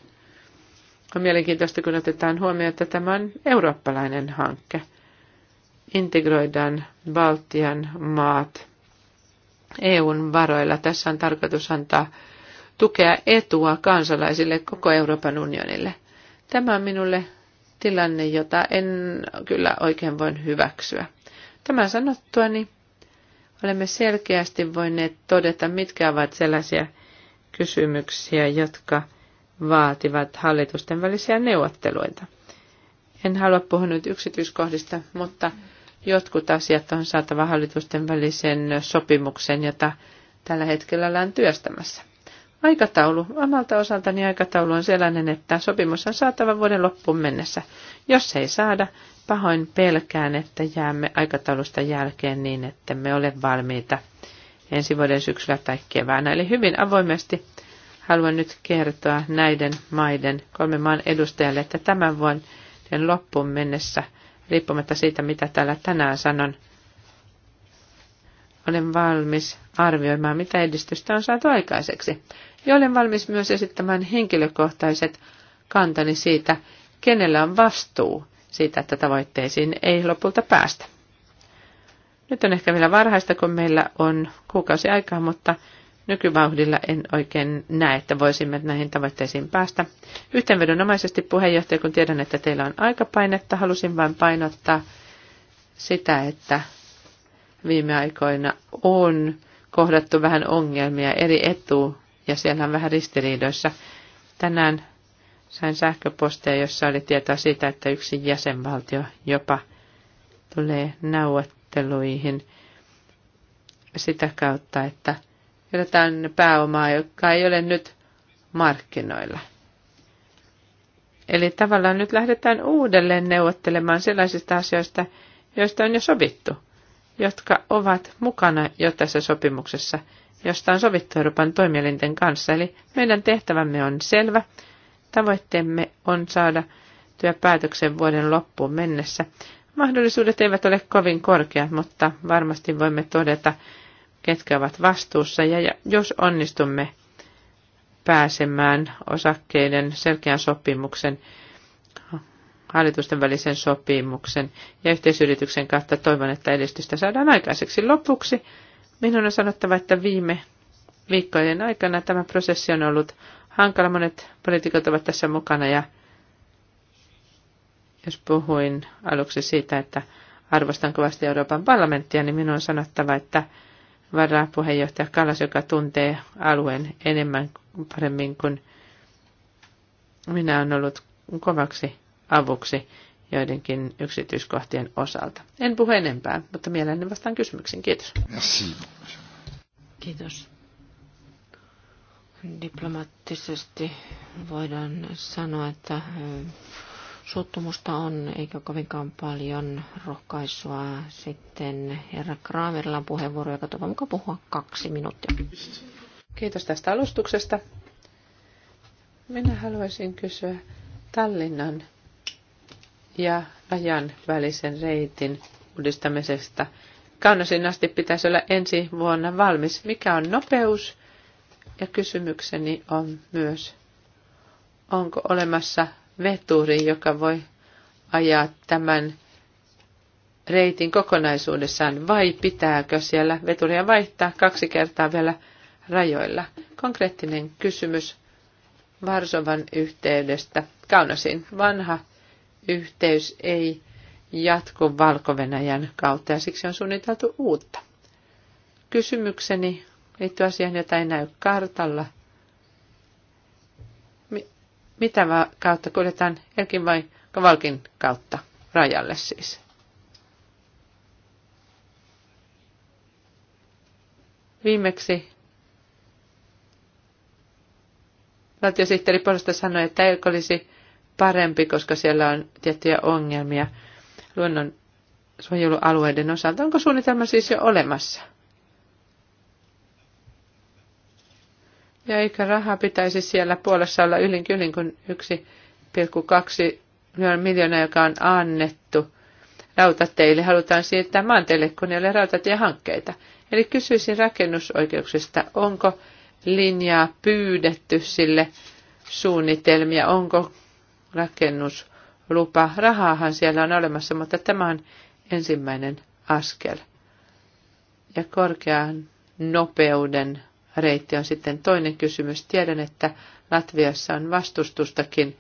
On mielenkiintoista, kun otetaan huomioon, että tämä on eurooppalainen hanke. Integroidaan Baltian maat EUn varoilla. Tässä on tarkoitus antaa tukea etua kansalaisille koko Euroopan unionille. Tämä on minulle tilanne, jota en kyllä oikein voi hyväksyä. Tämän niin olemme selkeästi voineet todeta, mitkä ovat sellaisia kysymyksiä, jotka vaativat hallitusten välisiä neuvotteluita. En halua puhua nyt yksityiskohdista, mutta jotkut asiat on saatava hallitusten välisen sopimuksen, jota tällä hetkellä ollaan työstämässä. Aikataulu. Omalta osaltani aikataulu on sellainen, että sopimus on saatava vuoden loppuun mennessä. Jos ei saada, pahoin pelkään, että jäämme aikataulusta jälkeen niin, että me ole valmiita ensi vuoden syksyllä tai keväänä. Eli hyvin avoimesti haluan nyt kertoa näiden maiden, kolme maan edustajalle, että tämän vuoden loppuun mennessä, riippumatta siitä mitä täällä tänään sanon, olen valmis arvioimaan, mitä edistystä on saatu aikaiseksi. Ja olen valmis myös esittämään henkilökohtaiset kantani siitä, kenellä on vastuu siitä, että tavoitteisiin ei lopulta päästä. Nyt on ehkä vielä varhaista, kun meillä on kuukausi aikaa, mutta nykyvauhdilla en oikein näe, että voisimme näihin tavoitteisiin päästä. Yhteenvedonomaisesti puheenjohtaja, kun tiedän, että teillä on aikapainetta, halusin vain painottaa sitä, että viime aikoina on kohdattu vähän ongelmia eri etu ja siellä on vähän ristiriidoissa. Tänään sain sähköpostia, jossa oli tietoa siitä, että yksi jäsenvaltio jopa tulee neuvotteluihin sitä kautta, että jotain pääomaa, joka ei ole nyt markkinoilla. Eli tavallaan nyt lähdetään uudelleen neuvottelemaan sellaisista asioista, joista on jo sovittu jotka ovat mukana jo tässä sopimuksessa, josta on sovittu Euroopan toimielinten kanssa. Eli meidän tehtävämme on selvä. Tavoitteemme on saada työpäätöksen vuoden loppuun mennessä. Mahdollisuudet eivät ole kovin korkeat, mutta varmasti voimme todeta, ketkä ovat vastuussa. Ja jos onnistumme pääsemään osakkeiden selkeän sopimuksen hallitusten välisen sopimuksen ja yhteisyrityksen kautta toivon, että edistystä saadaan aikaiseksi. Lopuksi minun on sanottava, että viime viikkojen aikana tämä prosessi on ollut hankala. Monet poliitikot ovat tässä mukana ja jos puhuin aluksi siitä, että arvostan kovasti Euroopan parlamenttia, niin minun on sanottava, että varapuheenjohtaja Kallas, joka tuntee alueen enemmän paremmin kuin minä, on ollut kovaksi avuksi joidenkin yksityiskohtien osalta. En puhu enempää, mutta mielelläni vastaan kysymyksiin. Kiitos. Merci. Kiitos. Diplomaattisesti voidaan sanoa, että suuttumusta on, eikä kovinkaan paljon rohkaisua. Sitten herra Kraamerilla on puheenvuoro, joka toivon mukaan puhua kaksi minuuttia. Kiitos tästä alustuksesta. Minä haluaisin kysyä Tallinnan ja rajan välisen reitin uudistamisesta. Kaunasin asti pitäisi olla ensi vuonna valmis. Mikä on nopeus? Ja kysymykseni on myös, onko olemassa veturi, joka voi ajaa tämän reitin kokonaisuudessaan, vai pitääkö siellä veturia vaihtaa kaksi kertaa vielä rajoilla? Konkreettinen kysymys Varsovan yhteydestä. Kaunasin vanha yhteys ei jatku valko kautta ja siksi on suunniteltu uutta. Kysymykseni liittyy asiaan, jota ei näy kartalla. Mitä kautta kuljetaan, Elkin vai Kavalkin kautta, rajalle siis? Viimeksi valtiosihteeri Porosta sanoi, että Elk olisi parempi, koska siellä on tiettyjä ongelmia luonnon suojelualueiden osalta. Onko suunnitelma siis jo olemassa? Ja eikä rahaa pitäisi siellä puolessa olla ylin kylin kuin 1,2 miljoonaa, joka on annettu rautateille. Halutaan siirtää maanteille, kun ei ole rautatiehankkeita. Eli kysyisin rakennusoikeuksista, onko linjaa pyydetty sille suunnitelmia, onko rakennuslupa. Rahaahan siellä on olemassa, mutta tämä on ensimmäinen askel. Ja korkean nopeuden reitti on sitten toinen kysymys. Tiedän, että Latviassa on vastustustakin,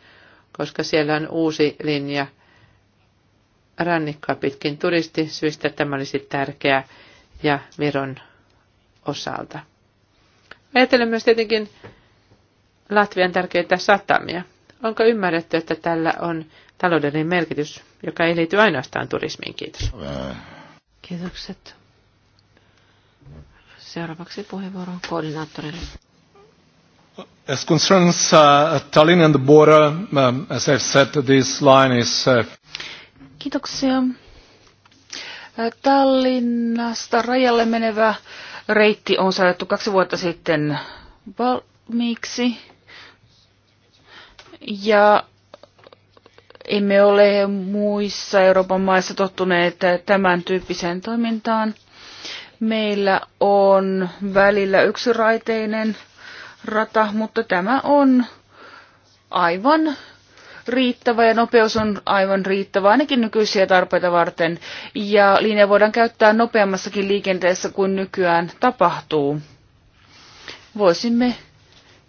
koska siellä on uusi linja rannikkoa pitkin turistisyistä. Tämä olisi tärkeää ja Viron osalta. Ajattelen myös tietenkin Latvian tärkeitä satamia. Onko ymmärretty, että tällä on taloudellinen merkitys, joka ei liity ainoastaan turismiin? Kiitos. Kiitokset. Seuraavaksi puheenvuoro koordinaattorille. As concerns uh, Tallinn and the border, um, as I've said, this line is... Uh... Kiitoksia. Tallinnasta rajalle menevä reitti on saatu kaksi vuotta sitten valmiiksi. Ja emme ole muissa Euroopan maissa tottuneet tämän tyyppiseen toimintaan. Meillä on välillä yksiraiteinen rata, mutta tämä on aivan riittävä ja nopeus on aivan riittävä ainakin nykyisiä tarpeita varten. Ja linja voidaan käyttää nopeammassakin liikenteessä kuin nykyään tapahtuu. Voisimme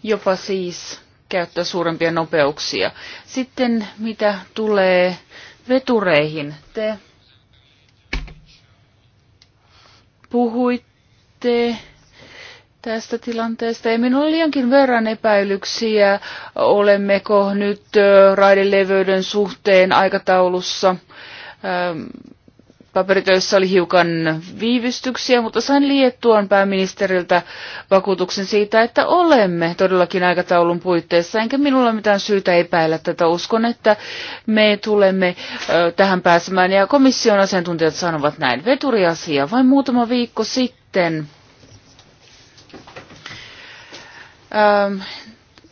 jopa siis käyttää suurempia nopeuksia. Sitten mitä tulee vetureihin, te puhuitte tästä tilanteesta. Ja minulla on liiankin verran epäilyksiä, olemmeko nyt raideleveyden suhteen aikataulussa paperitöissä oli hiukan viivystyksiä, mutta sain Liettuan pääministeriltä vakuutuksen siitä, että olemme todellakin aikataulun puitteissa, enkä minulla mitään syytä epäillä tätä. Uskon, että me tulemme ö, tähän pääsemään, ja komission asiantuntijat sanovat näin. Veturiasia vain muutama viikko sitten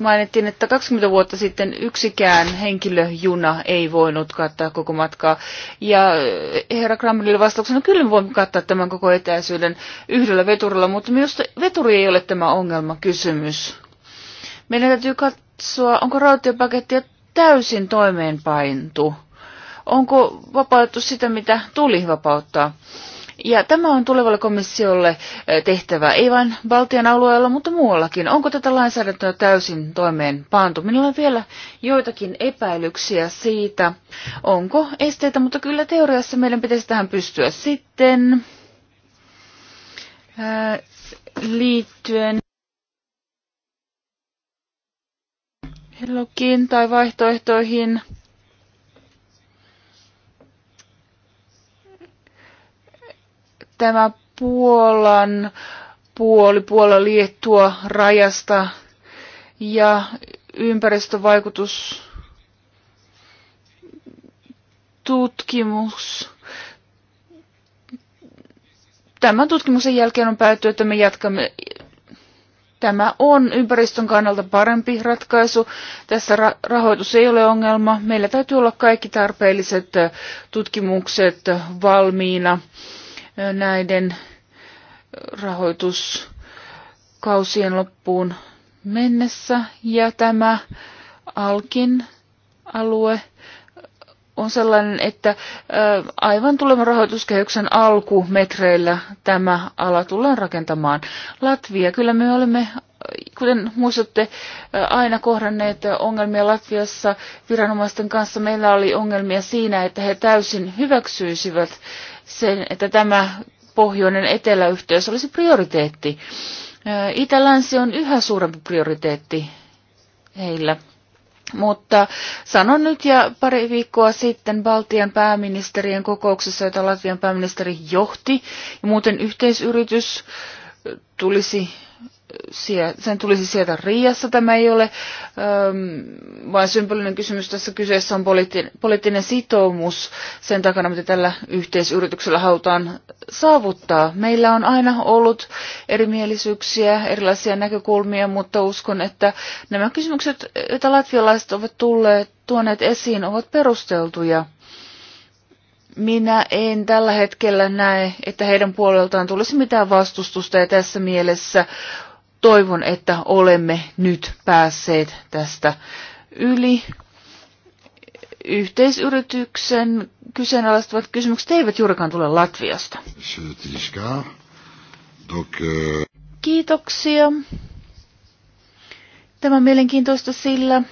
mainittiin, että 20 vuotta sitten yksikään henkilöjuna ei voinut kattaa koko matkaa. Ja eh, herra Kramerille vastauksena, no kyllä me voimme kattaa tämän koko etäisyyden yhdellä veturilla, mutta myös veturi ei ole tämä ongelma kysymys. Meidän täytyy katsoa, onko rautiopakettia täysin toimeenpaintu. Onko vapautettu sitä, mitä tuli vapauttaa? Ja tämä on tulevalle komissiolle eh, tehtävä ei vain Baltian alueella, mutta muuallakin. Onko tätä lainsäädäntöä täysin toimeen paantu? Minulla on vielä joitakin epäilyksiä siitä, onko esteitä, mutta kyllä teoriassa meidän pitäisi tähän pystyä sitten ää, eh, liittyen Hellokin tai vaihtoehtoihin. tämä Puolan puoli, Puola liettua rajasta ja ympäristövaikutus tutkimus. Tämän tutkimuksen jälkeen on päätty, että me jatkamme. Tämä on ympäristön kannalta parempi ratkaisu. Tässä ra- rahoitus ei ole ongelma. Meillä täytyy olla kaikki tarpeelliset tutkimukset valmiina näiden rahoituskausien loppuun mennessä. Ja tämä Alkin alue on sellainen, että äh, aivan tulevan rahoituskehyksen alkumetreillä tämä ala tullaan rakentamaan. Latvia, kyllä me olemme, kuten muistatte, äh, aina kohdanneet ongelmia Latviassa viranomaisten kanssa. Meillä oli ongelmia siinä, että he täysin hyväksyisivät sen, että tämä pohjoinen eteläyhteys olisi prioriteetti. Itä-länsi on yhä suurempi prioriteetti heillä. Mutta sanon nyt ja pari viikkoa sitten Baltian pääministerien kokouksessa, jota Latvian pääministeri johti, ja muuten yhteisyritys tulisi sen tulisi sieltä Riassa. Tämä ei ole ähm, vain symbolinen kysymys. Tässä kyseessä on poliittinen, poliittinen sitoumus sen takana, mitä tällä yhteisyrityksellä halutaan saavuttaa. Meillä on aina ollut erimielisyyksiä, erilaisia näkökulmia, mutta uskon, että nämä kysymykset, joita latvialaiset ovat tulleet, tuoneet esiin, ovat perusteltuja. Minä en tällä hetkellä näe, että heidän puoleltaan tulisi mitään vastustusta ja tässä mielessä toivon, että olemme nyt päässeet tästä yli. Yhteisyrityksen kyseenalaistavat kysymykset eivät juurikaan tule Latviasta. Euh, Kiitoksia. Tämä on mielenkiintoista, sillä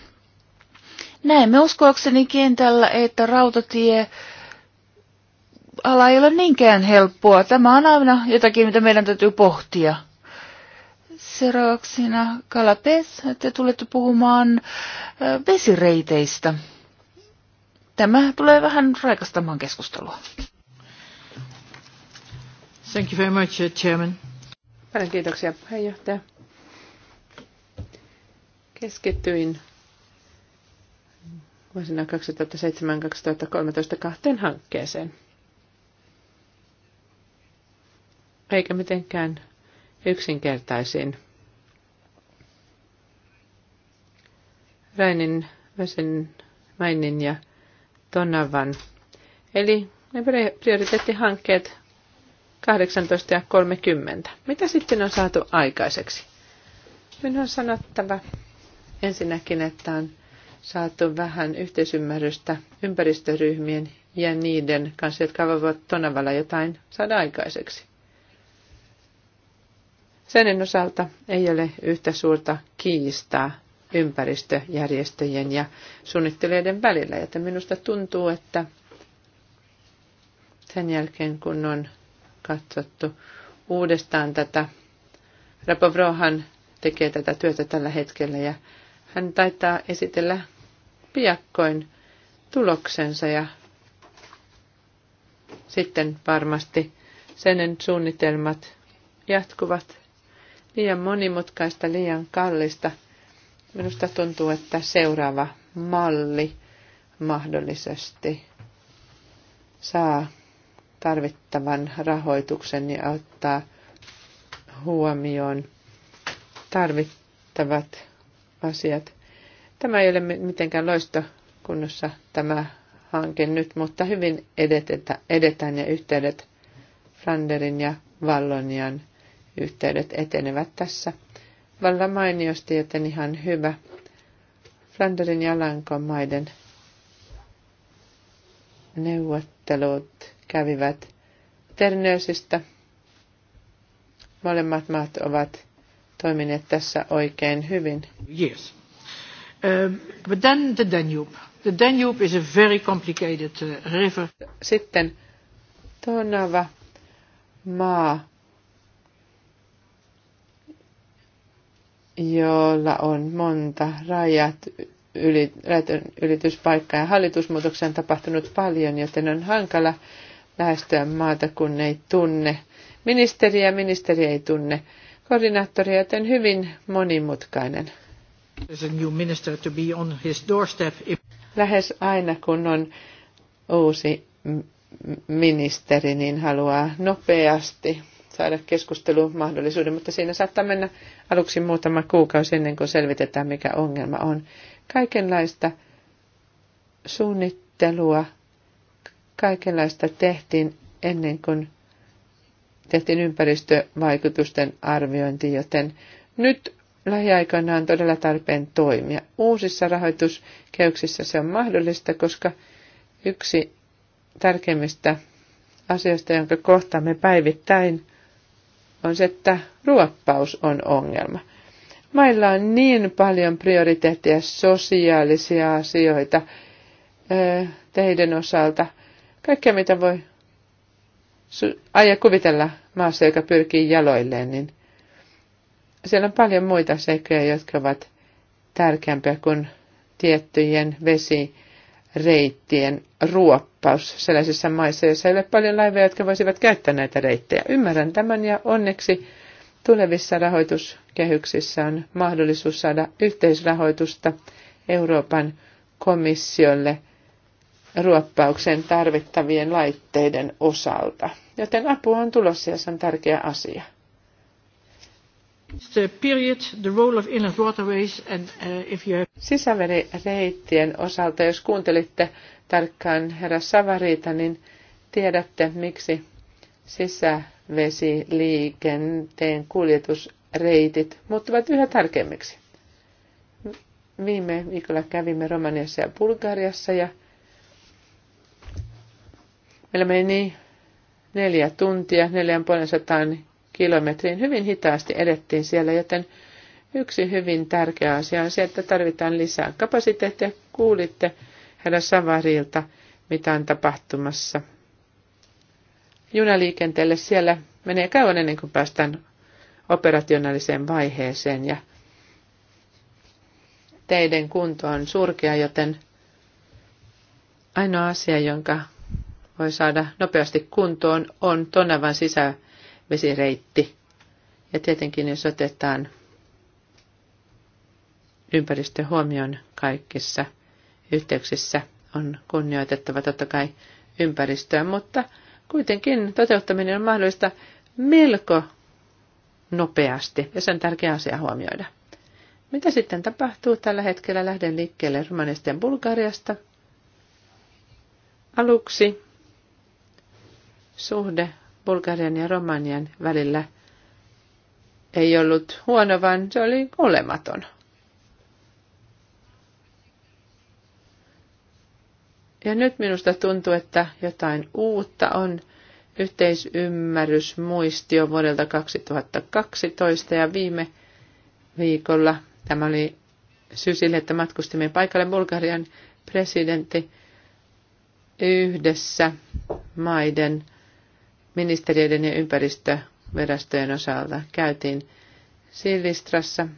näemme uskoakseni kentällä, että rautatie ala ei ole niinkään helppoa. Tämä on aina jotakin, mitä meidän täytyy pohtia. Seuraavaksena Kalapes, te tulette puhumaan vesireiteistä. Tämä tulee vähän raikastamaan keskustelua. Thank you very much, uh, Chairman. Paljon kiitoksia puheenjohtaja. Keskittyin vuosina 2007-2013 kahteen hankkeeseen. Eikä mitenkään yksinkertaisiin Rainin, Vesin, Mainin ja Tonavan. Eli ne prioriteettihankkeet 18 ja 30. Mitä sitten on saatu aikaiseksi? Minun on sanottava ensinnäkin, että on saatu vähän yhteisymmärrystä ympäristöryhmien ja niiden kanssa, jotka voivat Tonavalla jotain saada aikaiseksi. Sen osalta ei ole yhtä suurta kiistaa ympäristöjärjestöjen ja suunnittelijoiden välillä. Joten minusta tuntuu, että sen jälkeen kun on katsottu uudestaan tätä, Rapovrohan tekee tätä työtä tällä hetkellä ja hän taitaa esitellä piakkoin tuloksensa ja sitten varmasti sen suunnitelmat jatkuvat liian monimutkaista, liian kallista – Minusta tuntuu, että seuraava malli mahdollisesti saa tarvittavan rahoituksen ja ottaa huomioon tarvittavat asiat. Tämä ei ole mitenkään loistokunnossa tämä hanke nyt, mutta hyvin edetetä, edetään ja yhteydet Flanderin ja Vallonian yhteydet etenevät tässä – valla mainiosti, joten ihan hyvä. Flanderin ja maiden neuvottelut kävivät Terneysistä. Molemmat maat ovat toimineet tässä oikein hyvin. Yes. Um, but then the Danube. The Danube is a very complicated uh, river. Sitten Tonava maa jolla on monta rajat ylityspaikkaa. Ja hallitusmuutoksen tapahtunut paljon, joten on hankala lähestyä maata, kun ei tunne ministeriä, ministeri ei tunne koordinaattoria, joten hyvin monimutkainen. Lähes aina, kun on uusi ministeri, niin haluaa nopeasti saada keskustelumahdollisuuden, mutta siinä saattaa mennä aluksi muutama kuukausi ennen kuin selvitetään, mikä ongelma on. Kaikenlaista suunnittelua, kaikenlaista tehtiin ennen kuin tehtiin ympäristövaikutusten arviointi, joten nyt lähiaikoina on todella tarpeen toimia. Uusissa rahoituskeuksissa se on mahdollista, koska yksi tärkeimmistä asioista, jonka kohtaamme päivittäin, on se, että ruoppaus on ongelma. Mailla on niin paljon prioriteetteja sosiaalisia asioita eh, teidän osalta. Kaikkea, mitä voi aja kuvitella maassa, joka pyrkii jaloilleen, niin siellä on paljon muita seikkoja, jotka ovat tärkeämpiä kuin tiettyjen vesi- reittien ruoppaus sellaisissa maissa, joissa ei ole paljon laivoja, jotka voisivat käyttää näitä reittejä. Ymmärrän tämän ja onneksi tulevissa rahoituskehyksissä on mahdollisuus saada yhteisrahoitusta Euroopan komissiolle ruoppaukseen tarvittavien laitteiden osalta. Joten apu on tulossa ja se on tärkeä asia. Uh, Sisävereittien osalta, jos kuuntelitte tarkkaan herra Savariita, niin tiedätte, miksi sisävesiliikenteen kuljetusreitit muuttuvat yhä tarkemmiksi. Viime viikolla kävimme Romaniassa ja Bulgariassa ja meillä meni neljä tuntia, neljän puolen sataan kilometriin. Hyvin hitaasti edettiin siellä, joten yksi hyvin tärkeä asia on se, että tarvitaan lisää kapasiteettia. Kuulitte herra Savarilta, mitä on tapahtumassa junaliikenteelle. Siellä menee kauan ennen kuin päästään operationaaliseen vaiheeseen ja teiden kunto on surkea, joten ainoa asia, jonka voi saada nopeasti kuntoon, on Tonavan sisä vesireitti. Ja tietenkin jos otetaan ympäristö huomioon kaikissa yhteyksissä, on kunnioitettava totta kai ympäristöä, mutta kuitenkin toteuttaminen on mahdollista melko nopeasti ja se on tärkeä asia huomioida. Mitä sitten tapahtuu? Tällä hetkellä lähden liikkeelle Romaniasta ja Bulgariasta. Aluksi suhde Bulgarian ja Romanian välillä ei ollut huono, vaan se oli olematon. Ja nyt minusta tuntuu, että jotain uutta on yhteisymmärrysmuistio vuodelta 2012 ja viime viikolla tämä oli syy sille, että matkustimme paikalle Bulgarian presidentti yhdessä maiden ministeriöiden ja ympäristövirastojen osalta käytiin Silvistrassa,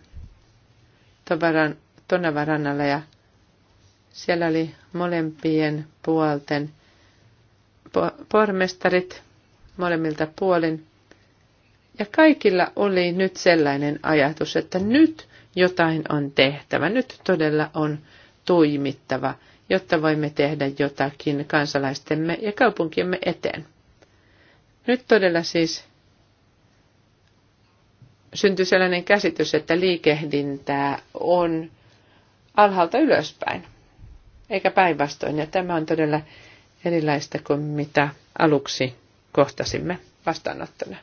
Tonavarannalla ja siellä oli molempien puolten pormestarit molemmilta puolin. Ja kaikilla oli nyt sellainen ajatus, että nyt jotain on tehtävä, nyt todella on toimittava, jotta voimme tehdä jotakin kansalaistemme ja kaupunkiemme eteen. Nyt todella siis syntyi sellainen käsitys, että liikehdintää on alhaalta ylöspäin, eikä päinvastoin. Ja tämä on todella erilaista kuin mitä aluksi kohtasimme vastaanottona.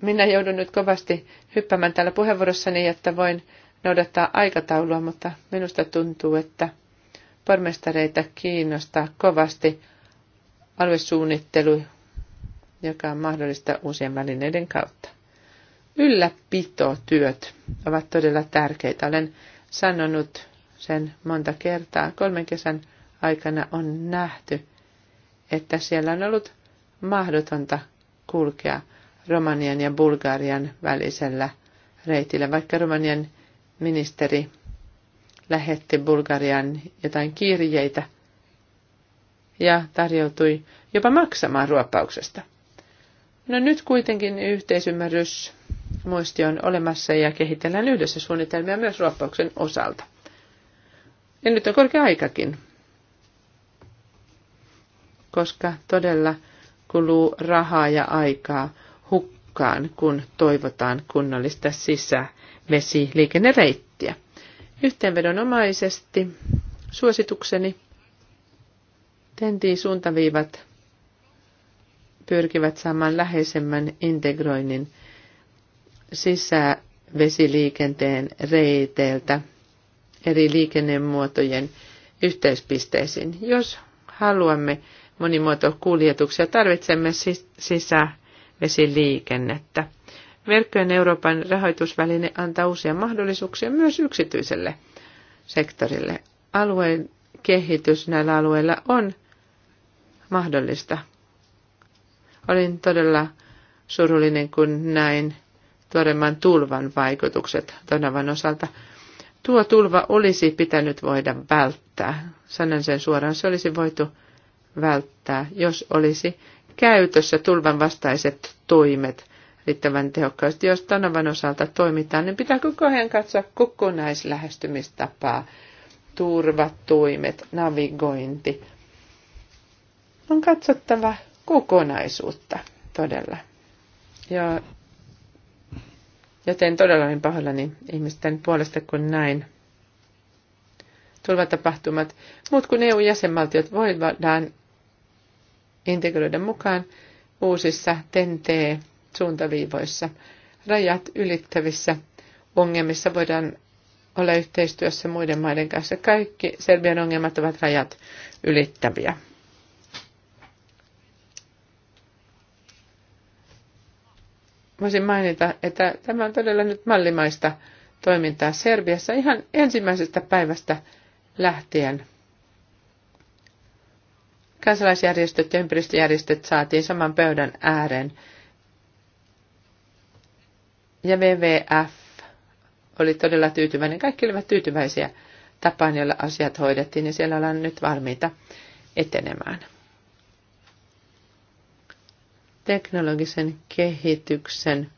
Minä joudun nyt kovasti hyppämään täällä puheenvuorossani, että voin noudattaa aikataulua, mutta minusta tuntuu, että pormestareita kiinnostaa kovasti alvesuunnittelu, joka on mahdollista uusien välineiden kautta. Ylläpitotyöt ovat todella tärkeitä. Olen sanonut sen monta kertaa. Kolmen kesän aikana on nähty, että siellä on ollut mahdotonta kulkea Romanian ja Bulgarian välisellä reitillä, vaikka Romanian ministeri lähetti Bulgarian jotain kirjeitä – ja tarjoutui jopa maksamaan ruoppauksesta. No nyt kuitenkin yhteisymmärrys muisti on olemassa ja kehitellään yhdessä suunnitelmia myös ruoppauksen osalta. Ja nyt on korkea aikakin, koska todella kuluu rahaa ja aikaa hukkaan, kun toivotaan kunnollista sisävesiliikennereittiä. Yhteenvedonomaisesti suositukseni tentin suuntaviivat pyrkivät saamaan läheisemmän integroinnin sisävesiliikenteen reiteiltä eri liikennemuotojen yhteispisteisiin. Jos haluamme monimuotokuljetuksia, tarvitsemme sisävesiliikennettä. Verkkojen Euroopan rahoitusväline antaa uusia mahdollisuuksia myös yksityiselle sektorille. Alueen kehitys näillä alueilla on mahdollista. Olin todella surullinen, kun näin tuoremman tulvan vaikutukset Donavan osalta. Tuo tulva olisi pitänyt voida välttää. Sanon sen suoraan, se olisi voitu välttää, jos olisi käytössä tulvan vastaiset toimet riittävän tehokkaasti. Jos Donavan osalta toimitaan, niin pitää koko ajan katsoa kokonaislähestymistapaa, turvatoimet, navigointi, on katsottava kokonaisuutta todella. Ja, joten todella olin niin pahoillani ihmisten puolesta, kun näin tulevat tapahtumat. Muut kuin EU-jäsenvaltiot voidaan integroida mukaan uusissa tnt suuntaviivoissa Rajat ylittävissä ongelmissa voidaan olla yhteistyössä muiden maiden kanssa. Kaikki Serbian ongelmat ovat rajat ylittäviä. voisin mainita, että tämä on todella nyt mallimaista toimintaa Serbiassa ihan ensimmäisestä päivästä lähtien. Kansalaisjärjestöt ja ympäristöjärjestöt saatiin saman pöydän ääreen. Ja WWF oli todella tyytyväinen. Kaikki olivat tyytyväisiä tapaan, joilla asiat hoidettiin, ja siellä ollaan nyt valmiita etenemään teknologisen kehityksen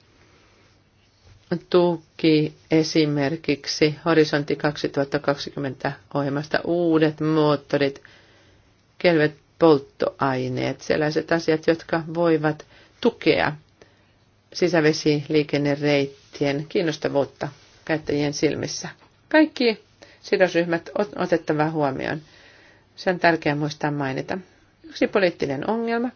tuki esimerkiksi Horisontti 2020 ohjelmasta uudet moottorit, kelvet polttoaineet, sellaiset asiat, jotka voivat tukea sisävesiliikennereittien kiinnostavuutta käyttäjien silmissä. Kaikki sidosryhmät on otettava huomioon. Se on tärkeää muistaa mainita. Yksi poliittinen ongelma,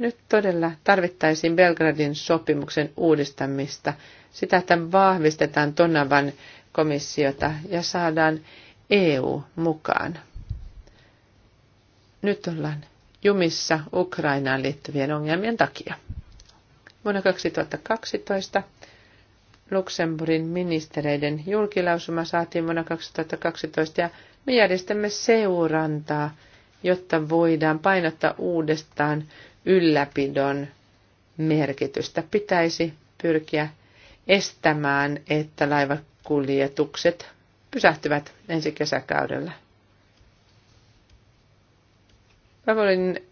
nyt todella tarvittaisiin Belgradin sopimuksen uudistamista, sitä, että vahvistetaan Tonavan komissiota ja saadaan EU mukaan. Nyt ollaan jumissa Ukrainaan liittyvien ongelmien takia. Vuonna 2012 Luxemburgin ministereiden julkilausuma saatiin vuonna 2012 ja me järjestämme seurantaa, jotta voidaan painottaa uudestaan ylläpidon merkitystä pitäisi pyrkiä estämään, että laivakuljetukset pysähtyvät ensi kesäkaudella. Pavolin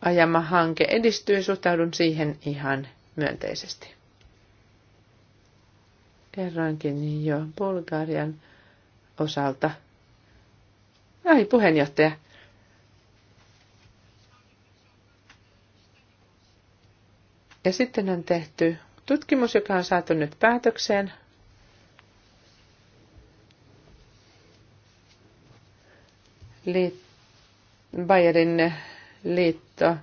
ajama hanke edistyy, suhtaudun siihen ihan myönteisesti. Kerroinkin jo Bulgarian osalta. Ai, puheenjohtaja, Ja sitten on tehty tutkimus, joka on saatu nyt päätökseen. Liit- Bayerin liitto,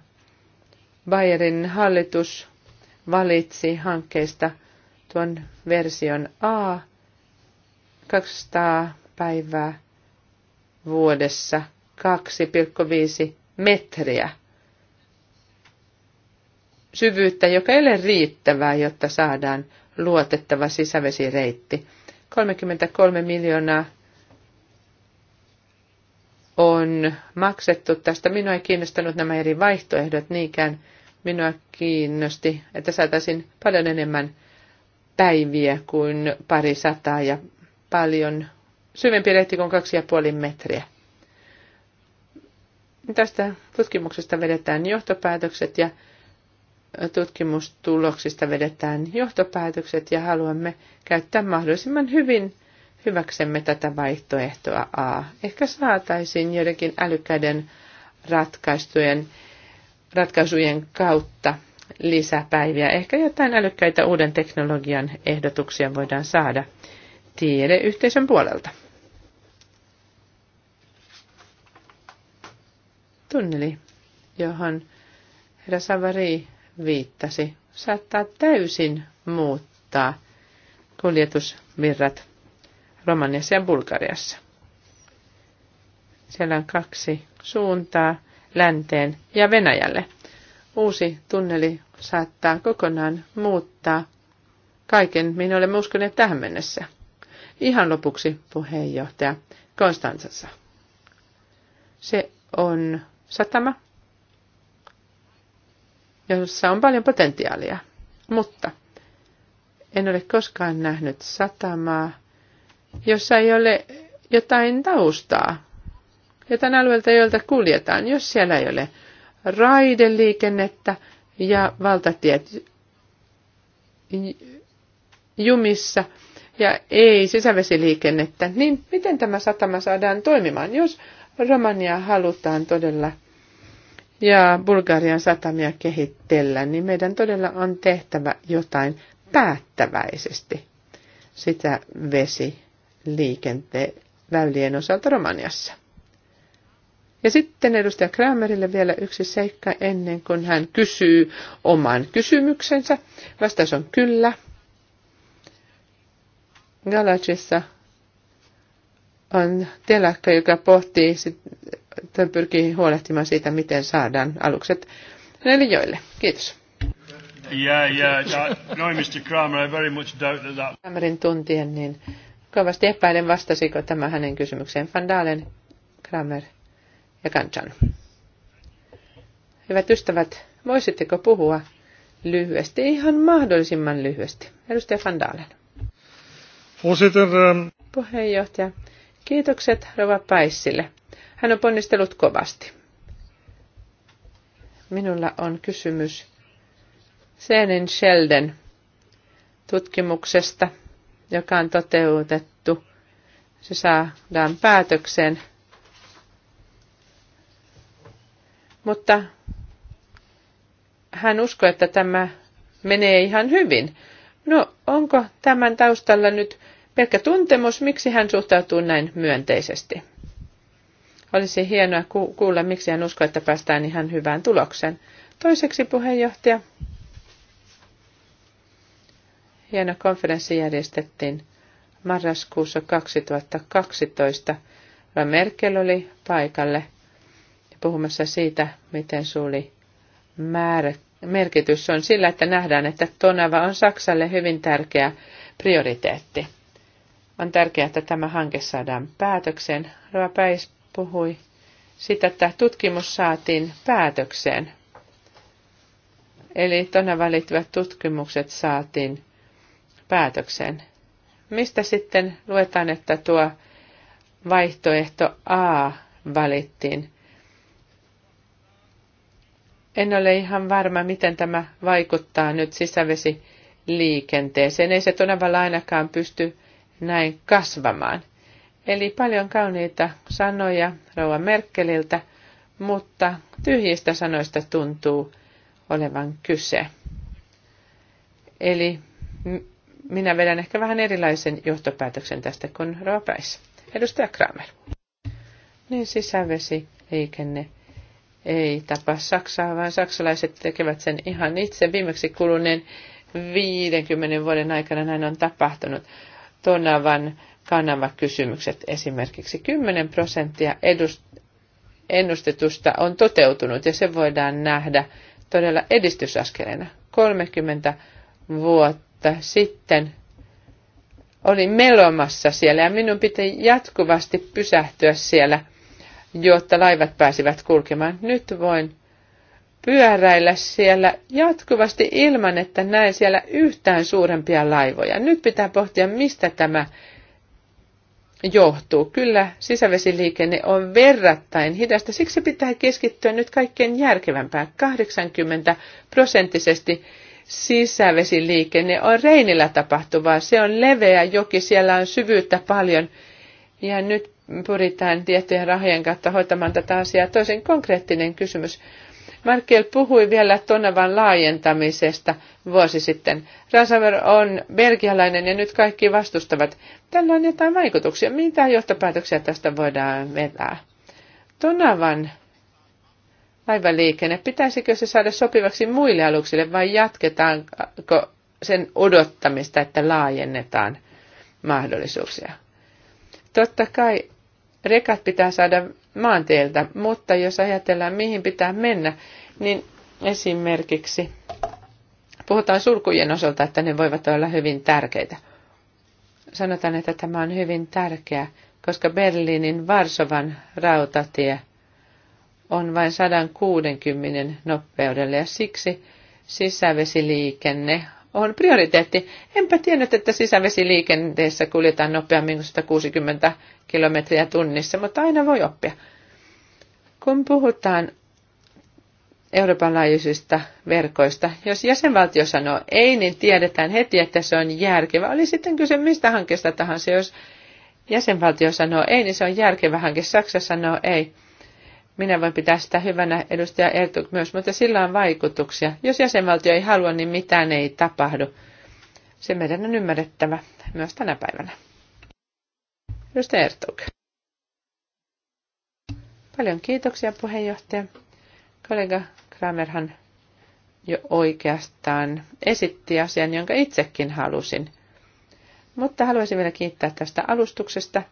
Bayerin hallitus valitsi hankkeista tuon version A 200 päivää vuodessa 2,5 metriä – syvyyttä, joka ei ole riittävää, jotta saadaan luotettava sisävesireitti. 33 miljoonaa on maksettu tästä. Minua ei kiinnostanut nämä eri vaihtoehdot niinkään. Minua kiinnosti, että saataisiin paljon enemmän päiviä kuin pari sataa ja paljon syvempi reitti kuin kaksi ja puoli metriä. Tästä tutkimuksesta vedetään johtopäätökset ja tutkimustuloksista vedetään johtopäätökset ja haluamme käyttää mahdollisimman hyvin hyväksemme tätä vaihtoehtoa A. Ehkä saataisiin joidenkin älykkäiden ratkaistujen, ratkaisujen kautta lisäpäiviä. Ehkä jotain älykkäitä uuden teknologian ehdotuksia voidaan saada tiedeyhteisön puolelta. Tunneli, johon herra Savari viittasi, saattaa täysin muuttaa kuljetusvirrat Romaniassa ja Bulgariassa. Siellä on kaksi suuntaa, länteen ja Venäjälle. Uusi tunneli saattaa kokonaan muuttaa kaiken, minä olemme uskoneet tähän mennessä. Ihan lopuksi puheenjohtaja Konstantsassa. Se on satama, jossa on paljon potentiaalia. Mutta en ole koskaan nähnyt satamaa, jossa ei ole jotain taustaa, jotain alueelta, joilta kuljetaan, jos siellä ei ole raideliikennettä ja valtatiet jumissa ja ei sisävesiliikennettä, niin miten tämä satama saadaan toimimaan, jos Romania halutaan todella ja Bulgarian satamia kehitellä, niin meidän todella on tehtävä jotain päättäväisesti sitä vesiliikenteen väylien osalta Romaniassa. Ja sitten edustaja Kramerille vielä yksi seikka ennen kuin hän kysyy oman kysymyksensä. Vastaus on kyllä. Galacissa on telakka, joka pohtii pyrkii huolehtimaan siitä, miten saadaan alukset joille. Kiitos. Yeah, yeah, no, no Mr. Kramer, I very much doubt that that... Kramerin tuntien, niin kovasti epäilen vastasiko tämä hänen kysymykseen. Van Dalen, Kramer ja Kanchan. Hyvät ystävät, voisitteko puhua lyhyesti, ihan mahdollisimman lyhyesti? Edustaja Van Dalen. Ehm, Puheenjohtaja, kiitokset Rova Päissille hän on ponnistellut kovasti. Minulla on kysymys Senin Sheldon tutkimuksesta, joka on toteutettu. Se saadaan päätökseen. Mutta hän uskoi, että tämä menee ihan hyvin. No, onko tämän taustalla nyt pelkkä tuntemus, miksi hän suhtautuu näin myönteisesti? Olisi hienoa ku- kuulla, miksi en usko, että päästään ihan hyvään tulokseen. Toiseksi puheenjohtaja. Hieno konferenssi järjestettiin marraskuussa 2012. ja Merkel oli paikalle puhumassa siitä, miten suuri määrä, merkitys on sillä, että nähdään, että Tonava on Saksalle hyvin tärkeä prioriteetti. On tärkeää, että tämä hanke saadaan päätökseen. Rova puhui sitä, että tutkimus saatiin päätökseen. Eli tuonne välittyvät tutkimukset saatiin päätökseen. Mistä sitten luetaan, että tuo vaihtoehto A valittiin? En ole ihan varma, miten tämä vaikuttaa nyt sisävesiliikenteeseen. Ei se Tonavalla ainakaan pysty näin kasvamaan. Eli paljon kauniita sanoja rouva Merkeliltä, mutta tyhjistä sanoista tuntuu olevan kyse. Eli minä vedän ehkä vähän erilaisen johtopäätöksen tästä kuin rouva Päis. Edustaja Kramer. Niin sisävesi, liikenne ei tapa Saksaa, vaan saksalaiset tekevät sen ihan itse. Viimeksi kuluneen 50 vuoden aikana näin on tapahtunut. Tonavan kanavakysymykset esimerkiksi 10 prosenttia edust- ennustetusta on toteutunut ja se voidaan nähdä todella edistysaskeleena. 30 vuotta sitten olin melomassa siellä ja minun piti jatkuvasti pysähtyä siellä, jotta laivat pääsivät kulkemaan. Nyt voin pyöräillä siellä jatkuvasti ilman, että näen siellä yhtään suurempia laivoja. Nyt pitää pohtia, mistä tämä johtuu. Kyllä sisävesiliikenne on verrattain hidasta, siksi pitää keskittyä nyt kaikkein järkevämpään. 80 prosenttisesti sisävesiliikenne on reinillä tapahtuvaa. Se on leveä joki, siellä on syvyyttä paljon ja nyt pyritään tiettyjen rahojen kautta hoitamaan tätä asiaa. Toisen konkreettinen kysymys. Merkel puhui vielä Tonavan laajentamisesta vuosi sitten. Ransaver on belgialainen ja nyt kaikki vastustavat. Tällä on jotain vaikutuksia. Mitä johtopäätöksiä tästä voidaan vetää? Tonavan laivaliikenne, pitäisikö se saada sopivaksi muille aluksille vai jatketaanko sen odottamista, että laajennetaan mahdollisuuksia? Totta kai rekat pitää saada maanteeltä. mutta jos ajatellaan mihin pitää mennä, niin esimerkiksi puhutaan sulkujen osalta, että ne voivat olla hyvin tärkeitä. Sanotaan, että tämä on hyvin tärkeä, koska Berliinin Varsovan rautatie on vain 160 nopeudella ja siksi sisävesiliikenne on prioriteetti. Enpä tiennyt, että sisävesiliikenteessä kuljetaan nopeammin kuin 160 kilometriä tunnissa, mutta aina voi oppia. Kun puhutaan Euroopan laajuisista verkoista, jos jäsenvaltio sanoo ei, niin tiedetään heti, että se on järkevä. Oli sitten kyse mistä hankkeesta tahansa, jos jäsenvaltio sanoo ei, niin se on järkevä hanke. Saksa sanoo ei. Minä voin pitää sitä hyvänä edustaja Ertug myös, mutta sillä on vaikutuksia. Jos jäsenvaltio ei halua, niin mitään ei tapahdu. Se meidän on ymmärrettävä myös tänä päivänä. Edustaja Ertug. Paljon kiitoksia puheenjohtaja. Kollega Kramerhan jo oikeastaan esitti asian, jonka itsekin halusin. Mutta haluaisin vielä kiittää tästä alustuksesta –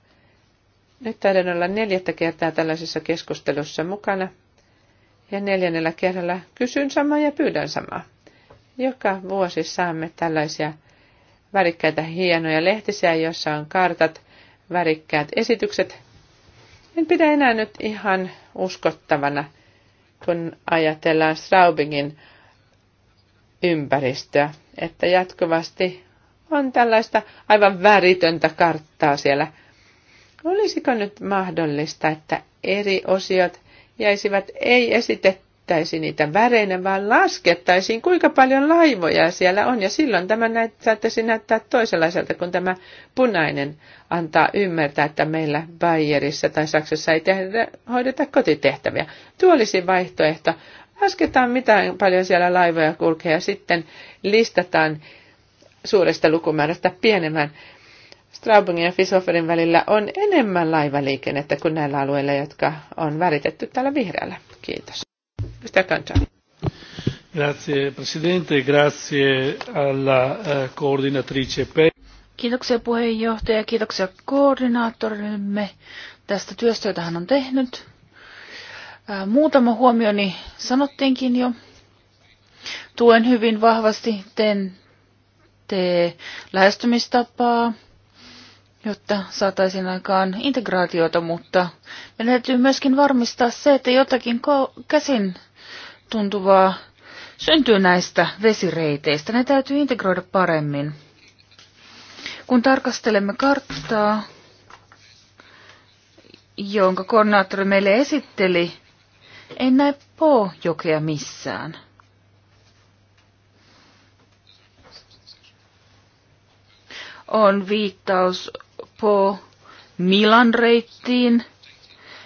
nyt taidan olla neljättä kertaa tällaisessa keskustelussa mukana. Ja neljännellä kerralla kysyn samaa ja pyydän samaa. Joka vuosi saamme tällaisia värikkäitä hienoja lehtisiä, joissa on kartat, värikkäät esitykset. En pidä enää nyt ihan uskottavana, kun ajatellaan Straubingin ympäristöä, että jatkuvasti on tällaista aivan väritöntä karttaa siellä – Olisiko nyt mahdollista, että eri osiot jäisivät, ei esitettäisi niitä väreinä, vaan laskettaisiin, kuinka paljon laivoja siellä on. Ja silloin tämä näyt, saattaisi näyttää toisenlaiselta, kun tämä punainen antaa ymmärtää, että meillä Bayerissa tai Saksassa ei tehdä, hoideta kotitehtäviä. Tuo olisi vaihtoehto. Lasketaan, mitä paljon siellä laivoja kulkee ja sitten listataan suuresta lukumäärästä pienemmän Straubungin ja Fisoferin välillä on enemmän laivaliikennettä kuin näillä alueilla, jotka on väritetty täällä vihreällä. Kiitos. Mr. Kancha. Grazie Presidente, grazie alla eh, coordinatrice Pe. Kiitoksia puheenjohtaja, kiitoksia koordinaattorillemme tästä työstä, jota hän on tehnyt. Muutama huomioni sanottiinkin jo. Tuen hyvin vahvasti ten te lähestymistapaa jotta saataisiin aikaan integraatiota, mutta me täytyy myöskin varmistaa se, että jotakin käsin tuntuvaa syntyy näistä vesireiteistä. Ne täytyy integroida paremmin. Kun tarkastelemme karttaa, jonka koordinaattori meille esitteli, en näe Po-jokea missään. On viittaus Espoo Milan reittiin.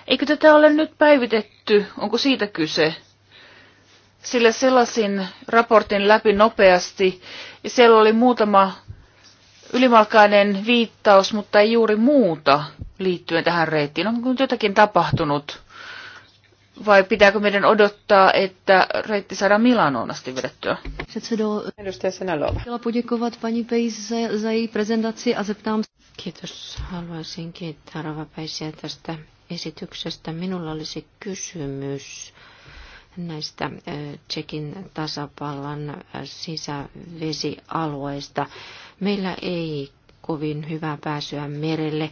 Eikö tätä ole nyt päivitetty? Onko siitä kyse? Sillä sellaisin raportin läpi nopeasti ja siellä oli muutama ylimalkainen viittaus, mutta ei juuri muuta liittyen tähän reittiin. Onko nyt jotakin tapahtunut? vai pitääkö meidän odottaa, että reitti saadaan Milanoon asti vedettyä? Předsedo, edustaja Senalova. Chtěla za, za prezentaci a Kiitos. Haluaisin kiittää Rova Peisiä tästä esityksestä. Minulla olisi kysymys näistä eh, Tsekin tasapallan eh, sisävesialueista. Meillä ei kovin hyvää pääsyä merelle.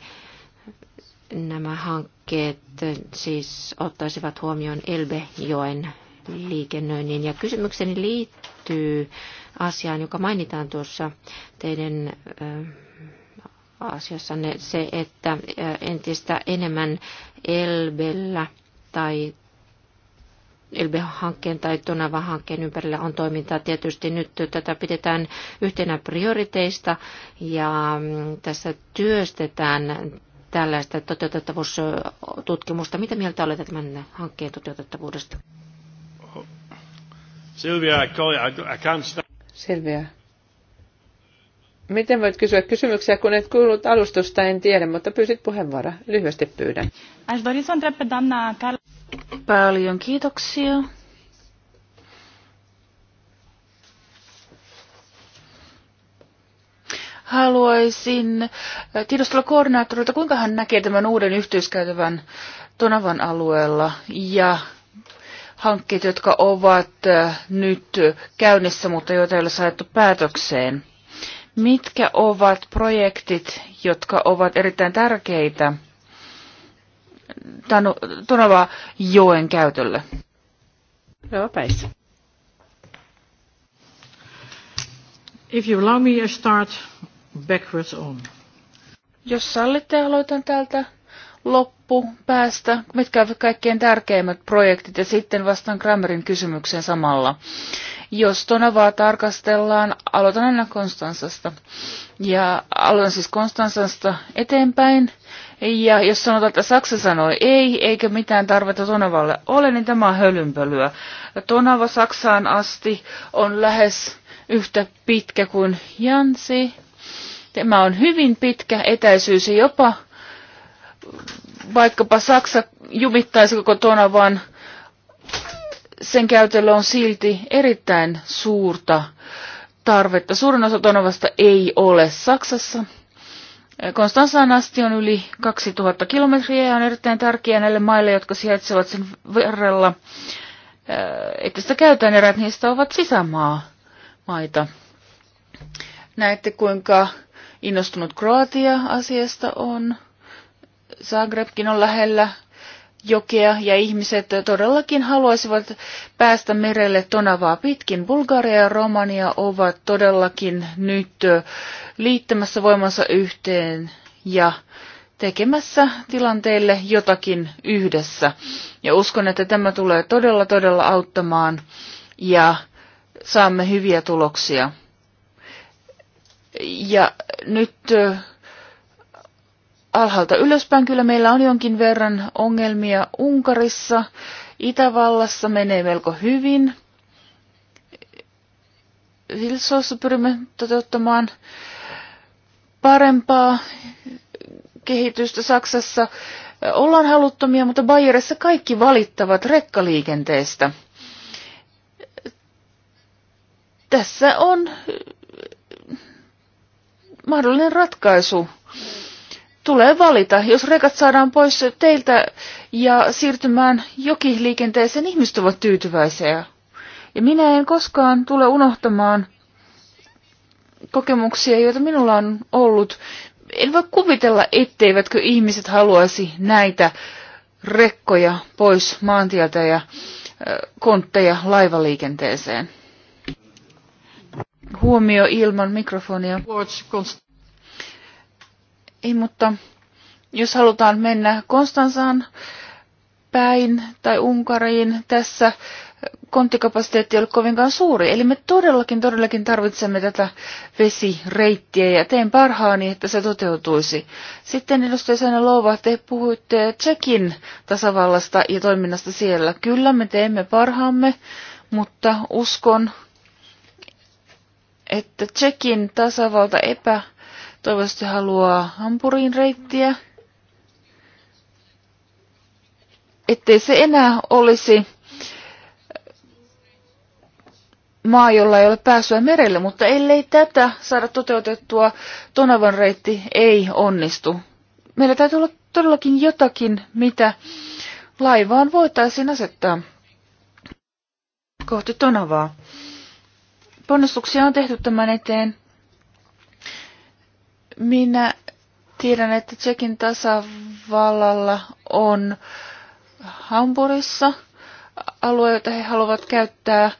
Nämä hankkeet hankkeet siis ottaisivat huomioon Elbejoen liikennöinnin. Ja kysymykseni liittyy asiaan, joka mainitaan tuossa teidän asiassanne, se, että entistä enemmän Elbellä tai Elbe-hankkeen tai Tonava-hankkeen ympärillä on toimintaa. Tietysti nyt tätä pidetään yhtenä prioriteista ja mm, tässä työstetään tällaista toteutettavuustutkimusta. Mitä mieltä olette tämän hankkeen toteutettavuudesta? Silvia, I can't stop. Silvia. Miten voit kysyä kysymyksiä, kun et kuullut alustusta, en tiedä, mutta pyysit puheenvuoroa. Lyhyesti pyydän. Paljon kiitoksia. haluaisin äh, tiedustella koordinaattorilta, kuinka hän näkee tämän uuden yhteiskäytävän Tonavan alueella ja hankkeet, jotka ovat äh, nyt käynnissä, mutta joita ei ole saatu päätökseen. Mitkä ovat projektit, jotka ovat erittäin tärkeitä Tonava joen käytölle? Joo, päissä. If you allow me, I start backwards on. Jos sallitte, aloitan täältä loppu mitkä ovat kaikkein tärkeimmät projektit ja sitten vastaan Kramerin kysymykseen samalla. Jos Tonavaa tarkastellaan, aloitan aina Konstansasta. Ja aloitan siis Konstansasta eteenpäin. Ja jos sanotaan, että Saksa sanoi ei, eikä mitään tarvetta Tonavalle ole, niin tämä on hölynpölyä. Tonava Saksaan asti on lähes yhtä pitkä kuin Jansi, Tämä on hyvin pitkä etäisyys ja jopa vaikkapa Saksa jumittaisi koko tona, vaan sen käytöllä on silti erittäin suurta tarvetta. Suurin osa tonavasta ei ole Saksassa. Konstansaan asti on yli 2000 kilometriä ja on erittäin tärkeää näille maille, jotka sijaitsevat sen verrella, äh, että sitä käytetään erät niistä ovat sisämaa maita. Näette kuinka innostunut Kroatia-asiasta on. Zagrebkin on lähellä jokea ja ihmiset todellakin haluaisivat päästä merelle Tonavaa pitkin. Bulgaria ja Romania ovat todellakin nyt liittämässä voimansa yhteen ja tekemässä tilanteelle jotakin yhdessä. Ja uskon, että tämä tulee todella todella auttamaan ja saamme hyviä tuloksia. Ja nyt alhaalta ylöspäin kyllä meillä on jonkin verran ongelmia Unkarissa. Itävallassa menee melko hyvin. Hilsoossa pyrimme toteuttamaan parempaa kehitystä Saksassa. Ollaan haluttomia, mutta Bayerissa kaikki valittavat rekkaliikenteestä. Tässä on mahdollinen ratkaisu tulee valita. Jos rekat saadaan pois teiltä ja siirtymään jokiliikenteeseen, ihmiset ovat tyytyväisiä. Ja minä en koskaan tule unohtamaan kokemuksia, joita minulla on ollut. En voi kuvitella, etteivätkö ihmiset haluaisi näitä rekkoja pois maantieltä ja kontteja laivaliikenteeseen. Huomio ilman mikrofonia. Ei, mutta jos halutaan mennä Konstansaan päin tai Unkariin tässä, konttikapasiteetti ei ole kovinkaan suuri. Eli me todellakin, todellakin tarvitsemme tätä vesireittiä ja teen parhaani, että se toteutuisi. Sitten edustaja Saina Louva, te puhuitte Tsekin tasavallasta ja toiminnasta siellä. Kyllä, me teemme parhaamme, mutta uskon, että Tsekin tasavalta toivottavasti haluaa Hampuriin reittiä, ettei se enää olisi maa, jolla ei ole pääsyä merelle, mutta ellei tätä saada toteutettua, Tonavan reitti ei onnistu. Meillä täytyy olla todellakin jotakin, mitä laivaan voitaisiin asettaa kohti Tonavaa ponnistuksia on tehty tämän eteen. Minä tiedän, että Tsekin tasavallalla on Hamburissa alue, jota he haluavat käyttää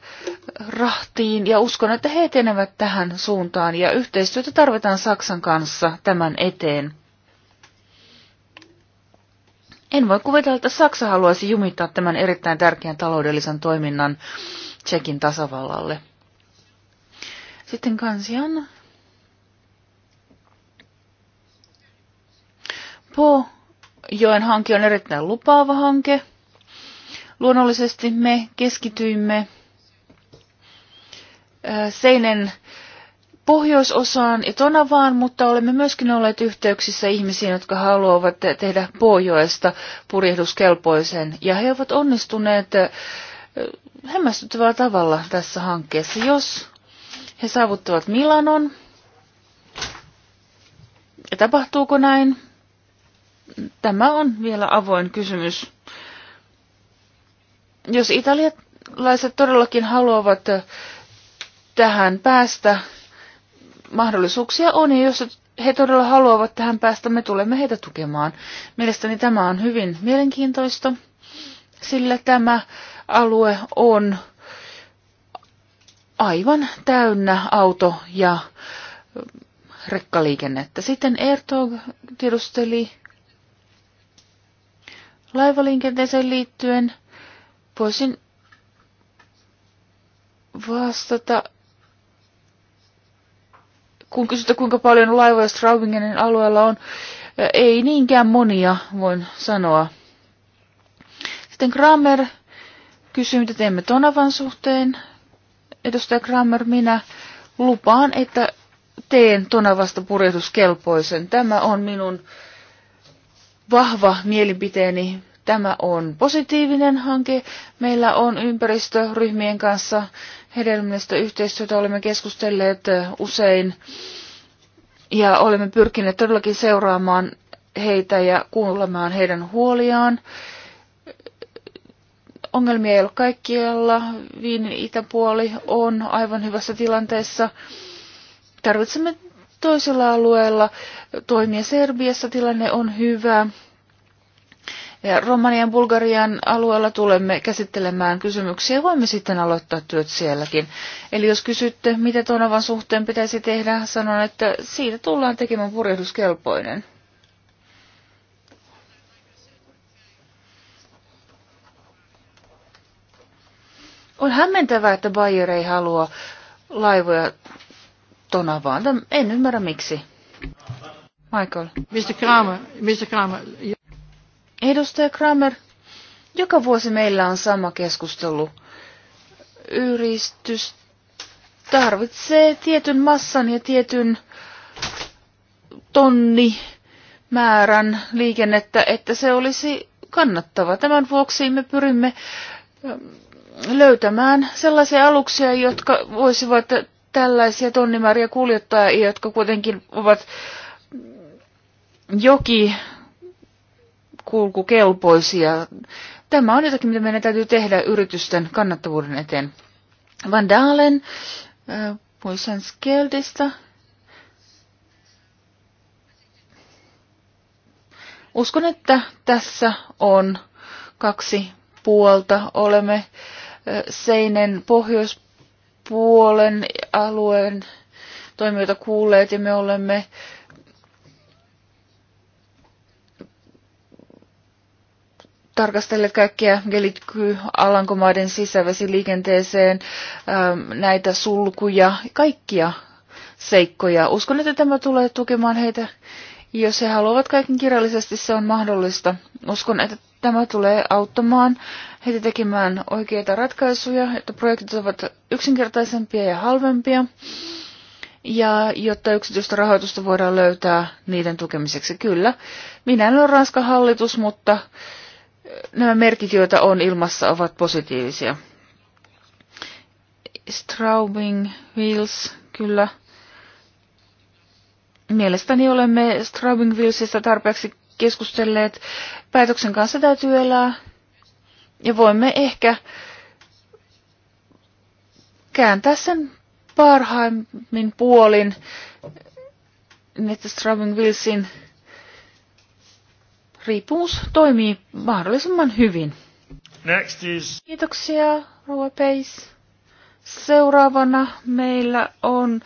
rahtiin ja uskon, että he etenevät tähän suuntaan ja yhteistyötä tarvitaan Saksan kanssa tämän eteen. En voi kuvitella, että Saksa haluaisi jumittaa tämän erittäin tärkeän taloudellisen toiminnan Tsekin tasavallalle. Sitten kansian Pojoen hanke on erittäin lupaava hanke. Luonnollisesti me keskityimme Seinen pohjoisosaan ja Tonavaan, mutta olemme myöskin olleet yhteyksissä ihmisiin, jotka haluavat tehdä pohjoista purjehduskelpoisen. Ja he ovat onnistuneet hämmästyttävällä tavalla tässä hankkeessa. Jos he saavuttivat Milanon. Ja tapahtuuko näin? Tämä on vielä avoin kysymys. Jos italialaiset todellakin haluavat tähän päästä, mahdollisuuksia on, ja jos he todella haluavat tähän päästä, me tulemme heitä tukemaan. Mielestäni tämä on hyvin mielenkiintoista, sillä tämä alue on aivan täynnä auto- ja rekkaliikennettä. Sitten Ertog tiedusteli laivaliikenteeseen liittyen. Voisin vastata, kun kysytään kuinka paljon laivoja Straubingenin alueella on, ei niinkään monia, voin sanoa. Sitten Kramer kysyi, mitä teemme Tonavan suhteen edustaja Kramer, minä lupaan, että teen tonavasta purehduskelpoisen. Tämä on minun vahva mielipiteeni. Tämä on positiivinen hanke. Meillä on ympäristöryhmien kanssa hedelmällistä yhteistyötä. Olemme keskustelleet usein ja olemme pyrkineet todellakin seuraamaan heitä ja kuulemaan heidän huoliaan. Ongelmia ei ole kaikkialla. Viinin itäpuoli on aivan hyvässä tilanteessa. Tarvitsemme toisella alueella toimia. Serbiassa tilanne on hyvä. Ja Romanian Bulgarian alueella tulemme käsittelemään kysymyksiä. Voimme sitten aloittaa työt sielläkin. Eli jos kysytte, mitä Tonavan suhteen pitäisi tehdä, sanon, että siitä tullaan tekemään purjehduskelpoinen. On hämmentävää, että Bayer ei halua laivoja tonavaan. En ymmärrä miksi. Michael. Mr. Kramer, Mr. Kramer. Edustaja Kramer, joka vuosi meillä on sama keskustelu. Yhdistys tarvitsee tietyn massan ja tietyn tonni määrän liikennettä, että se olisi kannattava. Tämän vuoksi me pyrimme löytämään sellaisia aluksia, jotka voisivat tällaisia tonnimääriä kuljettaa, jotka kuitenkin ovat joki kulkukelpoisia. Tämä on jotakin, mitä meidän täytyy tehdä yritysten kannattavuuden eteen. Van Dalen, äh, Poissanskeldista. Uskon, että tässä on kaksi puolta. Olemme Seinen pohjoispuolen alueen toimijoita kuulleet ja me olemme tarkastelleet kaikkia gelitky Alankomaiden sisävesiliikenteeseen ähm, näitä sulkuja, kaikkia seikkoja. Uskon, että tämä tulee tukemaan heitä. Jos he haluavat kaiken kirjallisesti, se on mahdollista. Uskon, että Tämä tulee auttamaan heitä tekemään oikeita ratkaisuja, että projektit ovat yksinkertaisempia ja halvempia. Ja jotta yksityistä rahoitusta voidaan löytää niiden tukemiseksi, kyllä. Minä en ole Ranskan hallitus, mutta eh, nämä merkit, joita on ilmassa, ovat positiivisia. Straubing Wheels, kyllä. Mielestäni olemme Straubing Wheelsista tarpeeksi keskustelleet. Päätöksen kanssa täytyy elää ja voimme ehkä kääntää sen parhaimmin puolin, niin että Strabing Wilson riippumus toimii mahdollisimman hyvin. Next is... Kiitoksia, Rua Pace. Seuraavana meillä on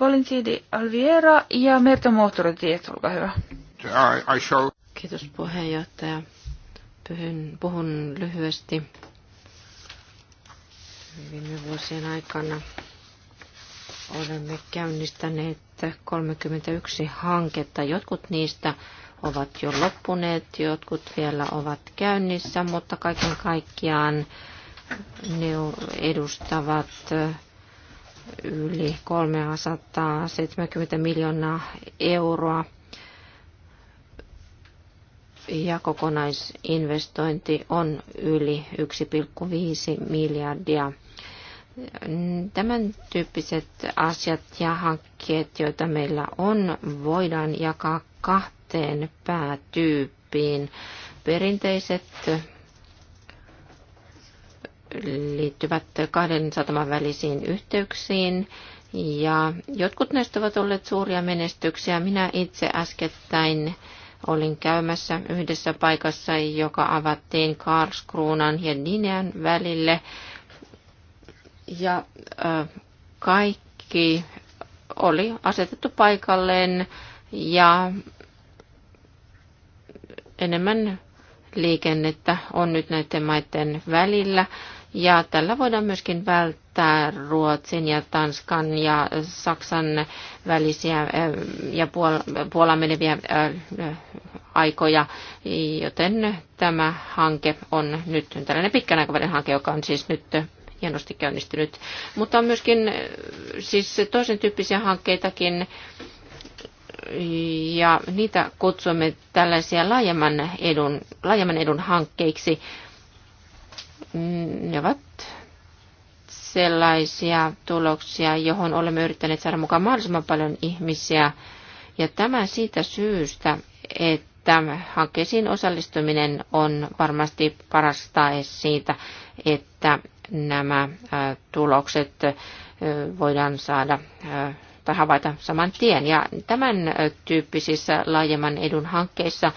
Valentini Alviera ja Merta Moottoritiet, olkaa hyvä. I, I shall... Kiitos puheenjohtaja. Pyhyn, puhun lyhyesti viime vuosien aikana olemme käynnistäneet 31 hanketta. Jotkut niistä ovat jo loppuneet, jotkut vielä ovat käynnissä, mutta kaiken kaikkiaan ne edustavat yli 370 miljoonaa euroa ja kokonaisinvestointi on yli 1,5 miljardia. Tämän tyyppiset asiat ja hankkeet, joita meillä on, voidaan jakaa kahteen päätyyppiin. Perinteiset liittyvät kahden sataman välisiin yhteyksiin. Ja jotkut näistä ovat olleet suuria menestyksiä. Minä itse äskettäin Olin käymässä yhdessä paikassa, joka avattiin Karlskruunan ja Dinean välille. Ja äh, kaikki oli asetettu paikalleen ja enemmän liikennettä on nyt näiden maiden välillä. Äh, ja tällä voidaan myöskin välttää Ruotsin ja Tanskan ja Saksan välisiä eh, ja Puolaan meneviä eh, aikoja, joten tämä hanke on nyt tällainen pitkän aikavälin hanke, joka on siis nyt hienosti käynnistynyt. Mutta on myöskin eh, siis toisen tyyppisiä hankkeitakin, ja niitä kutsumme tällaisia laajemman edun, laajemman edun hankkeiksi. Ne ovat sellaisia tuloksia, johon olemme yrittäneet saada mukaan mahdollisimman paljon ihmisiä. Ja tämä siitä syystä, että hankkeisiin osallistuminen on varmasti paras tae siitä, että nämä tulokset voidaan saada tai havaita saman tien. Ja tämän tyyppisissä laajemman edun hankkeissa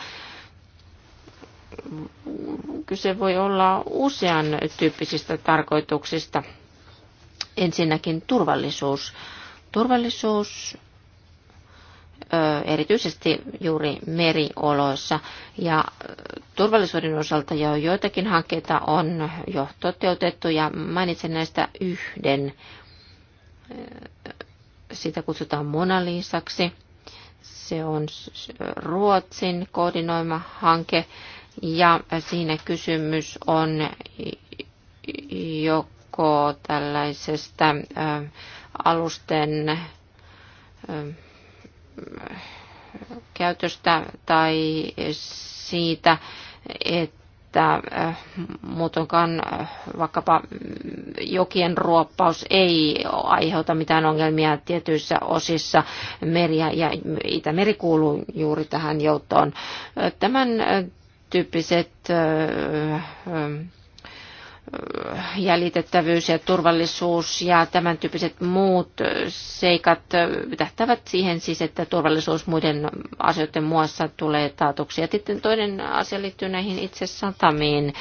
kyse voi olla usean tyyppisistä tarkoituksista. Ensinnäkin turvallisuus. Turvallisuus erityisesti juuri merioloissa. Ja turvallisuuden osalta jo joitakin hankkeita on jo toteutettu ja mainitsen näistä yhden. Sitä kutsutaan Monaliisaksi. Se on Ruotsin koordinoima hanke ja siinä kysymys on joko tällaisesta alusten käytöstä tai siitä, että muutenkaan vaikkapa jokien ruoppaus ei aiheuta mitään ongelmia tietyissä osissa meriä ja Itämeri kuuluu juuri tähän joutoon. Tämän tyyppiset jäljitettävyys ja turvallisuus ja tämän tyyppiset muut seikat tähtävät siihen siis, että turvallisuus muiden asioiden muassa tulee taatuksi. Ja sitten toinen asia liittyy näihin itse satamiin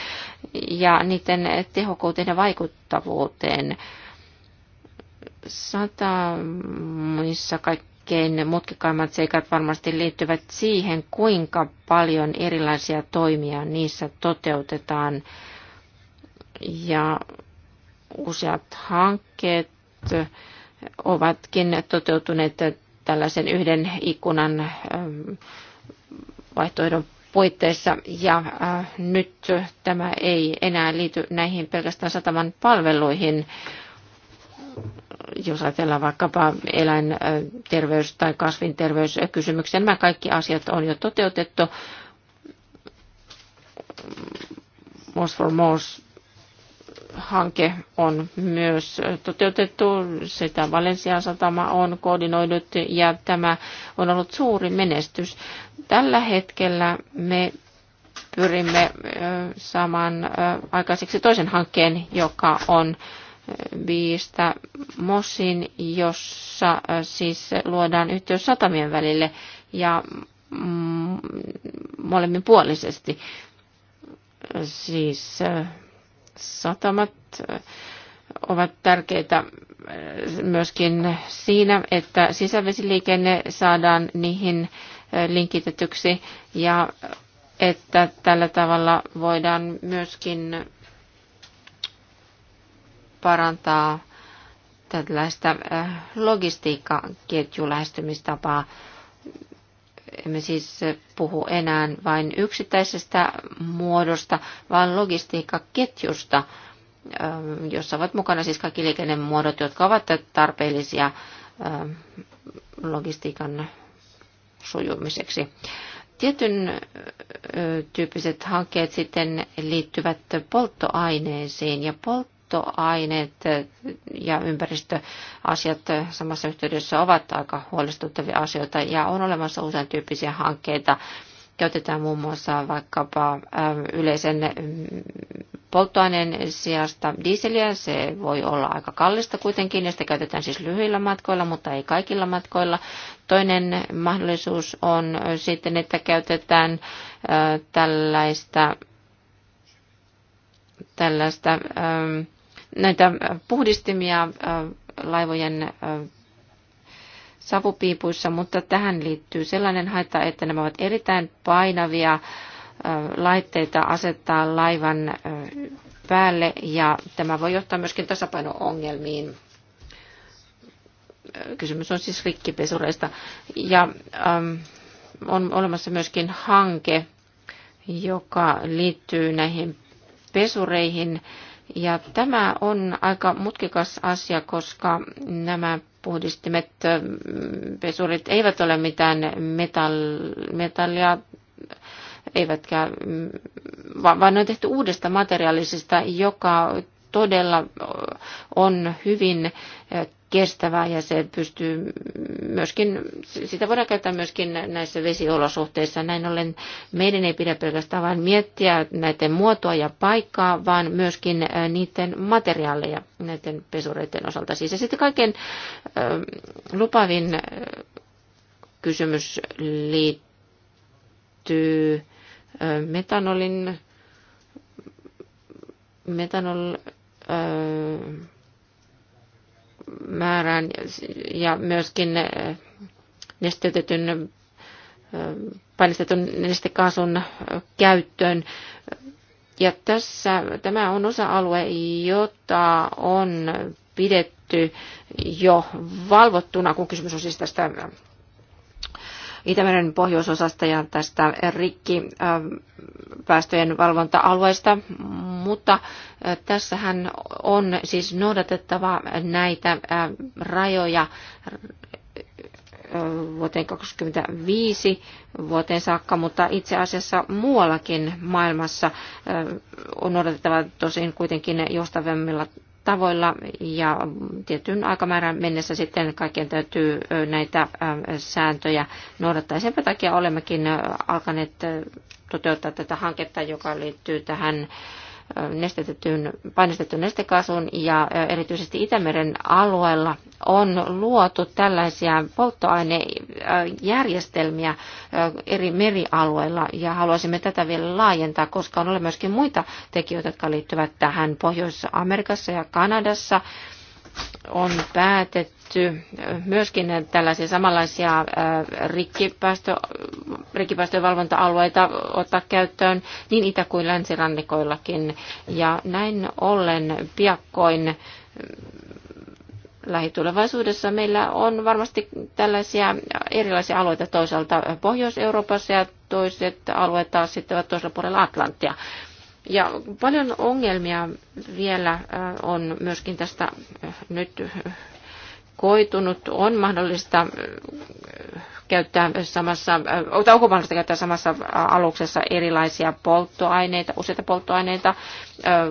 ja niiden tehokkuuteen ja vaikuttavuuteen satamissa kaikki kaikkein mutkikaimmat seikat varmasti liittyvät siihen, kuinka paljon erilaisia toimia niissä toteutetaan. Ja useat hankkeet ovatkin toteutuneet tällaisen yhden ikkunan ähm, vaihtoehdon puitteissa. Ja äh, nyt tämä ei enää liity näihin pelkästään sataman palveluihin, jos ajatellaan vaikkapa eläinterveys- tai kasvinterveyskysymyksiä, nämä kaikki asiat on jo toteutettu. Most for Most hanke on myös toteutettu, sitä Valensian satama on koordinoidut ja tämä on ollut suuri menestys. Tällä hetkellä me pyrimme saamaan aikaiseksi toisen hankkeen, joka on äh, biistä Mosin, jossa äh, siis luodaan yhteys satamien välille ja mm, molemminpuolisesti. Siis äh, satamat äh, ovat tärkeitä myöskin siinä, että sisävesiliikenne saadaan niihin linkitetyksi ja että tällä tavalla voidaan myöskin parantaa tällaista äh, logistiikkaketjulähestymistapaa. Emme siis puhu enää vain yksittäisestä muodosta, vaan logistiikkaketjusta, ähm, jossa ovat mukana siis kaikki liikennemuodot, jotka ovat tarpeellisia ähm, logistiikan sujumiseksi. Tietyn äh, tyyppiset hankkeet sitten liittyvät polttoaineisiin ja polt polttoaineet ja ympäristöasiat samassa yhteydessä ovat aika huolestuttavia asioita ja on olemassa usein tyyppisiä hankkeita, käytetään muun muassa vaikkapa ähm, yleisen mm, polttoaineen sijasta dieseliä. Se voi olla aika kallista kuitenkin ja sitä käytetään siis lyhyillä matkoilla, mutta ei kaikilla matkoilla. Toinen mahdollisuus on sitten, että käytetään äh, tällaista, tällaista ähm, näitä äh, puhdistimia äh, laivojen äh, savupiipuissa, mutta tähän liittyy sellainen haitta, että nämä ovat erittäin painavia laitteita asettaa laivan päälle ja tämä voi johtaa myöskin tasapaino-ongelmiin. Kysymys on siis rikkipesureista. Ja ähm, on olemassa myöskin hanke, joka liittyy näihin pesureihin. Äh, ja tämä on aika mutkikas asia, koska nämä puhdistimet, pesurit eivät ole mitään metall- metallia, eivätkä, mm, vaan, vaan ne on tehty uudesta materiaalisesta, joka todella on hyvin kestävää ja se pystyy myöskin, sitä voidaan käyttää myöskin näissä vesiolosuhteissa. Näin ollen meidän ei pidä pelkästään vain miettiä näiden muotoa ja paikkaa, vaan myöskin äh, niiden materiaaleja näiden pesureiden osalta. Siis ja sitten kaiken äh, lupavin äh, kysymys liittyy metanolin metanol määrään ja myöskin äh, nesteytetyn äh, painistetun nestekaasun äh, käyttöön. Ja tässä tämä on osa-alue, jota on pidetty jo valvottuna, kun kysymys on siis tästä Itämeren pohjoisosasta ja tästä rikki päästöjen valvonta-alueesta, mutta tässähän on siis noudatettava näitä rajoja vuoteen 2025 vuoteen saakka, mutta itse asiassa muuallakin maailmassa on odotettava tosin kuitenkin joustavammilla tavoilla ja tietyn aikamäärän mennessä sitten kaikkien täytyy näitä sääntöjä noudattaa. Sen takia olemmekin alkaneet toteuttaa tätä hanketta, joka liittyy tähän nestetetyn, painostetun nestekasun ja erityisesti Itämeren alueella on luotu tällaisia polttoainejärjestelmiä eri merialueilla ja haluaisimme tätä vielä laajentaa, koska on ollut myöskin muita tekijöitä, jotka liittyvät tähän Pohjois-Amerikassa ja Kanadassa on päätetty liittyy äh, myöskin tällaisia samanlaisia äh, rikkipäästö, rikkipäästöjen valvonta-alueita ottaa käyttöön niin itä- kuin länsirannikoillakin. Ja näin ollen piakkoin äh, lähitulevaisuudessa meillä on varmasti tällaisia erilaisia alueita toisaalta Pohjois-Euroopassa ja toiset alueet taas sitten ovat toisella puolella Atlanttia. Ja paljon ongelmia vielä on myöskin tästä nyt koitunut, on mahdollista äh, käyttää samassa, äh, tai onko mahdollista käyttää samassa äh, aluksessa erilaisia polttoaineita, useita polttoaineita,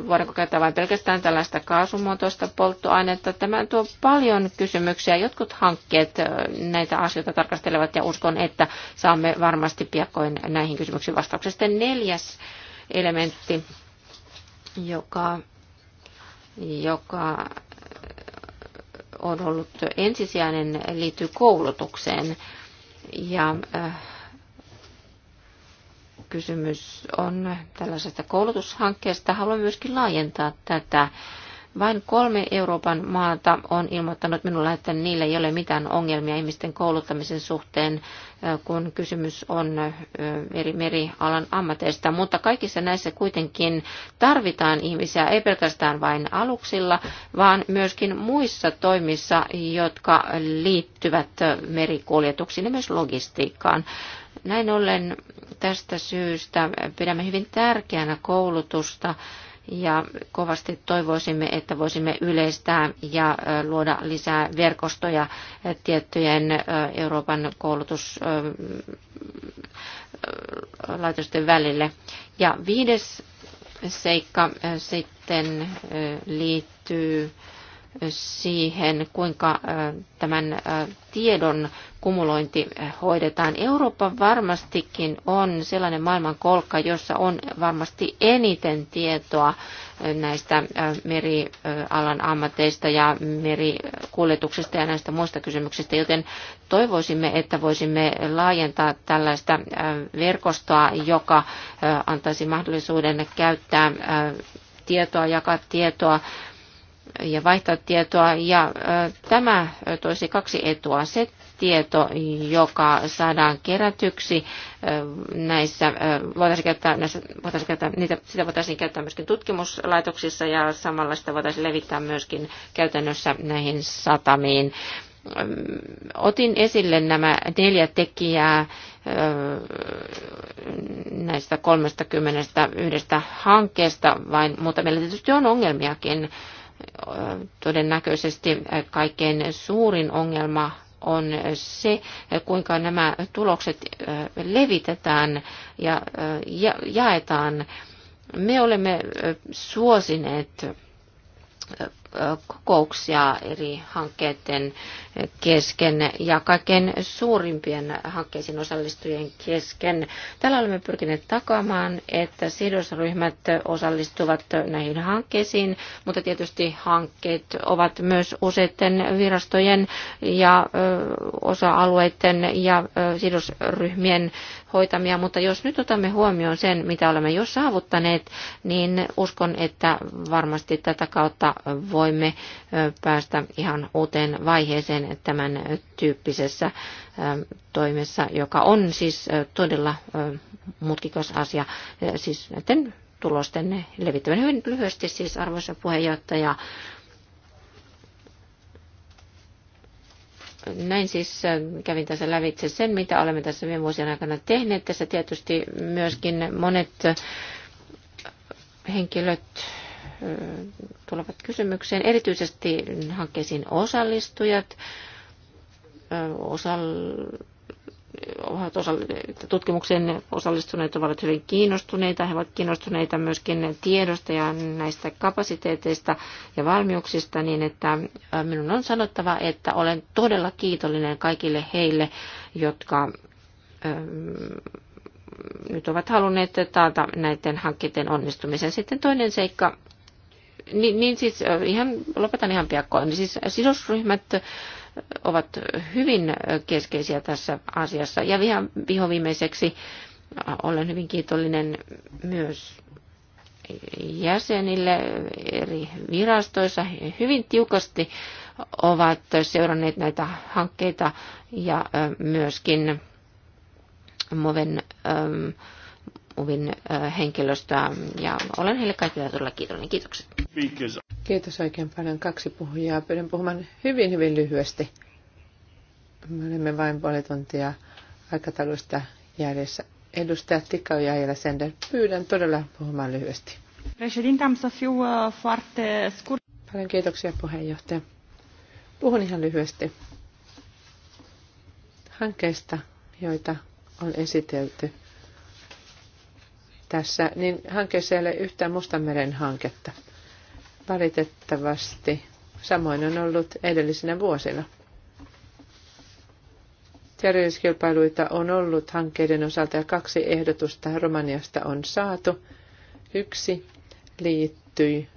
voidaanko käyttää vain pelkästään tällaista kaasumuotoista polttoainetta. Tämä tuo paljon kysymyksiä. Jotkut hankkeet näitä asioita tarkastelevat ja uskon, että saamme varmasti piakkoin näihin kysymyksiin vastauksia. Sitten neljäs elementti, joka, joka on ollut ensisijainen liittyy koulutukseen. Ja äh, kysymys on tällaisesta koulutushankkeesta. Haluan myöskin laajentaa tätä vain kolme Euroopan maata on ilmoittanut minulle, että niillä ei ole mitään ongelmia ihmisten kouluttamisen suhteen, kun kysymys on eri merialan ammateista. Mutta kaikissa näissä kuitenkin tarvitaan ihmisiä, ei pelkästään vain aluksilla, vaan myöskin muissa toimissa, jotka liittyvät merikuljetuksiin ja myös logistiikkaan. Näin ollen tästä syystä pidämme hyvin tärkeänä koulutusta ja kovasti toivoisimme, että voisimme yleistää ja luoda lisää verkostoja tiettyjen Euroopan koulutuslaitosten välille. Ja viides seikka sitten liittyy siihen, kuinka tämän tiedon kumulointi hoidetaan. Eurooppa varmastikin on sellainen maailmankolkka, jossa on varmasti eniten tietoa näistä merialan ammateista ja merikuljetuksista ja näistä muista kysymyksistä, joten toivoisimme, että voisimme laajentaa tällaista verkostoa, joka antaisi mahdollisuuden käyttää tietoa, jakaa tietoa ja vaihtaa tietoa. Ja tämä toisi kaksi etua. Se tieto, joka saadaan kerätyksi näissä, voitaisiin käyttää, näissä, voitaisiin käyttää, niitä, sitä voitaisiin käyttää myöskin tutkimuslaitoksissa ja samalla sitä voitaisiin levittää myöskin käytännössä näihin satamiin. Otin esille nämä neljä tekijää näistä 31 hankkeesta vain, mutta meillä tietysti on ongelmiakin todennäköisesti kaikkein suurin ongelma on se, kuinka nämä tulokset äh, levitetään äh, ja jaetaan. Me olemme äh, suosineet kokouksia eri hankkeiden kesken ja kaiken suurimpien hankkeisiin osallistujien kesken. Tällä olemme pyrkineet takaamaan, että sidosryhmät osallistuvat näihin hankkeisiin, mutta tietysti hankkeet ovat myös useiden virastojen ja osa-alueiden ja sidosryhmien hoitamia, mutta jos nyt otamme huomioon sen, mitä olemme jo saavuttaneet, niin uskon, että varmasti tätä kautta voi voimme päästä ihan uuteen vaiheeseen tämän tyyppisessä toimessa, joka on siis todella mutkikas asia, siis näiden tulosten levittäminen. Hyvin lyhyesti siis, arvoisa puheenjohtaja, näin siis kävin tässä lävitse sen, mitä olemme tässä viime vuosien aikana tehneet. Tässä tietysti myöskin monet henkilöt tulevat kysymykseen, erityisesti hankkeisiin osallistujat, osall- ovat osa, tutkimukseen osallistuneet ovat hyvin kiinnostuneita. He ovat kiinnostuneita myöskin tiedosta ja näistä kapasiteeteista ja valmiuksista, niin että minun on sanottava, että olen todella kiitollinen kaikille heille, jotka nyt ovat halunneet taata näiden hankkeiden onnistumisen. Sitten toinen seikka niin, niin siis ihan, lopetan ihan piakkoon. Niin siis sidosryhmät ovat hyvin keskeisiä tässä asiassa. Ja ihan vihoviimeiseksi olen hyvin kiitollinen myös jäsenille eri virastoissa. He hyvin tiukasti ovat seuranneet näitä hankkeita ja myöskin Moven ähm, Uvin henkilöstöä ja olen heille kaikille todella kiitollinen. Kiitokset. Kiitos oikein paljon. Kaksi puhujaa. Pyydän puhumaan hyvin, hyvin lyhyesti. Me olemme vain puoli tuntia aikataulusta jäljessä. Edustaja Tikau ja Aijala Sender, pyydän todella puhumaan lyhyesti. Paljon kiitoksia puheenjohtaja. Puhun ihan lyhyesti hankkeista, joita on esitelty tässä, niin hankkeessa ei ole yhtään Mustanmeren hanketta. Valitettavasti samoin on ollut edellisinä vuosina. Tarjouskilpailuita on ollut hankkeiden osalta ja kaksi ehdotusta Romaniasta on saatu. Yksi liittyi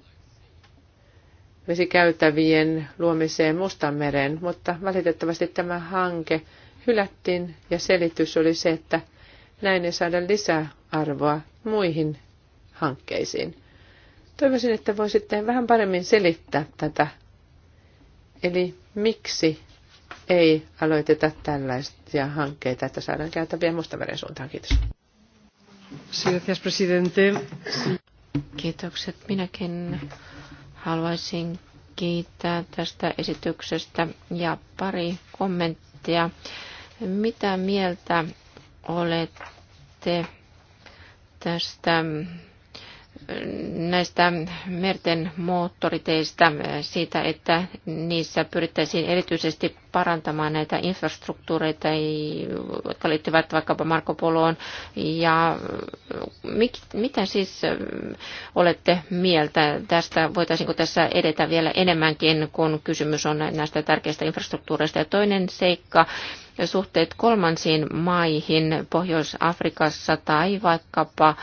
vesikäytävien luomiseen Mustanmeren, mutta valitettavasti tämä hanke hylättiin ja selitys oli se, että – näin ei saada lisää arvoa muihin hankkeisiin. Toivoisin, että voisitte vähän paremmin selittää tätä. Eli miksi ei aloiteta tällaisia hankkeita, että saadaan käytäviä mustaveren suuntaan. Kiitos. Kiitokset. Minäkin haluaisin kiittää tästä esityksestä ja pari kommenttia. Mitä mieltä olette tästä näistä merten moottoriteistä siitä, että niissä pyrittäisiin erityisesti parantamaan näitä infrastruktuureita, jotka liittyvät vaikkapa Marko Poloon. Ja mit, mitä siis olette mieltä tästä? Voitaisiinko tässä edetä vielä enemmänkin, kun kysymys on näistä tärkeistä infrastruktuureista? Ja toinen seikka, suhteet kolmansiin maihin Pohjois-Afrikassa tai vaikkapa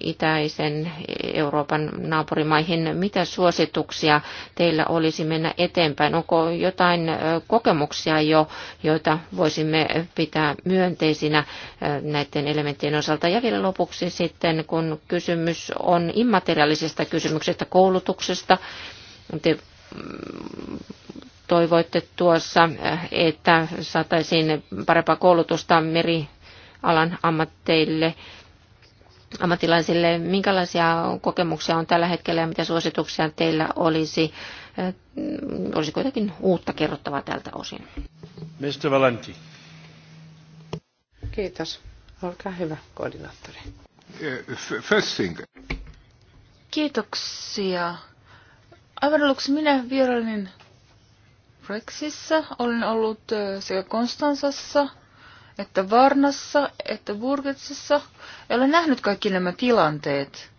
itäisen Euroopan naapurimaihin. Mitä suosituksia teillä olisi mennä eteenpäin? Onko jotain kokemuksia jo, joita voisimme pitää myönteisinä näiden elementtien osalta? Ja vielä lopuksi sitten, kun kysymys on immateriaalisesta kysymyksestä, koulutuksesta, te toivoitte tuossa, että saataisiin parempaa koulutusta merialan ammatteille, ammattilaisille. Minkälaisia kokemuksia on tällä hetkellä ja mitä suosituksia teillä olisi? Olisi kuitenkin uutta kerrottavaa tältä osin. Mr. Valenti. Kiitos. Olkaa hyvä, koordinaattori. First thing. Kiitoksia. Aivan aluksi minä vierailin Brexissä. Olen ollut sekä Konstansassa että Varnassa että Burgetsissa. Ja olen nähnyt kaikki nämä tilanteet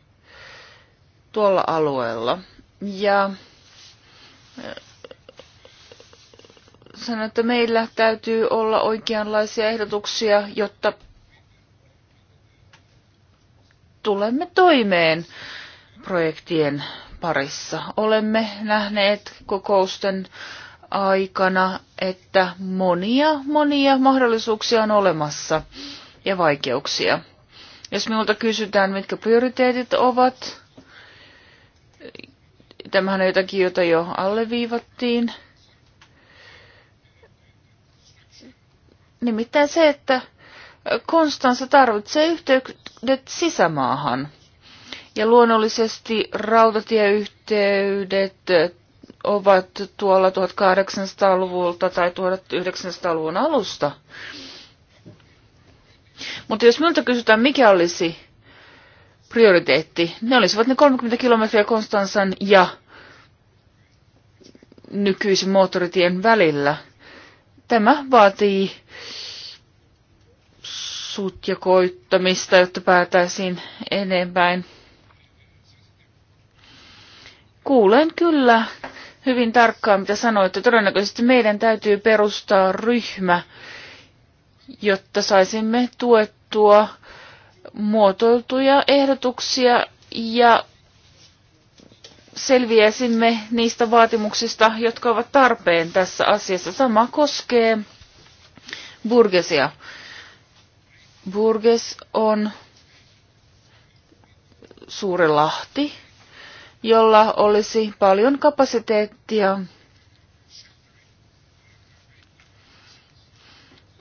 tuolla alueella. Ja sanon, että meillä täytyy olla oikeanlaisia ehdotuksia, jotta tulemme toimeen projektien parissa. Olemme nähneet kokousten äh, aikana, että monia, monia mahdollisuuksia on olemassa ja vaikeuksia. Jos minulta kysytään, mitkä prioriteetit ovat, tämähän on jotakin, jota jo alleviivattiin. Nimittäin se, että Konstansa tarvitsee yhteydet sisämaahan. Ja luonnollisesti rautatieyhteydet, ovat tuolla 1800-luvulta tai 1900-luvun alusta. Mutta jos minulta kysytään, mikä olisi prioriteetti, ne olisivat ne 30 kilometriä Konstansan ja nykyisen moottoritien välillä. Tämä vaatii sutjakoittamista, jotta päätäisiin enempään. Kuulen kyllä hyvin tarkkaan, mitä sanoitte. Todennäköisesti meidän täytyy perustaa ryhmä, jotta saisimme tuettua muotoiltuja ehdotuksia ja selviäisimme niistä vaatimuksista, jotka ovat tarpeen tässä asiassa. Sama koskee Burgesia. Burges on suuri lahti, jolla olisi paljon kapasiteettia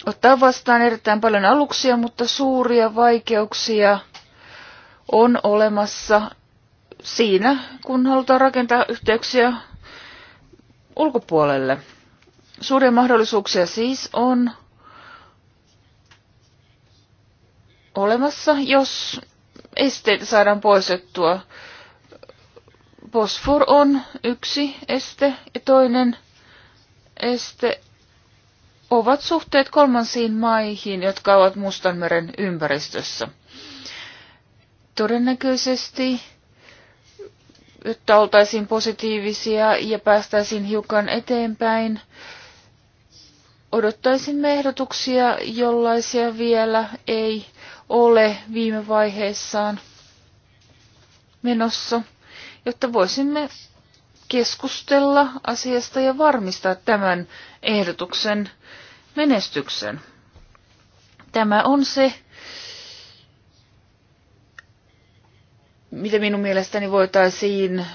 ottaa vastaan erittäin paljon aluksia, mutta suuria vaikeuksia on olemassa siinä, kun halutaan rakentaa yhteyksiä ulkopuolelle. Suuria mahdollisuuksia siis on olemassa, jos esteitä saadaan poistettua. Fosfor on yksi este ja toinen este ovat suhteet kolmansiin maihin, jotka ovat Mustanmeren ympäristössä. Todennäköisesti, että oltaisiin positiivisia ja päästäisiin hiukan eteenpäin, odottaisimme ehdotuksia, jollaisia vielä ei ole viime vaiheessaan menossa jotta voisimme keskustella asiasta ja varmistaa tämän ehdotuksen menestyksen. Tämä on se, mitä minun mielestäni voitaisiin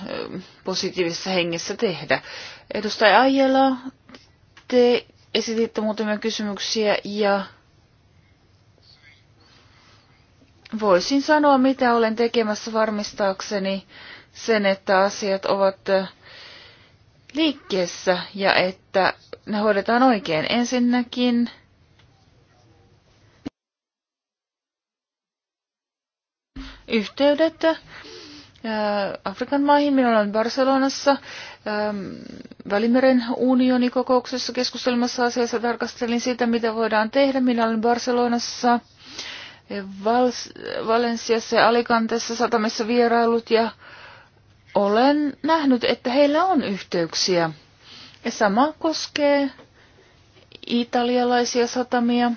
positiivisessa hengessä tehdä. Edustaja Aijela, te esititte muutamia kysymyksiä ja voisin sanoa, mitä olen tekemässä varmistaakseni, sen, että asiat ovat liikkeessä ja että ne hoidetaan oikein. Ensinnäkin yhteydet Afrikan maihin. Minä olen Barcelonassa Välimeren unionikokouksessa keskustelmassa asiassa. Tarkastelin sitä, mitä voidaan tehdä. Minä olen Barcelonassa, Valenciassa Valensiassa ja Alicantessa satamissa vierailut ja olen nähnyt, että heillä on yhteyksiä. Ja sama koskee italialaisia satamia.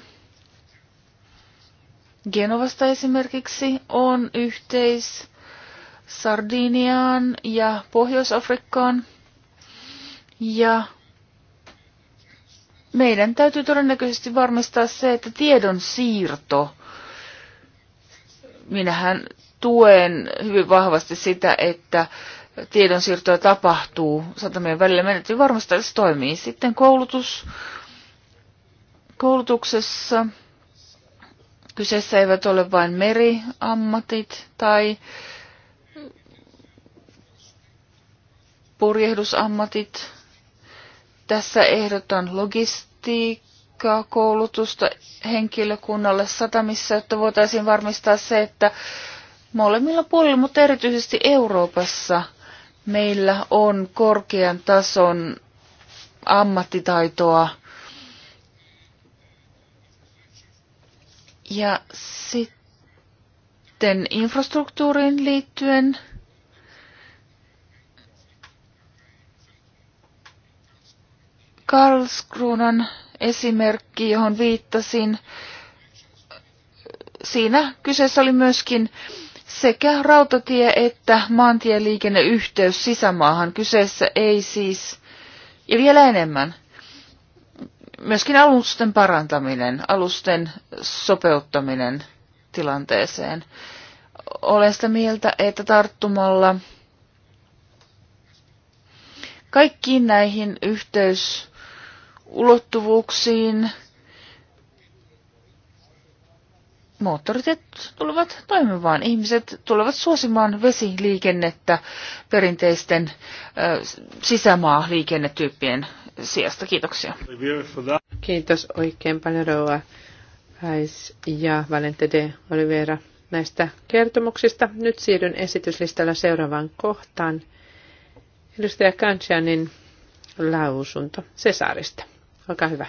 Genovasta esimerkiksi on yhteis Sardiniaan ja Pohjois-Afrikkaan. Ja meidän täytyy todennäköisesti varmistaa se, että tiedon siirto, minähän tuen hyvin vahvasti sitä, että tiedonsiirtoa tapahtuu satamien välillä. Meidän täytyy että se toimii. Sitten koulutus. Koulutuksessa kyseessä eivät ole vain meriammatit tai purjehdusammatit. Tässä ehdotan logistiikkaa, koulutusta henkilökunnalle satamissa, jotta voitaisiin varmistaa se, että molemmilla puolilla, mutta erityisesti Euroopassa meillä on korkean tason ammattitaitoa. Ja sitten infrastruktuuriin liittyen Karlskronan esimerkki, johon viittasin, siinä kyseessä oli myöskin sekä rautatie- että maantieliikenneyhteys sisämaahan kyseessä ei siis, ja vielä enemmän, myöskin alusten parantaminen, alusten sopeuttaminen tilanteeseen. Olen sitä mieltä, että tarttumalla kaikkiin näihin yhteysulottuvuuksiin, moottoritet tulevat toimimaan. Ihmiset tulevat suosimaan vesiliikennettä perinteisten ö, sisämaaliikennetyyppien sijasta. Kiitoksia. Kiitos oikein paljon Roa Häis ja Valente de Oliveira näistä kertomuksista. Nyt siirryn esityslistalla seuraavaan kohtaan. Edustaja Kansianin lausunto Cesarista. Olkaa hyvä.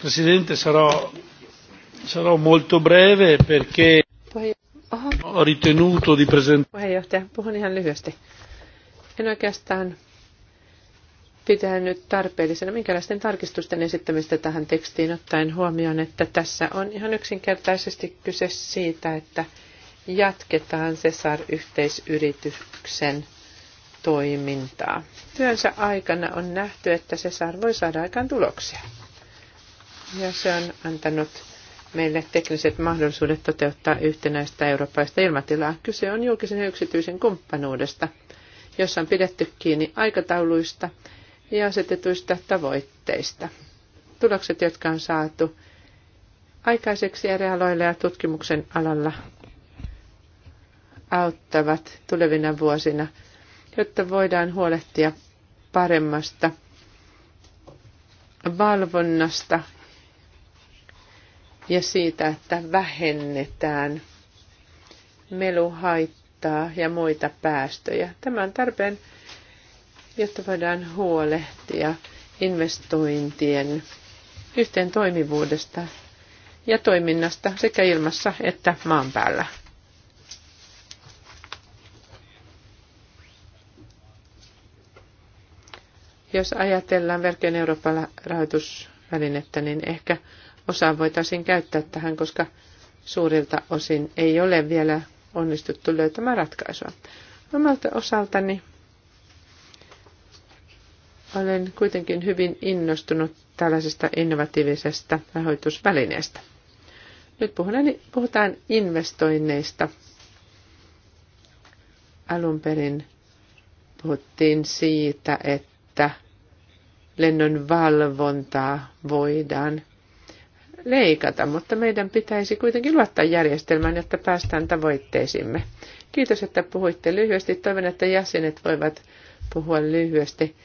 Presidente, sarò, sarò molto breve perché ho ritenuto di presentare... En oikeastaan pitänyt tarpeellisena minkälaisten tarkistusten esittämistä tähän tekstiin ottaen huomioon, että tässä on ihan yksinkertaisesti kyse siitä, että jatketaan Cesar-yhteisyrityksen toimintaa. Työnsä aikana on nähty, että Cesar voi saada aikaan tuloksia ja se on antanut meille tekniset mahdollisuudet toteuttaa yhtenäistä eurooppaista ilmatilaa. Kyse on julkisen ja yksityisen kumppanuudesta, jossa on pidetty kiinni aikatauluista ja asetetuista tavoitteista. Tulokset, jotka on saatu aikaiseksi eri aloilla ja tutkimuksen alalla, auttavat tulevina vuosina, jotta voidaan huolehtia paremmasta valvonnasta ja siitä, että vähennetään meluhaittaa ja muita päästöjä. Tämä on tarpeen, jotta voidaan huolehtia investointien yhteen toimivuudesta ja toiminnasta sekä ilmassa että maan päällä. Jos ajatellaan verkkojen Euroopan rahoitusvälinettä, niin ehkä osaa voitaisiin käyttää tähän, koska suurilta osin ei ole vielä onnistuttu löytämään ratkaisua. Omalta osaltani olen kuitenkin hyvin innostunut tällaisesta innovatiivisesta rahoitusvälineestä. Nyt puhutaan investoinneista. Alun perin puhuttiin siitä, että lennon valvontaa voidaan leikata, mutta meidän pitäisi kuitenkin luottaa järjestelmään, jotta päästään tavoitteisimme. Kiitos, että puhuitte lyhyesti. Toivon, että jäsenet voivat puhua lyhyesti,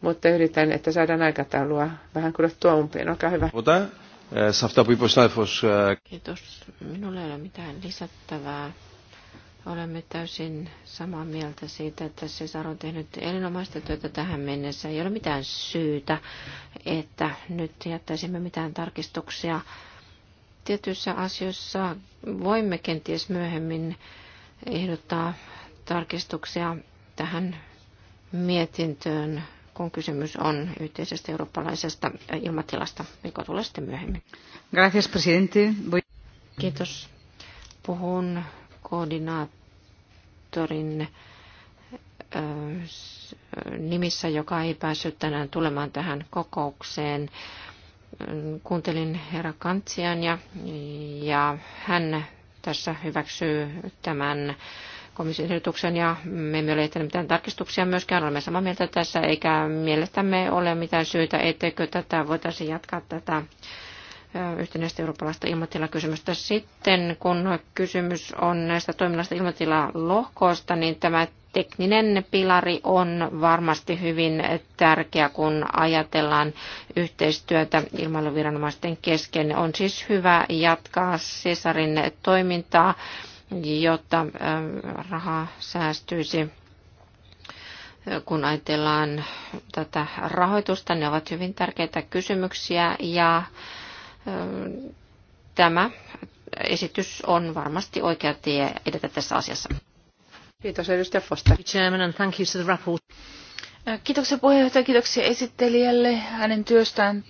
mutta yritän, että saadaan aikataulua vähän tuo umpien Olkaa hyvä. Eh, eh. Kiitos. Minulla ei ole mitään lisättävää. Olemme täysin samaa mieltä siitä, että Cesar on tehnyt erinomaista työtä tähän mennessä. Ei ole mitään syytä, että nyt jättäisimme mitään tarkistuksia. Tietyissä asioissa voimme kenties myöhemmin ehdottaa tarkistuksia tähän mietintöön, kun kysymys on yhteisestä eurooppalaisesta ilmatilasta, joka tulee sitten myöhemmin. Gracias, presidente. Kiitos. Puhun koordinaattorin nimissä, joka ei päässyt tänään tulemaan tähän kokoukseen. Kuuntelin herra Kantsian ja, ja hän tässä hyväksyy tämän komission ehdotuksen ja me emme ole ehtineet mitään tarkistuksia myöskään. Olemme samaa mieltä tässä eikä mielestämme ole mitään syytä, etteikö tätä voitaisiin jatkaa tätä yhtenäistä eurooppalaista ilmatilakysymystä. Sitten kun kysymys on näistä toiminnasta ilmatilalohkoista, niin tämä tekninen pilari on varmasti hyvin tärkeä, kun ajatellaan yhteistyötä ilmailuviranomaisten kesken. On siis hyvä jatkaa Cesarin toimintaa, jotta rahaa säästyisi kun ajatellaan tätä rahoitusta, ne ovat hyvin tärkeitä kysymyksiä ja Tämä esitys on varmasti oikea tie edetä tässä asiassa. Kiitos edustaja Foster. Chairman and thank you to the rapport. Kiitoksia puheenjohtaja, kiitoksia esittelijälle hänen työstään.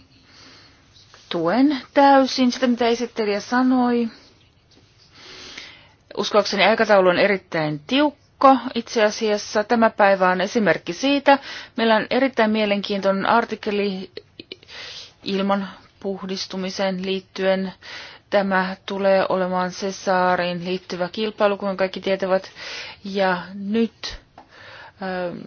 Tuen täysin sitä, mitä esittelijä sanoi. Uskoakseni aikataulu on erittäin tiukka. Itse asiassa tämä päivä on esimerkki siitä. Meillä on erittäin mielenkiintoinen artikkeli ilman puhdistumiseen liittyen. Tämä tulee olemaan Cesaariin liittyvä kilpailu, kuten kaikki tietävät. Ja nyt ähm,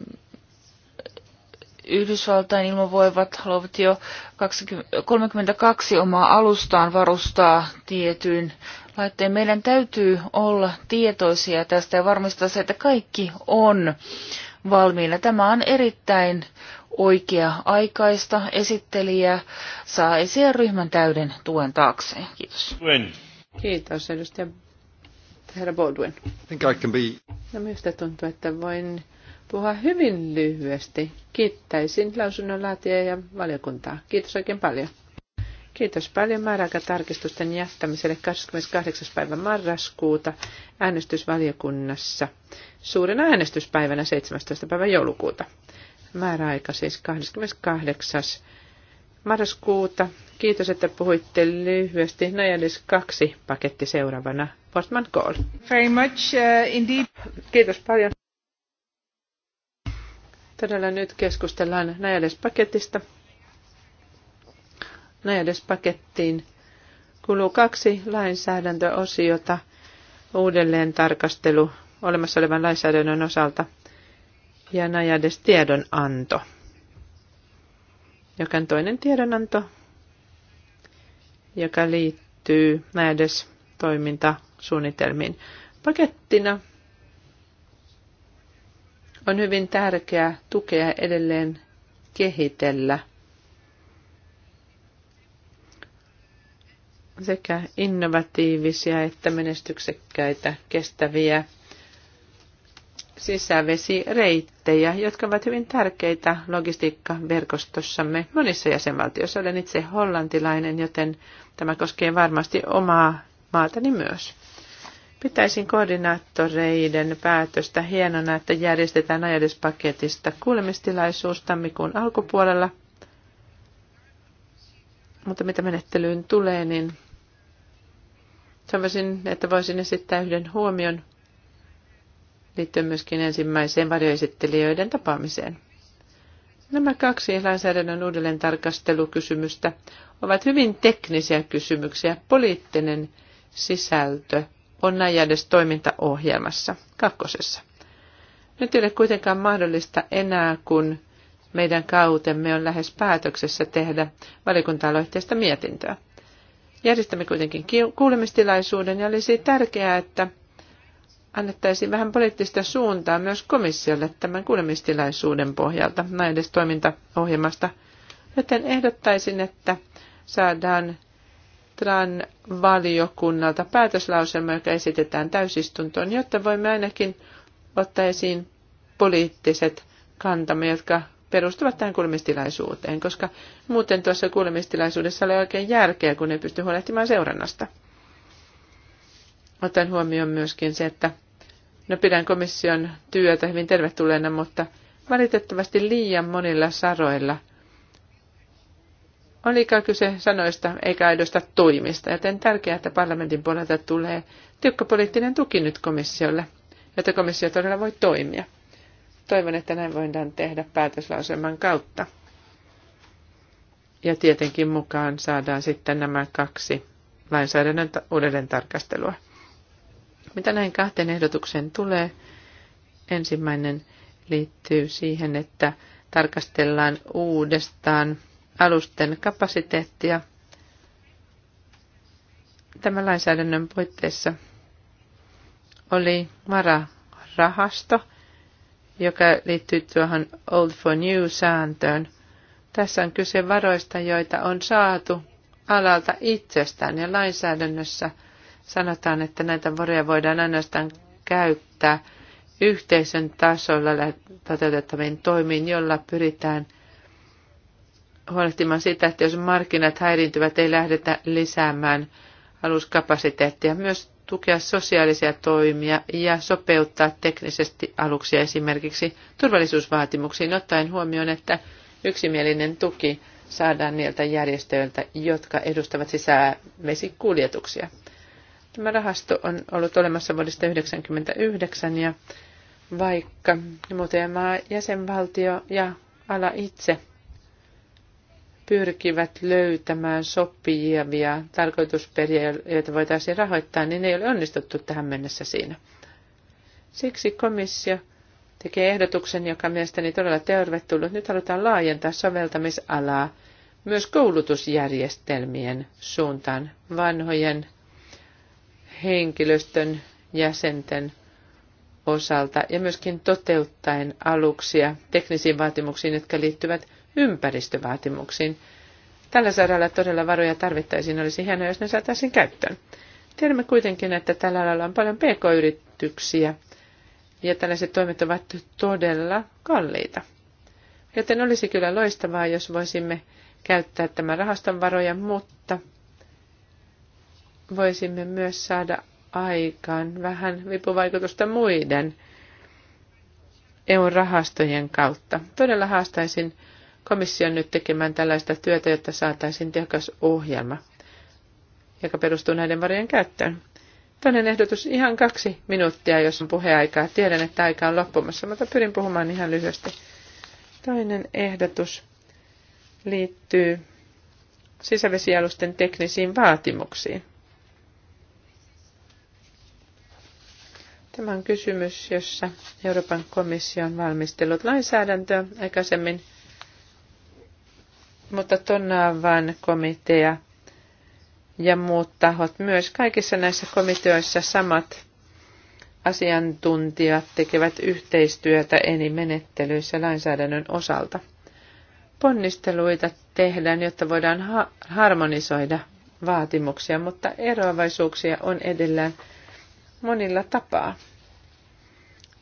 Yhdysvaltain ilmavoivat haluavat jo 20, 32 omaa alustaan varustaa tietyn laitteen. Meidän täytyy olla tietoisia tästä ja varmistaa se, että kaikki on valmiina. Tämä on erittäin oikea-aikaista. esittelijää saa esiin ryhmän täyden tuen taakseen. Kiitos. Win. Kiitos, edustaja herra Baldwin. I think I can be... No minusta tuntuu, että voin puhua hyvin lyhyesti. Kiittäisin lausunnonlaatijaa ja valiokuntaa. Kiitos oikein paljon. Kiitos paljon määräaikatarkistusten jättämiselle 28. päivä marraskuuta äänestysvaliokunnassa. Suurena äänestyspäivänä 17. päivä joulukuuta määräaika siis 28. marraskuuta. Kiitos, että puhuitte lyhyesti. No ja nyt kaksi paketti seuraavana. Portman Call. Very much uh, indeed. Kiitos paljon. Todella nyt keskustellaan Najades-paketista. Najades-pakettiin kuluu kaksi lainsäädäntöosiota, uudelleen tarkastelu olemassa olevan lainsäädännön osalta – ja Najades tiedonanto. Joka on toinen tiedonanto, joka liittyy Najades toimintasuunnitelmiin. Pakettina on hyvin tärkeää tukea edelleen kehitellä sekä innovatiivisia että menestyksekkäitä kestäviä sisävesireittejä, jotka ovat hyvin tärkeitä logistiikkaverkostossamme monissa jäsenvaltioissa. Olen itse hollantilainen, joten tämä koskee varmasti omaa maatani myös. Pitäisin koordinaattoreiden päätöstä hienona, että järjestetään ajatuspaketista kuulemistilaisuus tammikuun alkupuolella. Mutta mitä menettelyyn tulee, niin sanoisin, että voisin esittää yhden huomion – liittyy myöskin ensimmäiseen varjoesittelijöiden tapaamiseen. Nämä kaksi lainsäädännön uudelleen tarkastelukysymystä ovat hyvin teknisiä kysymyksiä. Poliittinen sisältö on edes toimintaohjelmassa, kakkosessa. Nyt ei ole kuitenkaan mahdollista enää, kun meidän kautemme on lähes päätöksessä tehdä valikunta-aloitteesta mietintöä. Järjestämme kuitenkin kuulemistilaisuuden ja olisi tärkeää, että annettaisiin vähän poliittista suuntaa myös komissiolle tämän kuulemistilaisuuden pohjalta edes toimintaohjelmasta, joten ehdottaisin, että saadaan Tran valiokunnalta päätöslauselma, joka esitetään täysistuntoon, jotta voimme ainakin ottaa esiin poliittiset kantamme, jotka perustuvat tähän kuulemistilaisuuteen, koska muuten tuossa kuulemistilaisuudessa oli oikein järkeä, kun ei pysty huolehtimaan seurannasta otan huomioon myöskin se, että no pidän komission työtä hyvin tervetulleena, mutta valitettavasti liian monilla saroilla on liikaa kyse sanoista eikä aidosta toimista, joten tärkeää, että parlamentin puolelta tulee tiukka poliittinen tuki nyt komissiolle, jotta komissio todella voi toimia. Toivon, että näin voidaan tehdä päätöslauselman kautta. Ja tietenkin mukaan saadaan sitten nämä kaksi lainsäädännön uudelleen tarkastelua. Mitä näin kahteen ehdotukseen tulee? Ensimmäinen liittyy siihen, että tarkastellaan uudestaan alusten kapasiteettia. Tämän lainsäädännön puitteissa oli rahasto, joka liittyy tuohon Old for New-sääntöön. Tässä on kyse varoista, joita on saatu alalta itsestään ja lainsäädännössä – sanotaan, että näitä varoja voidaan ainoastaan käyttää yhteisön tasolla toteutettaviin toimiin, jolla pyritään huolehtimaan sitä, että jos markkinat häirintyvät, ei lähdetä lisäämään aluskapasiteettia. Myös tukea sosiaalisia toimia ja sopeuttaa teknisesti aluksia esimerkiksi turvallisuusvaatimuksiin, ottaen huomioon, että yksimielinen tuki saadaan niiltä järjestöiltä, jotka edustavat sisävesikuljetuksia. kuljetuksia. Tämä rahasto on ollut olemassa vuodesta 1999 ja vaikka muutama jäsenvaltio ja ala itse pyrkivät löytämään sopivia tarkoitusperiä, joita voitaisiin rahoittaa, niin ei ole onnistuttu tähän mennessä siinä. Siksi komissio tekee ehdotuksen, joka mielestäni todella tervetullut. Nyt halutaan laajentaa soveltamisalaa myös koulutusjärjestelmien suuntaan vanhojen henkilöstön jäsenten osalta ja myöskin toteuttaen aluksia teknisiin vaatimuksiin, jotka liittyvät ympäristövaatimuksiin. Tällä saralla todella varoja tarvittaisiin, olisi hienoa, jos ne saataisiin käyttöön. Tiedämme kuitenkin, että tällä alalla on paljon pk-yrityksiä ja tällaiset toimet ovat todella kalliita. Joten olisi kyllä loistavaa, jos voisimme käyttää tämän rahaston varoja, mutta voisimme myös saada aikaan vähän vipuvaikutusta muiden EUn rahastojen kautta. Todella haastaisin komission nyt tekemään tällaista työtä, jotta saataisiin tehokas ohjelma, joka perustuu näiden varojen käyttöön. Toinen ehdotus ihan kaksi minuuttia, jos on puheaikaa. Tiedän, että aika on loppumassa, mutta pyrin puhumaan ihan lyhyesti. Toinen ehdotus liittyy sisävesialusten teknisiin vaatimuksiin. Tämä on kysymys, jossa Euroopan komissio on valmistellut lainsäädäntöä aikaisemmin, mutta Tonnavan komitea ja muut tahot myös. Kaikissa näissä komiteoissa samat asiantuntijat tekevät yhteistyötä eni menettelyissä lainsäädännön osalta. Ponnisteluita tehdään, jotta voidaan harmonisoida vaatimuksia, mutta eroavaisuuksia on edellään – monilla tapaa.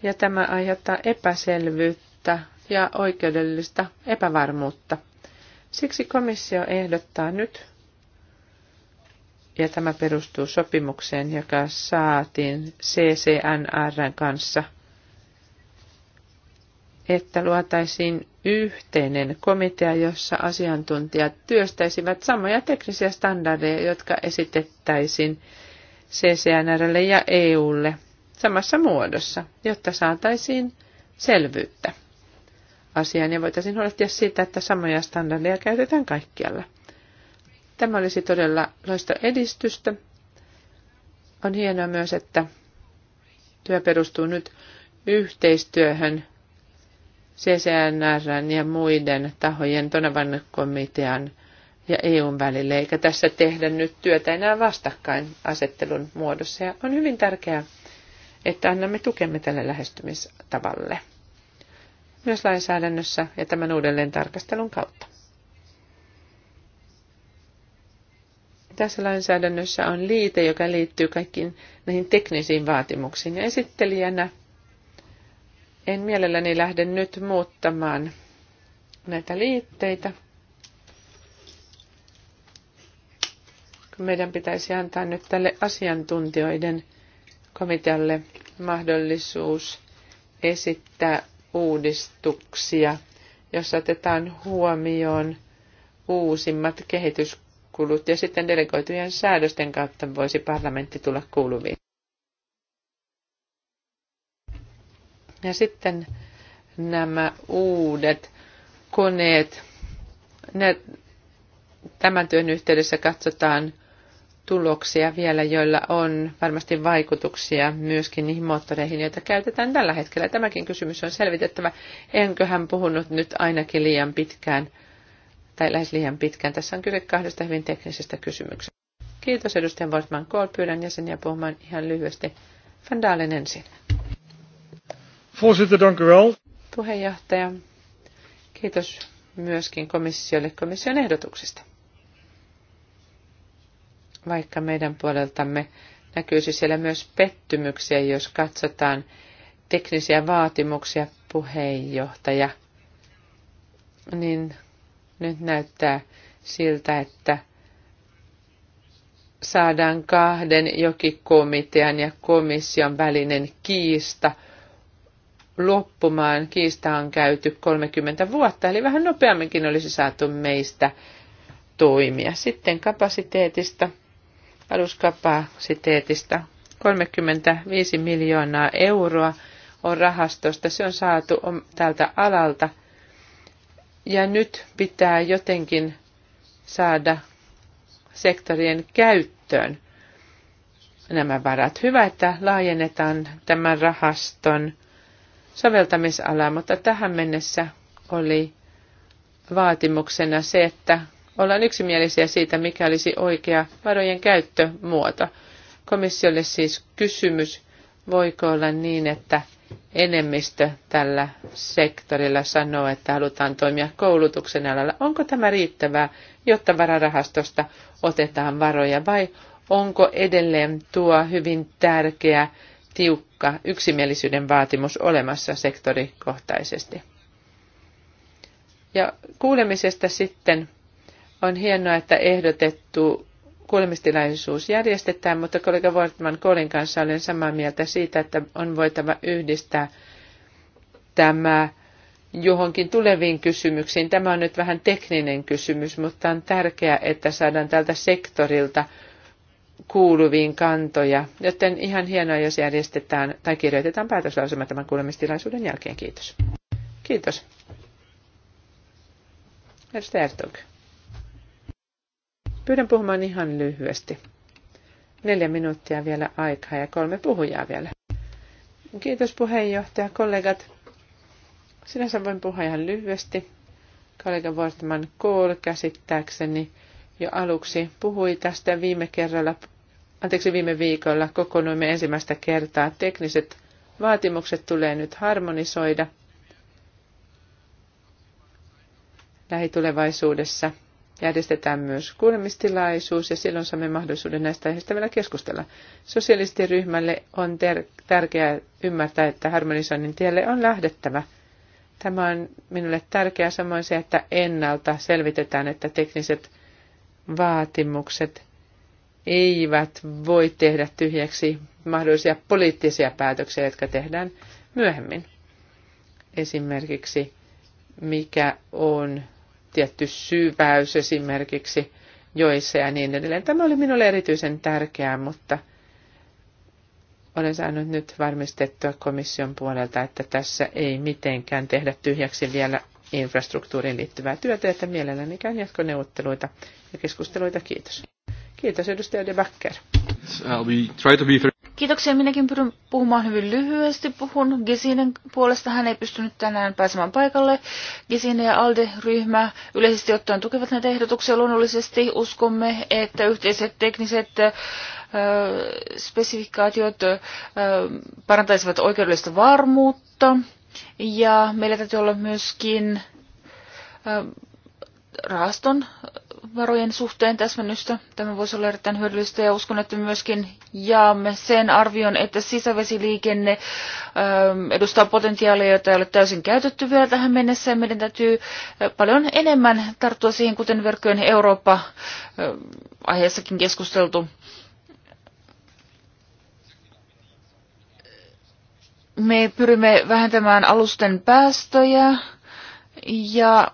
Ja tämä aiheuttaa epäselvyyttä ja oikeudellista epävarmuutta. Siksi komissio ehdottaa nyt, ja tämä perustuu sopimukseen, joka saatiin CCNRn kanssa, että luotaisiin yhteinen komitea, jossa asiantuntijat työstäisivät samoja teknisiä standardeja, jotka esitettäisiin CCNRlle ja EUlle samassa muodossa, jotta saataisiin selvyyttä asiaan ja voitaisiin huolehtia siitä, että samoja standardeja käytetään kaikkialla. Tämä olisi todella loista edistystä. On hienoa myös, että työ perustuu nyt yhteistyöhön CCNRn ja muiden tahojen Tonavan komitean ja EUn välille, eikä tässä tehdä nyt työtä enää vastakkain asettelun muodossa. Ja on hyvin tärkeää, että annamme tukemme tälle lähestymistavalle myös lainsäädännössä ja tämän uudelleen tarkastelun kautta. Tässä lainsäädännössä on liite, joka liittyy kaikkiin näihin teknisiin vaatimuksiin. Ja esittelijänä en mielelläni lähde nyt muuttamaan näitä liitteitä – kun meidän pitäisi antaa nyt tälle asiantuntijoiden komitealle mahdollisuus esittää uudistuksia, jos otetaan huomioon uusimmat kehityskulut ja sitten delegoitujen säädösten kautta voisi parlamentti tulla kuuluviin. Ja sitten nämä uudet koneet, ne, tämän työn yhteydessä katsotaan tuloksia vielä, joilla on varmasti vaikutuksia myöskin niihin moottoreihin, joita käytetään tällä hetkellä. Tämäkin kysymys on selvitettävä. Enköhän puhunut nyt ainakin liian pitkään, tai lähes liian pitkään. Tässä on kyse kahdesta hyvin teknisestä kysymyksestä. Kiitos edustajan Wolfman Kohl. Pyydän jäseniä puhumaan ihan lyhyesti. Van Dalen ensin. Voorzitter, dank u wel. Puheenjohtaja, kiitos myöskin komissiolle komission ehdotuksesta vaikka meidän puoleltamme näkyisi siellä myös pettymyksiä, jos katsotaan teknisiä vaatimuksia puheenjohtaja, niin nyt näyttää siltä, että saadaan kahden jokikomitean ja komission välinen kiista loppumaan. Kiista on käyty 30 vuotta, eli vähän nopeamminkin olisi saatu meistä toimia. Sitten kapasiteetista aluskapasiteetista. 35 miljoonaa euroa on rahastosta. Se on saatu tältä alalta. Ja nyt pitää jotenkin saada sektorien käyttöön nämä varat. Hyvä, että laajennetaan tämän rahaston soveltamisalaa, mutta tähän mennessä oli vaatimuksena se, että ollaan yksimielisiä siitä, mikä olisi oikea varojen käyttömuoto. Komissiolle siis kysymys, voiko olla niin, että enemmistö tällä sektorilla sanoo, että halutaan toimia koulutuksen alalla. Onko tämä riittävää, jotta vararahastosta otetaan varoja vai onko edelleen tuo hyvin tärkeä, tiukka yksimielisyyden vaatimus olemassa sektorikohtaisesti? Ja kuulemisesta sitten on hienoa, että ehdotettu kuulemistilaisuus järjestetään, mutta kollega Wortman Kolin kanssa olen samaa mieltä siitä, että on voitava yhdistää tämä johonkin tuleviin kysymyksiin. Tämä on nyt vähän tekninen kysymys, mutta on tärkeää, että saadaan tältä sektorilta kuuluviin kantoja, joten ihan hienoa, jos järjestetään tai kirjoitetaan päätöslausuma tämän kuulemistilaisuuden jälkeen. Kiitos. Kiitos. Edustaja Ertog. Pyydän puhumaan ihan lyhyesti. Neljä minuuttia vielä aikaa ja kolme puhujaa vielä. Kiitos puheenjohtaja, kollegat. Sinänsä voin puhua ihan lyhyesti. Kollega Wortman Kool käsittääkseni jo aluksi puhui tästä viime kerralla, anteeksi viime viikolla kokoonnuimme ensimmäistä kertaa. Tekniset vaatimukset tulee nyt harmonisoida lähitulevaisuudessa – järjestetään myös kuulemistilaisuus ja silloin saamme mahdollisuuden näistä aiheista vielä keskustella. Sosialistiryhmälle on ter- tärkeää ymmärtää, että harmonisoinnin tielle on lähdettävä. Tämä on minulle tärkeää samoin se, että ennalta selvitetään, että tekniset vaatimukset eivät voi tehdä tyhjäksi mahdollisia poliittisia päätöksiä, jotka tehdään myöhemmin. Esimerkiksi mikä on tietty syväys esimerkiksi joissa ja niin edelleen. Tämä oli minulle erityisen tärkeää, mutta olen saanut nyt varmistettua komission puolelta, että tässä ei mitenkään tehdä tyhjäksi vielä infrastruktuuriin liittyvää työtä, että mielelläni käyn jatkoneuvotteluita ja keskusteluita. Kiitos. Kiitos edustaja De Backer. I'll be, try to be Kiitoksia. Minäkin pyrin puhumaan hyvin lyhyesti. Puhun Gesinen puolesta. Hän ei pystynyt tänään pääsemään paikalle. Gesine ja ALDE-ryhmä yleisesti ottaen tukevat näitä ehdotuksia. Luonnollisesti uskomme, että yhteiset tekniset spesifikaatiot parantaisivat oikeudellista varmuutta. Ja meillä täytyy olla myöskin rahaston varojen suhteen täsmennystä. Tämä voisi olla erittäin hyödyllistä ja uskon, että myöskin jaamme sen arvion, että sisävesiliikenne ähm, edustaa potentiaalia, jota ei ole täysin käytetty vielä tähän mennessä. Ja meidän täytyy äh, paljon enemmän tarttua siihen, kuten verkkojen Eurooppa-aiheessakin äh, keskusteltu. Me pyrimme vähentämään alusten päästöjä ja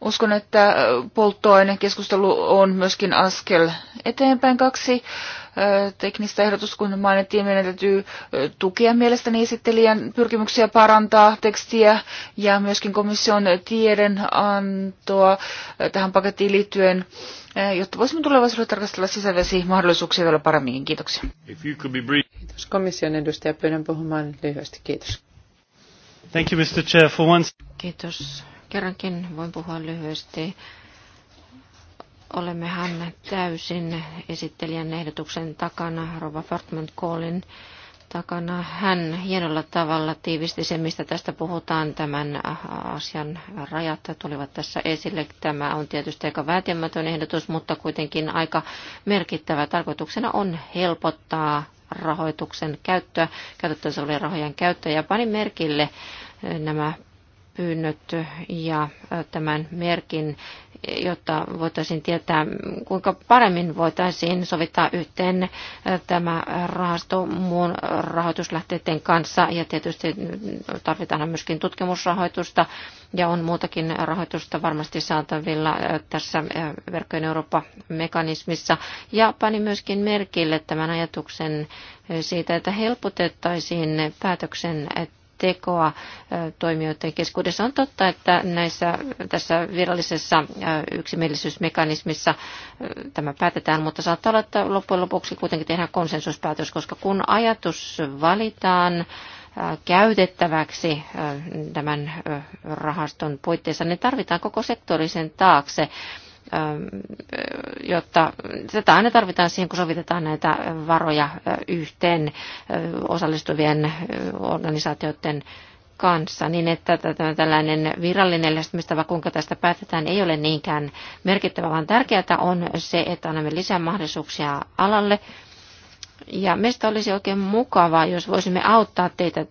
Uskon, että polttoainekeskustelu on myöskin askel eteenpäin. Kaksi teknistä ehdotusta, kun mainittiin, meidän täytyy tukea mielestäni esittelijän pyrkimyksiä parantaa tekstiä ja myöskin komission tiedonantoa tähän pakettiin liittyen, jotta voisimme tulevaisuudessa tarkastella sisävesimahdollisuuksia vielä paremmin. Kiitoksia. Kiitos komission edustaja. Pyydän puhumaan lyhyesti. Kiitos. Thank you, Mr. Chair, for once. Kiitos kerrankin voin puhua lyhyesti. Olemmehan täysin esittelijän ehdotuksen takana, Rova Fortman Koolin takana. Hän hienolla tavalla tiivisti se, mistä tästä puhutaan. Tämän asian rajat tulivat tässä esille. Tämä on tietysti aika väätimätön ehdotus, mutta kuitenkin aika merkittävä. Tarkoituksena on helpottaa rahoituksen käyttöä, käytettävissä olevien rahojen käyttöä. Ja panin merkille nämä pyynnöt ja tämän merkin, jotta voitaisiin tietää, kuinka paremmin voitaisiin sovittaa yhteen tämä rahasto muun rahoituslähteiden kanssa. Ja tietysti tarvitaan myöskin tutkimusrahoitusta ja on muutakin rahoitusta varmasti saatavilla tässä verkkojen Eurooppa-mekanismissa. Ja pani myöskin merkille tämän ajatuksen siitä, että helpotettaisiin päätöksen että tekoa toimijoiden keskuudessa. On totta, että näissä, tässä virallisessa yksimielisyysmekanismissa tämä päätetään, mutta saattaa olla, että loppujen lopuksi kuitenkin tehdään konsensuspäätös, koska kun ajatus valitaan, käytettäväksi tämän rahaston puitteissa, niin tarvitaan koko sektorisen taakse Ähm, jotta tätä aina tarvitaan siihen, kun sovitetaan näitä varoja yhteen osallistuvien organisaatioiden kanssa, niin että tällainen virallinen lähestymistapa, kuinka tästä päätetään, ei ole niinkään merkittävä, vaan tärkeää on se, että annamme lisää mahdollisuuksia alalle, ja meistä olisi oikein mukavaa, jos voisimme auttaa teitä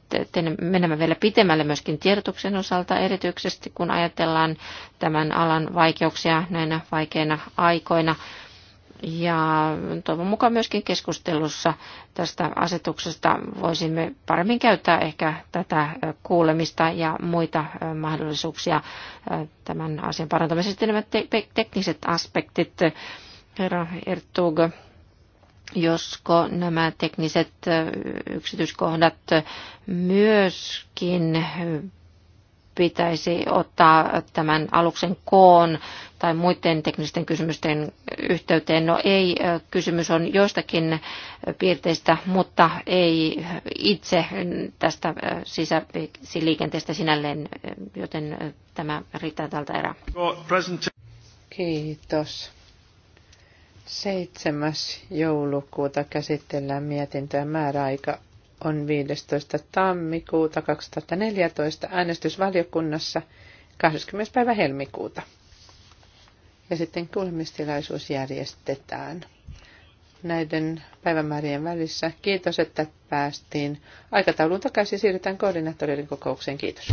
menemään vielä pitemmälle myöskin tiedotuksen osalta, erityisesti kun ajatellaan tämän alan vaikeuksia näinä vaikeina aikoina. Ja toivon mukaan myöskin keskustelussa tästä asetuksesta voisimme paremmin käyttää ehkä tätä kuulemista ja muita mahdollisuuksia tämän asian parantamisesta. Nämä te- tekniset aspektit, herra Ertug, josko nämä tekniset yksityiskohdat myöskin pitäisi ottaa tämän aluksen koon tai muiden teknisten kysymysten yhteyteen. No ei, kysymys on joistakin piirteistä, mutta ei itse tästä sisäliikenteestä sinälleen, joten tämä riittää tältä erää. Kiitos. 7. joulukuuta käsitellään mietintöä määräaika on 15. tammikuuta 2014 äänestysvaliokunnassa 20. päivä helmikuuta. Ja sitten kuulemistilaisuus järjestetään näiden päivämäärien välissä. Kiitos, että päästiin Aikataulun takaisin. Siirrytään koordinaattoreiden kokoukseen. Kiitos.